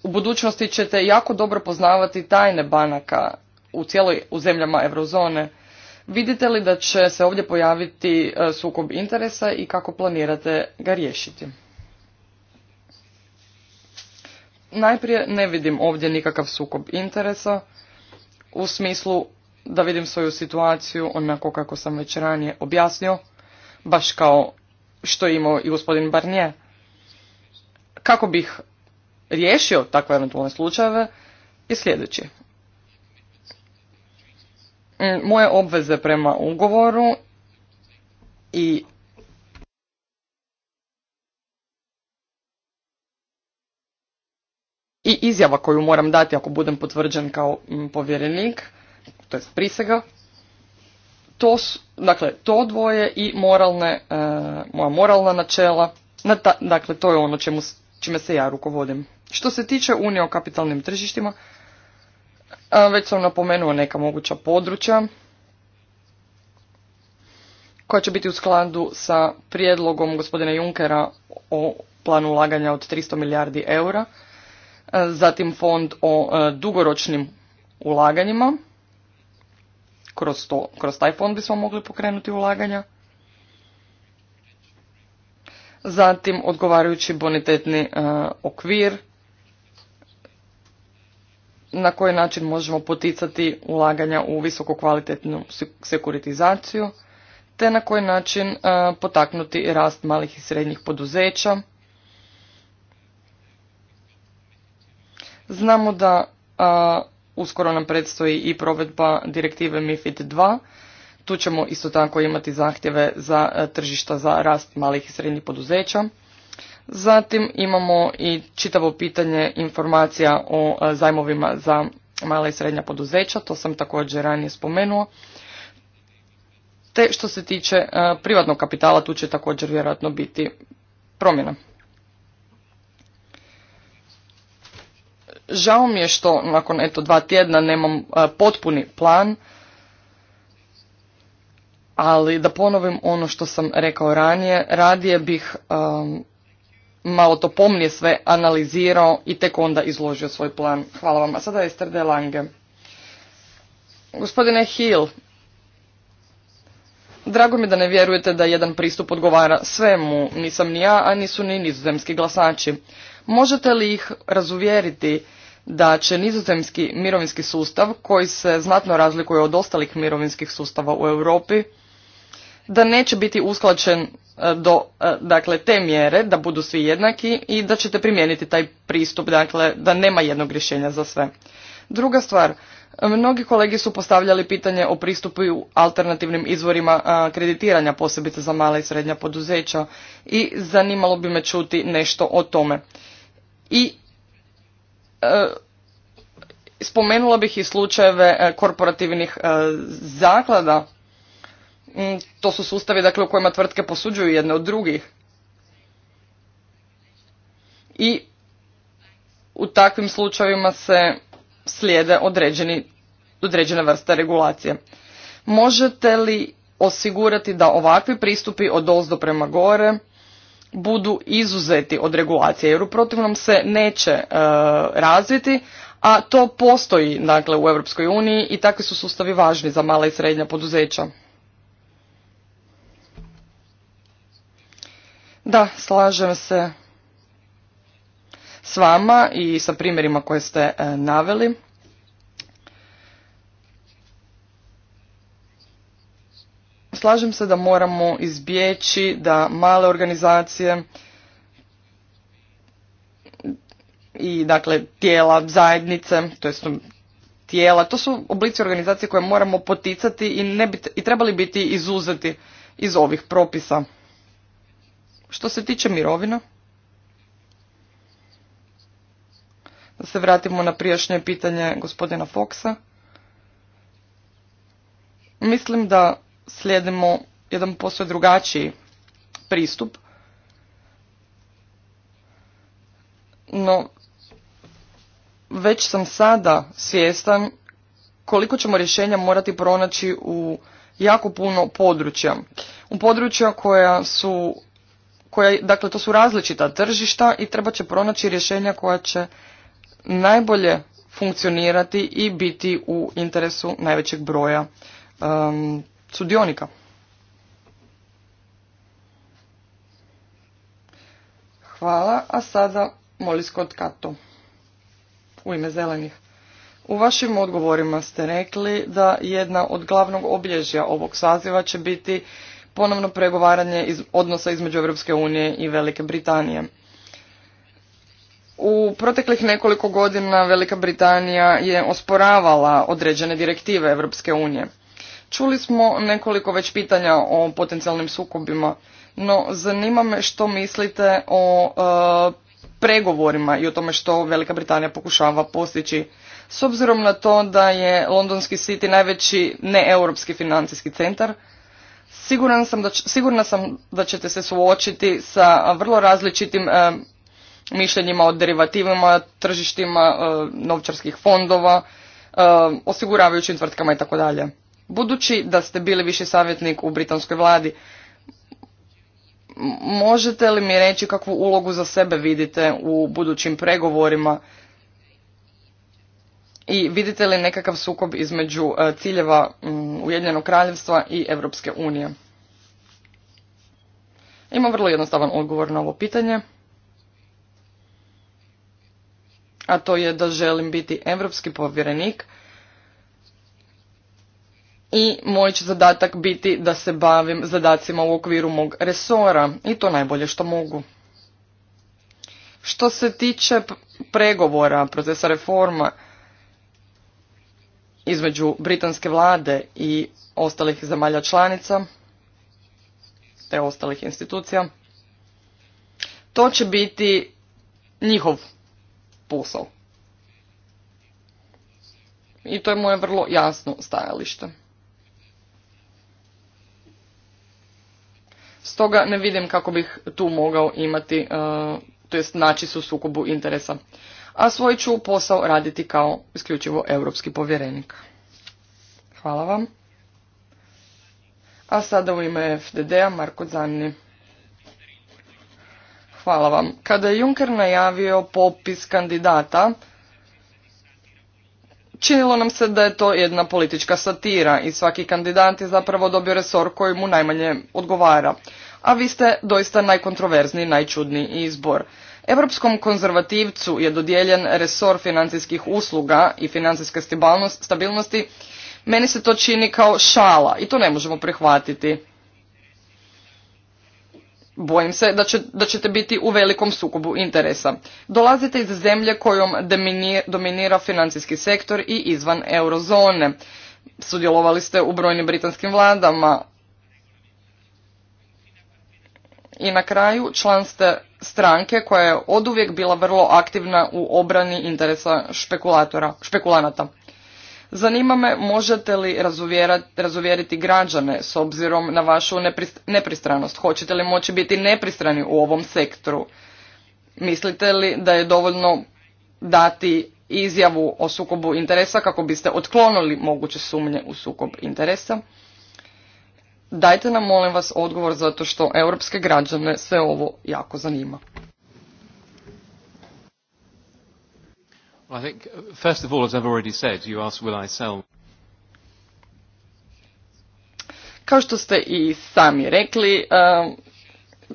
Speaker 4: u budućnosti ćete jako dobro poznavati tajne banaka u cijeloj u zemljama eurozone. Vidite li da će se ovdje pojaviti e, sukob interesa i kako planirate ga riješiti? Najprije ne vidim ovdje nikakav sukob interesa u smislu da vidim svoju situaciju onako kako sam već ranije objasnio, baš kao što je imao i gospodin Barnier. Kako bih riješio takve eventualne slučajeve je sljedeći. Mm, moje obveze prema ugovoru i i izjava koju moram dati ako budem potvrđen kao mm, povjerenik, to je prisega, to su, dakle, to dvoje i moralne, e, moja moralna načela, dakle, to je ono čemu, čime se ja rukovodim. Što se tiče Unije o kapitalnim tržištima, već sam napomenuo neka moguća područja koja će biti u skladu sa prijedlogom gospodina Junkera o planu ulaganja od 300 milijardi eura – E, zatim fond o e, dugoročnim ulaganjima, kroz, kroz taj fond bismo mogli pokrenuti ulaganja, zatim odgovarajući bonitetni e, okvir, na koji način možemo poticati ulaganja u visokokvalitetnu sekuritizaciju, te na koji način potaknuti rast malih i srednjih poduzeća, Znamo da uskoro nam predstoji i provedba direktive MIFID 2. Tu ćemo isto tako imati zahtjeve za e, tržišta za rast malih i srednjih poduzeća. Zatim imamo i čitavo pitanje informacija o e, zajmovima za mala i srednja poduzeća, to sam također ranije spomenuo. Te što se tiče e, privatnog kapitala, tu će također vjerojatno biti promjena. Žao mi je što nakon eto dva tjedna nemam e, potpuni plan, ali da ponovim ono što sam rekao ranije, radije bih malo to pomnije sve analizirao i tek onda izložio svoj plan. Hvala vam. A sada je srde Lange. Gospodine Hill, drago mi da ne vjerujete da jedan pristup odgovara svemu, nisam ni ja, a nisu ni nizozemski glasači. Možete li ih razuvjeriti da će nizozemski mirovinski sustav, koji se znatno razlikuje od ostalih mirovinskih sustava u Europi, da neće biti usklađen e, do e, dakle, te mjere, da budu svi jednaki i da ćete primijeniti taj pristup, dakle, da nema jednog rješenja za sve. Druga stvar, mnogi kolegi su postavljali pitanje o pristupu alternativnim izvorima e, kreditiranja, posebice za mala i srednja poduzeća i zanimalo bi me čuti nešto o tome. I E, spomenula bih i slučajeve e, korporativnih e, zaklada. Mm, to su sustavi dakle, u kojima tvrtke posuđuju jedne od drugih. I u takvim slučajevima se slijede određeni, određene vrste regulacije. Možete li osigurati da ovakvi pristupi od dozdo prema gore budu izuzeti od regulacije jer u protivnom se neće e, razviti, a to postoji dakle u Europskoj uniji i takvi su sustavi važni za mala i srednja poduzeća. Da, slažem se s vama i sa primjerima koje ste e, naveli. Slažem se da moramo izbjeći da male organizacije i dakle tijela zajednice, to jest tijela, to su oblici organizacije koje moramo poticati i, ne i trebali biti izuzeti iz ovih propisa. Što se tiče mirovina, da se vratimo na prijašnje pitanje gospodina Foksa, mislim da slijedimo jedan posve drugačiji pristup. No, već sam sada svjestan koliko ćemo rješenja morati pronaći u jako puno područja. U područja koja su, koja, dakle to su različita tržišta i treba će pronaći rješenja koja će najbolje funkcionirati i biti u interesu najvećeg broja um, sudionika. Hvala, a sada moli Scott Kato u ime zelenih. U vašim odgovorima ste rekli da jedna od glavnog obilježja ovog saziva će biti ponovno pregovaranje iz odnosa između Europske unije i Velike Britanije. U proteklih nekoliko godina Velika Britanija je osporavala određene direktive Europske unije. Čuli smo nekoliko već pitanja o potencijalnim sukobima, no zanima me što mislite o e, pregovorima i o tome što Velika Britanija pokušava postići. S obzirom na to da je Londonski City najveći neeuropski financijski centar, sam da sigurna sam da ćete se suočiti sa vrlo različitim e, mišljenjima o derivativima, tržištima e, novčarskih fondova, osiguravajućim tvrtkama i tako dalje. Budući da ste bili viši savjetnik u britanskoj vladi, možete li mi reći kakvu ulogu za sebe vidite u budućim pregovorima i vidite li nekakav sukob između e, ciljeva mm, Ujedinjenog kraljevstva i Europske unije? Imam vrlo jednostavan odgovor na ovo pitanje, a to je da želim biti europski povjerenik i moj će zadatak biti da se bavim zadacima u okviru mog resora i to najbolje što mogu. Što se tiče pregovora, procesa reforma između britanske vlade i ostalih zemalja članica, te ostalih institucija, to će biti njihov posao. I to je moje vrlo jasno stajalište. Stoga ne vidim kako bih tu mogao imati, e, to jest naći se u sukobu interesa. A svoj ću posao raditi kao isključivo europski povjerenik. Hvala vam. A sada u ime FDD-a Marko Zanni. Hvala vam. Kada je Juncker najavio popis kandidata, činilo nam se da je to jedna politička satira i svaki kandidat je zapravo dobio resor koji mu najmanje odgovara. A vi ste doista najkontroverzniji, najčudniji izbor. Europskom konzervativcu je dodijeljen resor financijskih usluga i financijske stabilnosti. Meni se to čini kao šala i to ne možemo prihvatiti. Bojim se da, da ćete biti u velikom sukobu interesa. Dolazite iz zemlje kojom dominira financijski sektor i izvan eurozone. Sudjelovali ste u brojnim britanskim vladama. I na kraju član ste stranke koja je oduvijek bila vrlo aktivna u obrani interesa špekulatora, špekulanata. Zanima me možete li razuvjeriti građane s obzirom na vašu nepristranost? Hoćete li moći biti nepristrani u ovom sektoru? Mislite li da je dovoljno dati izjavu o sukobu interesa kako biste otklonili moguće sumnje u sukob interesa? Dajte nam molim vas odgovor zato što europske građane sve ovo jako zanima.
Speaker 2: I think, first of all, as I've already said, you will I sell?
Speaker 4: Kao što ste i sami rekli, um,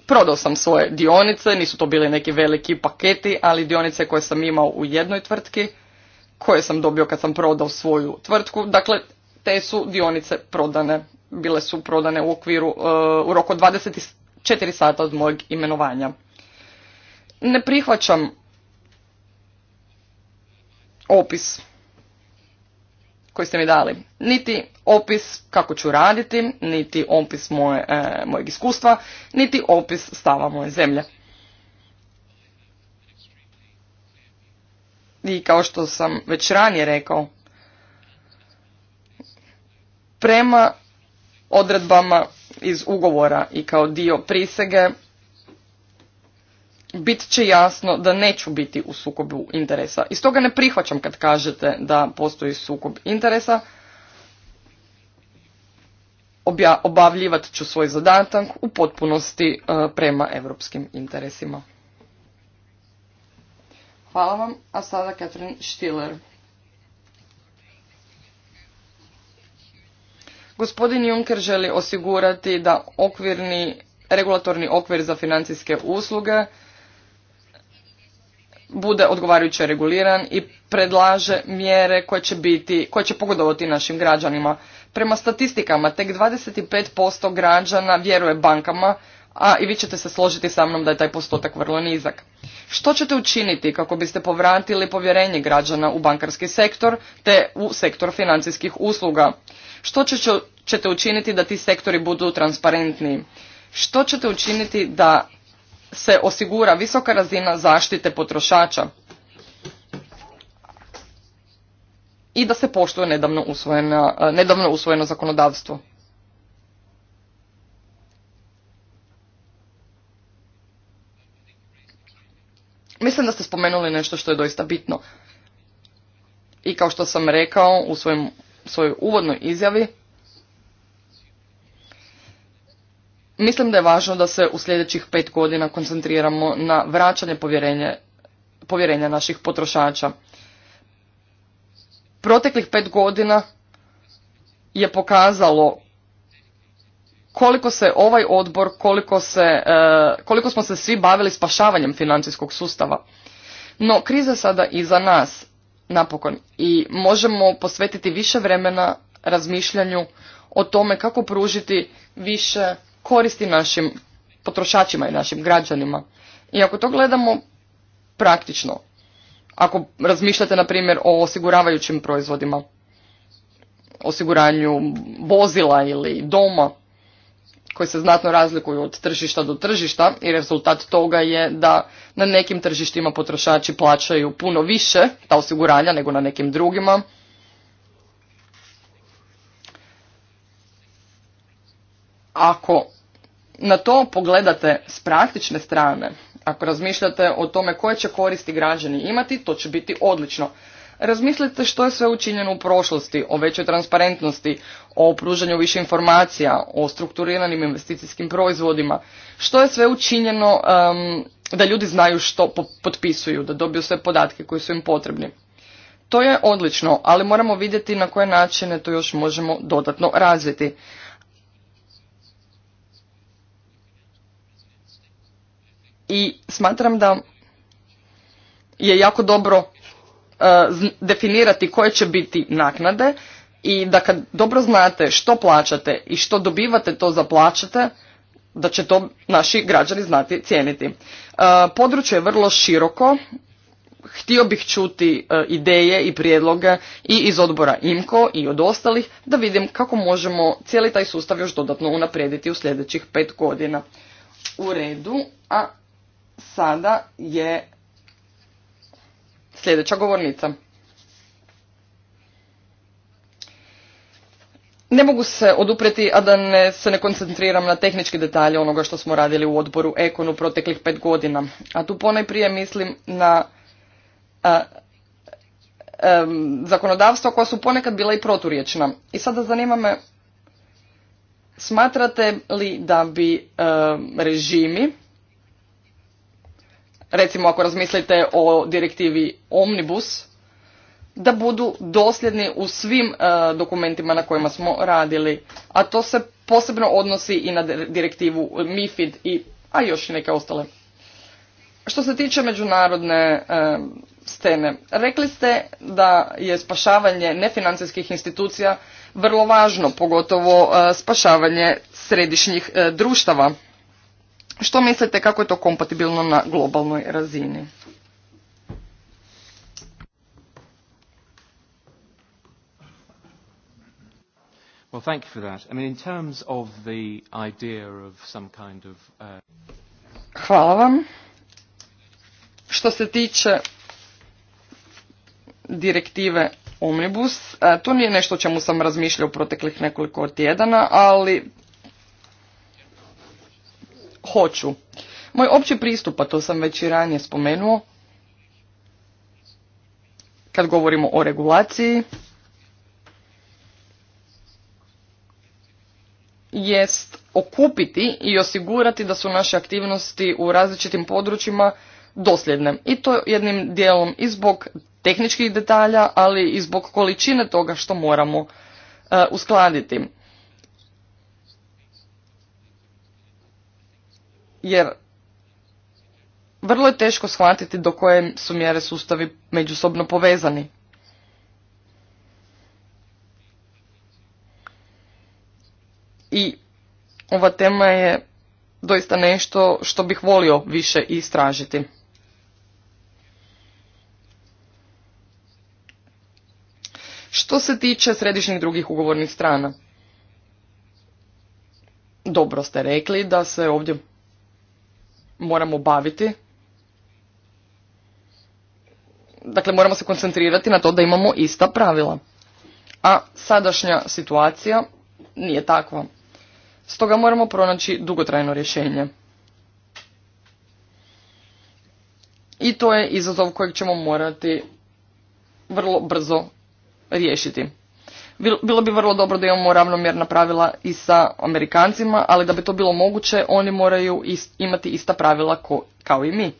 Speaker 4: prodao sam svoje dionice, nisu to bili neki veliki paketi, ali dionice koje sam imao u jednoj tvrtki, koje sam dobio kad sam prodao svoju tvrtku, dakle, te su dionice prodane, bile su prodane u okviru, uh, u roku 24 sata od mojeg imenovanja. Ne prihvaćam opis koji ste mi dali, niti opis kako ću raditi, niti opis moje, e, mojeg iskustva, niti opis stava moje zemlje. I kao što sam već ranije rekao, prema odredbama iz ugovora i kao dio prisege bit će jasno da neću biti u sukobu interesa. I stoga ne prihvaćam kad kažete da postoji sukob interesa. Obja, obavljivat ću svoj zadatak u potpunosti e, prema europskim interesima. Hvala vam, a sada Katrin Štiler. Gospodin Juncker želi osigurati da okvirni regulatorni okvir za financijske usluge bude odgovarajuće reguliran i predlaže mjere koje će, biti, koje će pogodovati našim građanima. Prema statistikama, tek 25% građana vjeruje bankama, a i vi ćete se složiti sa mnom da je taj postotak vrlo nizak. Što ćete učiniti kako biste povratili povjerenje građana u bankarski sektor te u sektor financijskih usluga? Što ćete učiniti da ti sektori budu transparentniji? Što ćete učiniti da se osigura visoka razina zaštite potrošača i da se poštuje nedavno usvojeno, nedavno usvojeno zakonodavstvo. Mislim da ste spomenuli nešto što je doista bitno. I kao što sam rekao u svojoj uvodnoj izjavi, Mislim da je važno da se u sljedećih pet godina koncentriramo na vraćanje povjerenja, naših potrošača. Proteklih pet godina je pokazalo koliko se ovaj odbor, koliko, se, e, koliko smo se svi bavili spašavanjem financijskog sustava. No, kriza sada iza nas, napokon, i možemo posvetiti više vremena razmišljanju o tome kako pružiti više koristi našim potrošačima i našim građanima. I ako to gledamo praktično, ako razmišljate na primjer o osiguravajućim proizvodima, osiguranju vozila ili doma, koji se znatno razlikuju od tržišta do tržišta i rezultat toga je da na nekim tržištima potrošači plaćaju puno više ta osiguranja nego na nekim drugima Ako na to pogledate s praktične strane, ako razmišljate o tome koje će koristi građani imati, to će biti odlično. Razmislite što je sve učinjeno u prošlosti, o većoj transparentnosti, o pružanju više informacija, o strukturiranim investicijskim proizvodima, što je sve učinjeno da ljudi znaju što potpisuju, da dobiju sve podatke koji su im potrebni. To je odlično, ali moramo vidjeti na koje načine to još možemo dodatno razviti. i smatram da je jako dobro e, definirati koje će biti naknade i da kad dobro znate što plaćate i što dobivate to za plaćate, da će to naši građani znati cijeniti. E, područje je vrlo široko. Htio bih čuti e, ideje i prijedloge i iz odbora IMKO i od ostalih da vidim kako možemo cijeli taj sustav još dodatno unaprijediti u sljedećih pet godina. U redu, a sada je sljedeća govornica. Ne mogu se odupreti, a da ne, se ne koncentriram na tehničke detalje onoga što smo radili u odboru u proteklih pet godina. A tu ponajprije mislim na zakonodavstvo zakonodavstva koja su ponekad bila i proturječna. I sada zanima me, smatrate li da bi režimi recimo ako razmislite o direktivi Omnibus, da budu dosljedni u svim e, dokumentima na kojima smo radili. A to se posebno odnosi i na direktivu MIFID, i, a još i neke ostale. Što se tiče međunarodne e, scene, rekli ste da je spašavanje nefinancijskih institucija vrlo važno, pogotovo e, spašavanje središnjih društava. Što mislite kako je to kompatibilno na globalnoj razini?
Speaker 2: Well, thank you for that. I mean, in terms of the idea of some kind of... Uh...
Speaker 4: Hvala vam. Što se tiče direktive Omnibus, e, to nije nešto o čemu sam razmišljao proteklih nekoliko tjedana, ali hoću. Moj opći pristup, a to sam već i ranije spomenuo, kad govorimo o regulaciji, jest okupiti i osigurati da su naše aktivnosti u različitim područjima dosljedne. I to jednim dijelom i zbog tehničkih detalja, ali i zbog količine toga što moramo e, uskladiti. jer vrlo je teško shvatiti do koje su mjere sustavi međusobno povezani. I ova tema je doista nešto što bih volio više istražiti. Što se tiče središnjih drugih ugovornih strana, dobro ste rekli da se ovdje moramo baviti. Dakle, moramo se koncentrirati na to da imamo ista pravila. A sadašnja situacija nije takva. Stoga moramo pronaći dugotrajno rješenje. I to je izazov kojeg ćemo morati vrlo brzo riješiti. Bilo bi vrlo dobro da imamo ravnomjerna pravila i sa Amerikancima, ali da bi to bilo moguće, oni moraju imati ista pravila kao i mi.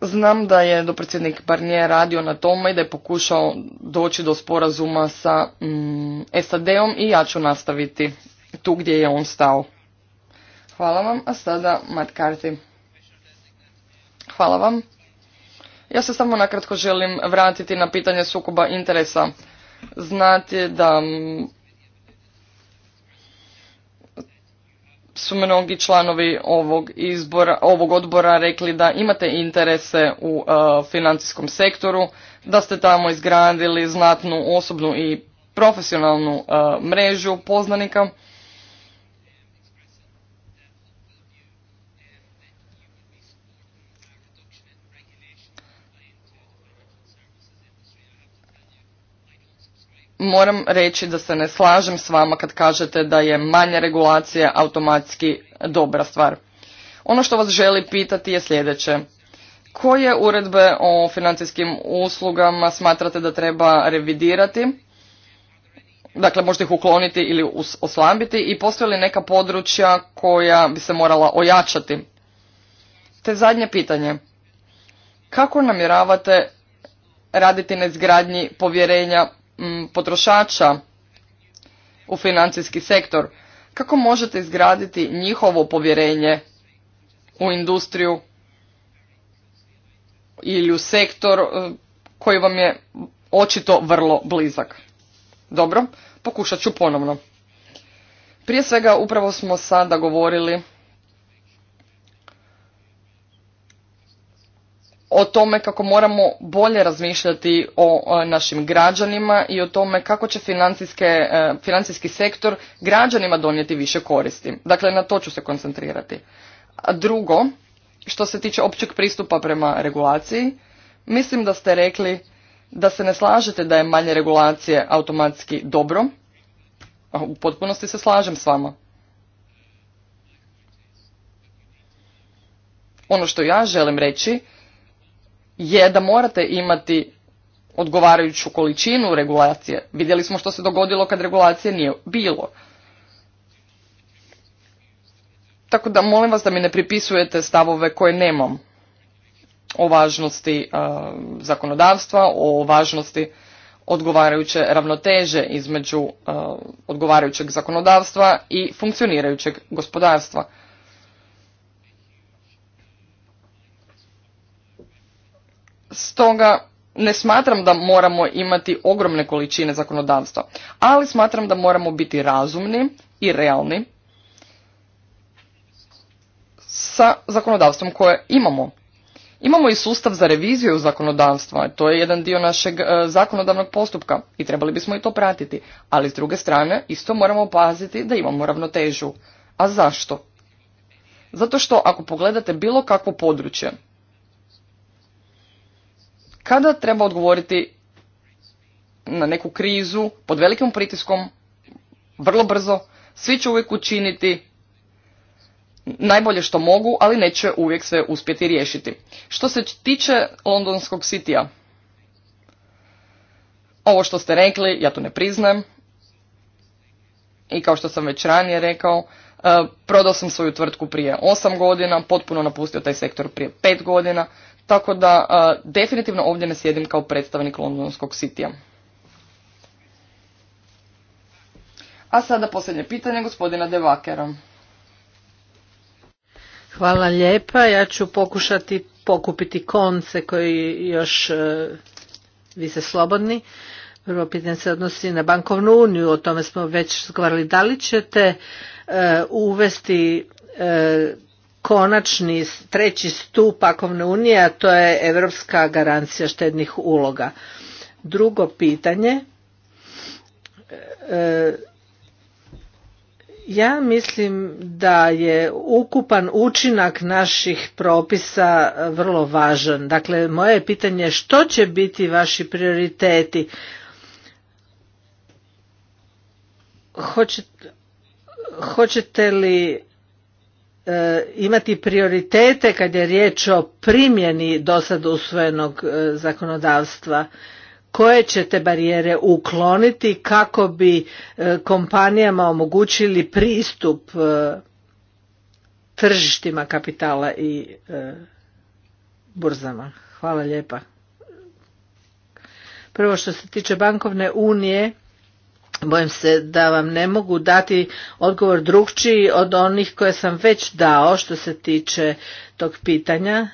Speaker 4: Znam da je dopredsjednik Barnier radio na tome i da je pokušao doći do sporazuma sa mm, SAD-om i ja ću nastaviti tu gdje je on stao. Hvala vam, a sada Matt Carthy. Hvala vam. Ja se samo nakratko želim vratiti na pitanje sukoba interesa. Znate da mm, su mnogi članovi ovog, izbora, ovog odbora rekli da imate interese u e, financijskom sektoru, da ste tamo izgradili znatnu osobnu i profesionalnu e, mrežu poznanika. moram reći da se ne slažem s vama kad kažete da je manja regulacija automatski dobra stvar. Ono što vas želi pitati je sljedeće. Koje uredbe o financijskim uslugama smatrate da treba revidirati? Dakle, možete ih ukloniti ili oslabiti i postoje li neka područja koja bi se morala ojačati? Te zadnje pitanje. Kako namjeravate raditi na izgradnji povjerenja Mm, potrošača u financijski sektor, kako možete izgraditi njihovo povjerenje u industriju ili u sektor e, koji vam je očito vrlo blizak. Dobro, pokušat ću ponovno. Prije svega upravo smo sada govorili o tome kako moramo bolje razmišljati o, našim građanima i o tome kako će e, financijski sektor građanima donijeti više koristi. Dakle, na to ću se koncentrirati. A drugo, što se tiče općeg pristupa prema regulaciji, mislim da ste rekli da se ne slažete da je manje regulacije automatski dobro. U potpunosti se slažem s vama. Ono što ja želim reći je da morate imati odgovarajuću količinu regulacije. Vidjeli smo što se dogodilo kad regulacije nije bilo. Tako da molim vas da mi ne pripisujete stavove koje nemam o važnosti e, zakonodavstva, o važnosti odgovarajuće ravnoteže između e, odgovarajućeg zakonodavstva i funkcionirajućeg gospodarstva. Stoga ne smatram da moramo imati ogromne količine zakonodavstva, ali smatram da moramo biti razumni i realni sa zakonodavstvom koje imamo. Imamo i sustav za reviziju zakonodavstva, to je jedan dio našeg e, zakonodavnog postupka i trebali bismo i to pratiti, ali s druge strane isto moramo paziti da imamo ravnotežu. A zašto? Zato što ako pogledate bilo kakvo područje, kada treba odgovoriti na neku krizu pod velikim pritiskom, vrlo brzo, svi će uvijek učiniti najbolje što mogu, ali neće uvijek sve uspjeti riješiti. Što se tiče londonskog sitija, ovo što ste rekli, ja to ne priznajem. I kao što sam već ranije rekao, e, prodao sam svoju tvrtku prije 8 godina, potpuno napustio taj sektor prije 5 godina, tako da definitivno ovdje ne sjedim kao predstavnik londonskog sitija. A sada posljednje pitanje gospodina Devakera.
Speaker 1: Hvala lijepa. Ja ću pokušati pokupiti konce koji još e, vi se slobodni. Prvo pitanje se odnosi na bankovnu uniju, o tome smo već razgovarali. Da li ćete e, uvesti e, konačni treći stup pakovne unije, a to je europska garancija štednih uloga. Drugo pitanje, e, e, ja mislim da je ukupan učinak naših propisa vrlo važan. Dakle, moje pitanje je što će biti vaši prioriteti? hoćete li E, imati prioritete kad je riječ o primjeni sada usvojenog e, zakonodavstva koje te barijere ukloniti kako bi e, kompanijama omogućili pristup tržištima kapitala i burzama. Hvala lijepa. Prvo što se tiče bankovne unije, Bojim se da vam ne mogu dati odgovor drukčiji od onih koje sam već dao što se tiče tog pitanja.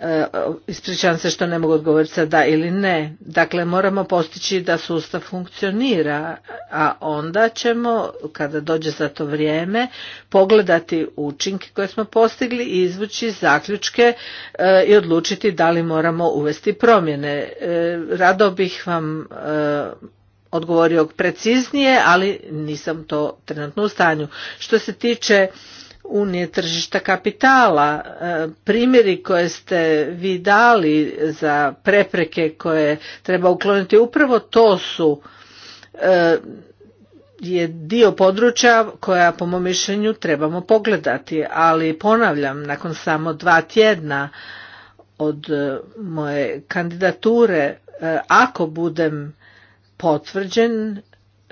Speaker 1: E, ispričavam se što ne mogu odgovoriti sa da ili ne. Dakle, moramo postići da sustav funkcionira, a onda ćemo, kada dođe za to vrijeme, pogledati učinke koje smo postigli i izvući zaključke e, i odlučiti da li moramo uvesti promjene. E, rado bih vam odgovorio preciznije, ali nisam to trenutno u stanju. Što se tiče unije tržišta kapitala. E, primjeri koje ste vi dali za prepreke koje treba ukloniti upravo to su e, je dio područja koja po mom mišljenju trebamo pogledati, ali ponavljam, nakon samo dva tjedna od e, moje kandidature, ako budem potvrđen,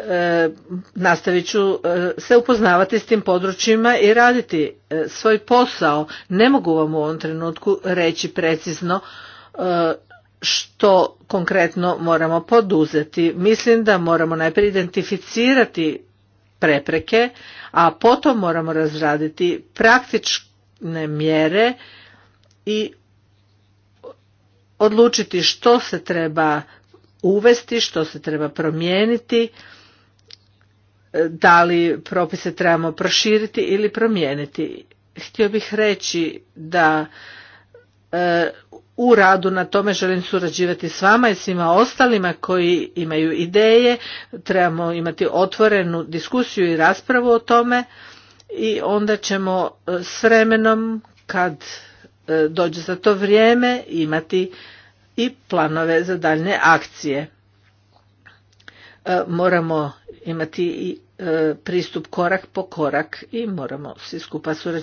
Speaker 1: E, nastavit ću e, se upoznavati s tim područjima i raditi e, svoj posao. Ne mogu vam u ovom trenutku reći precizno što konkretno moramo poduzeti. Mislim da moramo najprije identificirati prepreke, a potom moramo razraditi praktične mjere i odlučiti što se treba uvesti, što se treba promijeniti E, da li propise trebamo proširiti ili promijeniti. Htio bih reći da e, u radu na tome želim surađivati s vama i svima ostalima koji imaju ideje. Trebamo imati otvorenu diskusiju i raspravu o tome i onda ćemo e, s vremenom kad dođe za to vrijeme imati i planove za daljne akcije. E, moramo imati e, pristup korak po korak i moramo svi skupa surađivati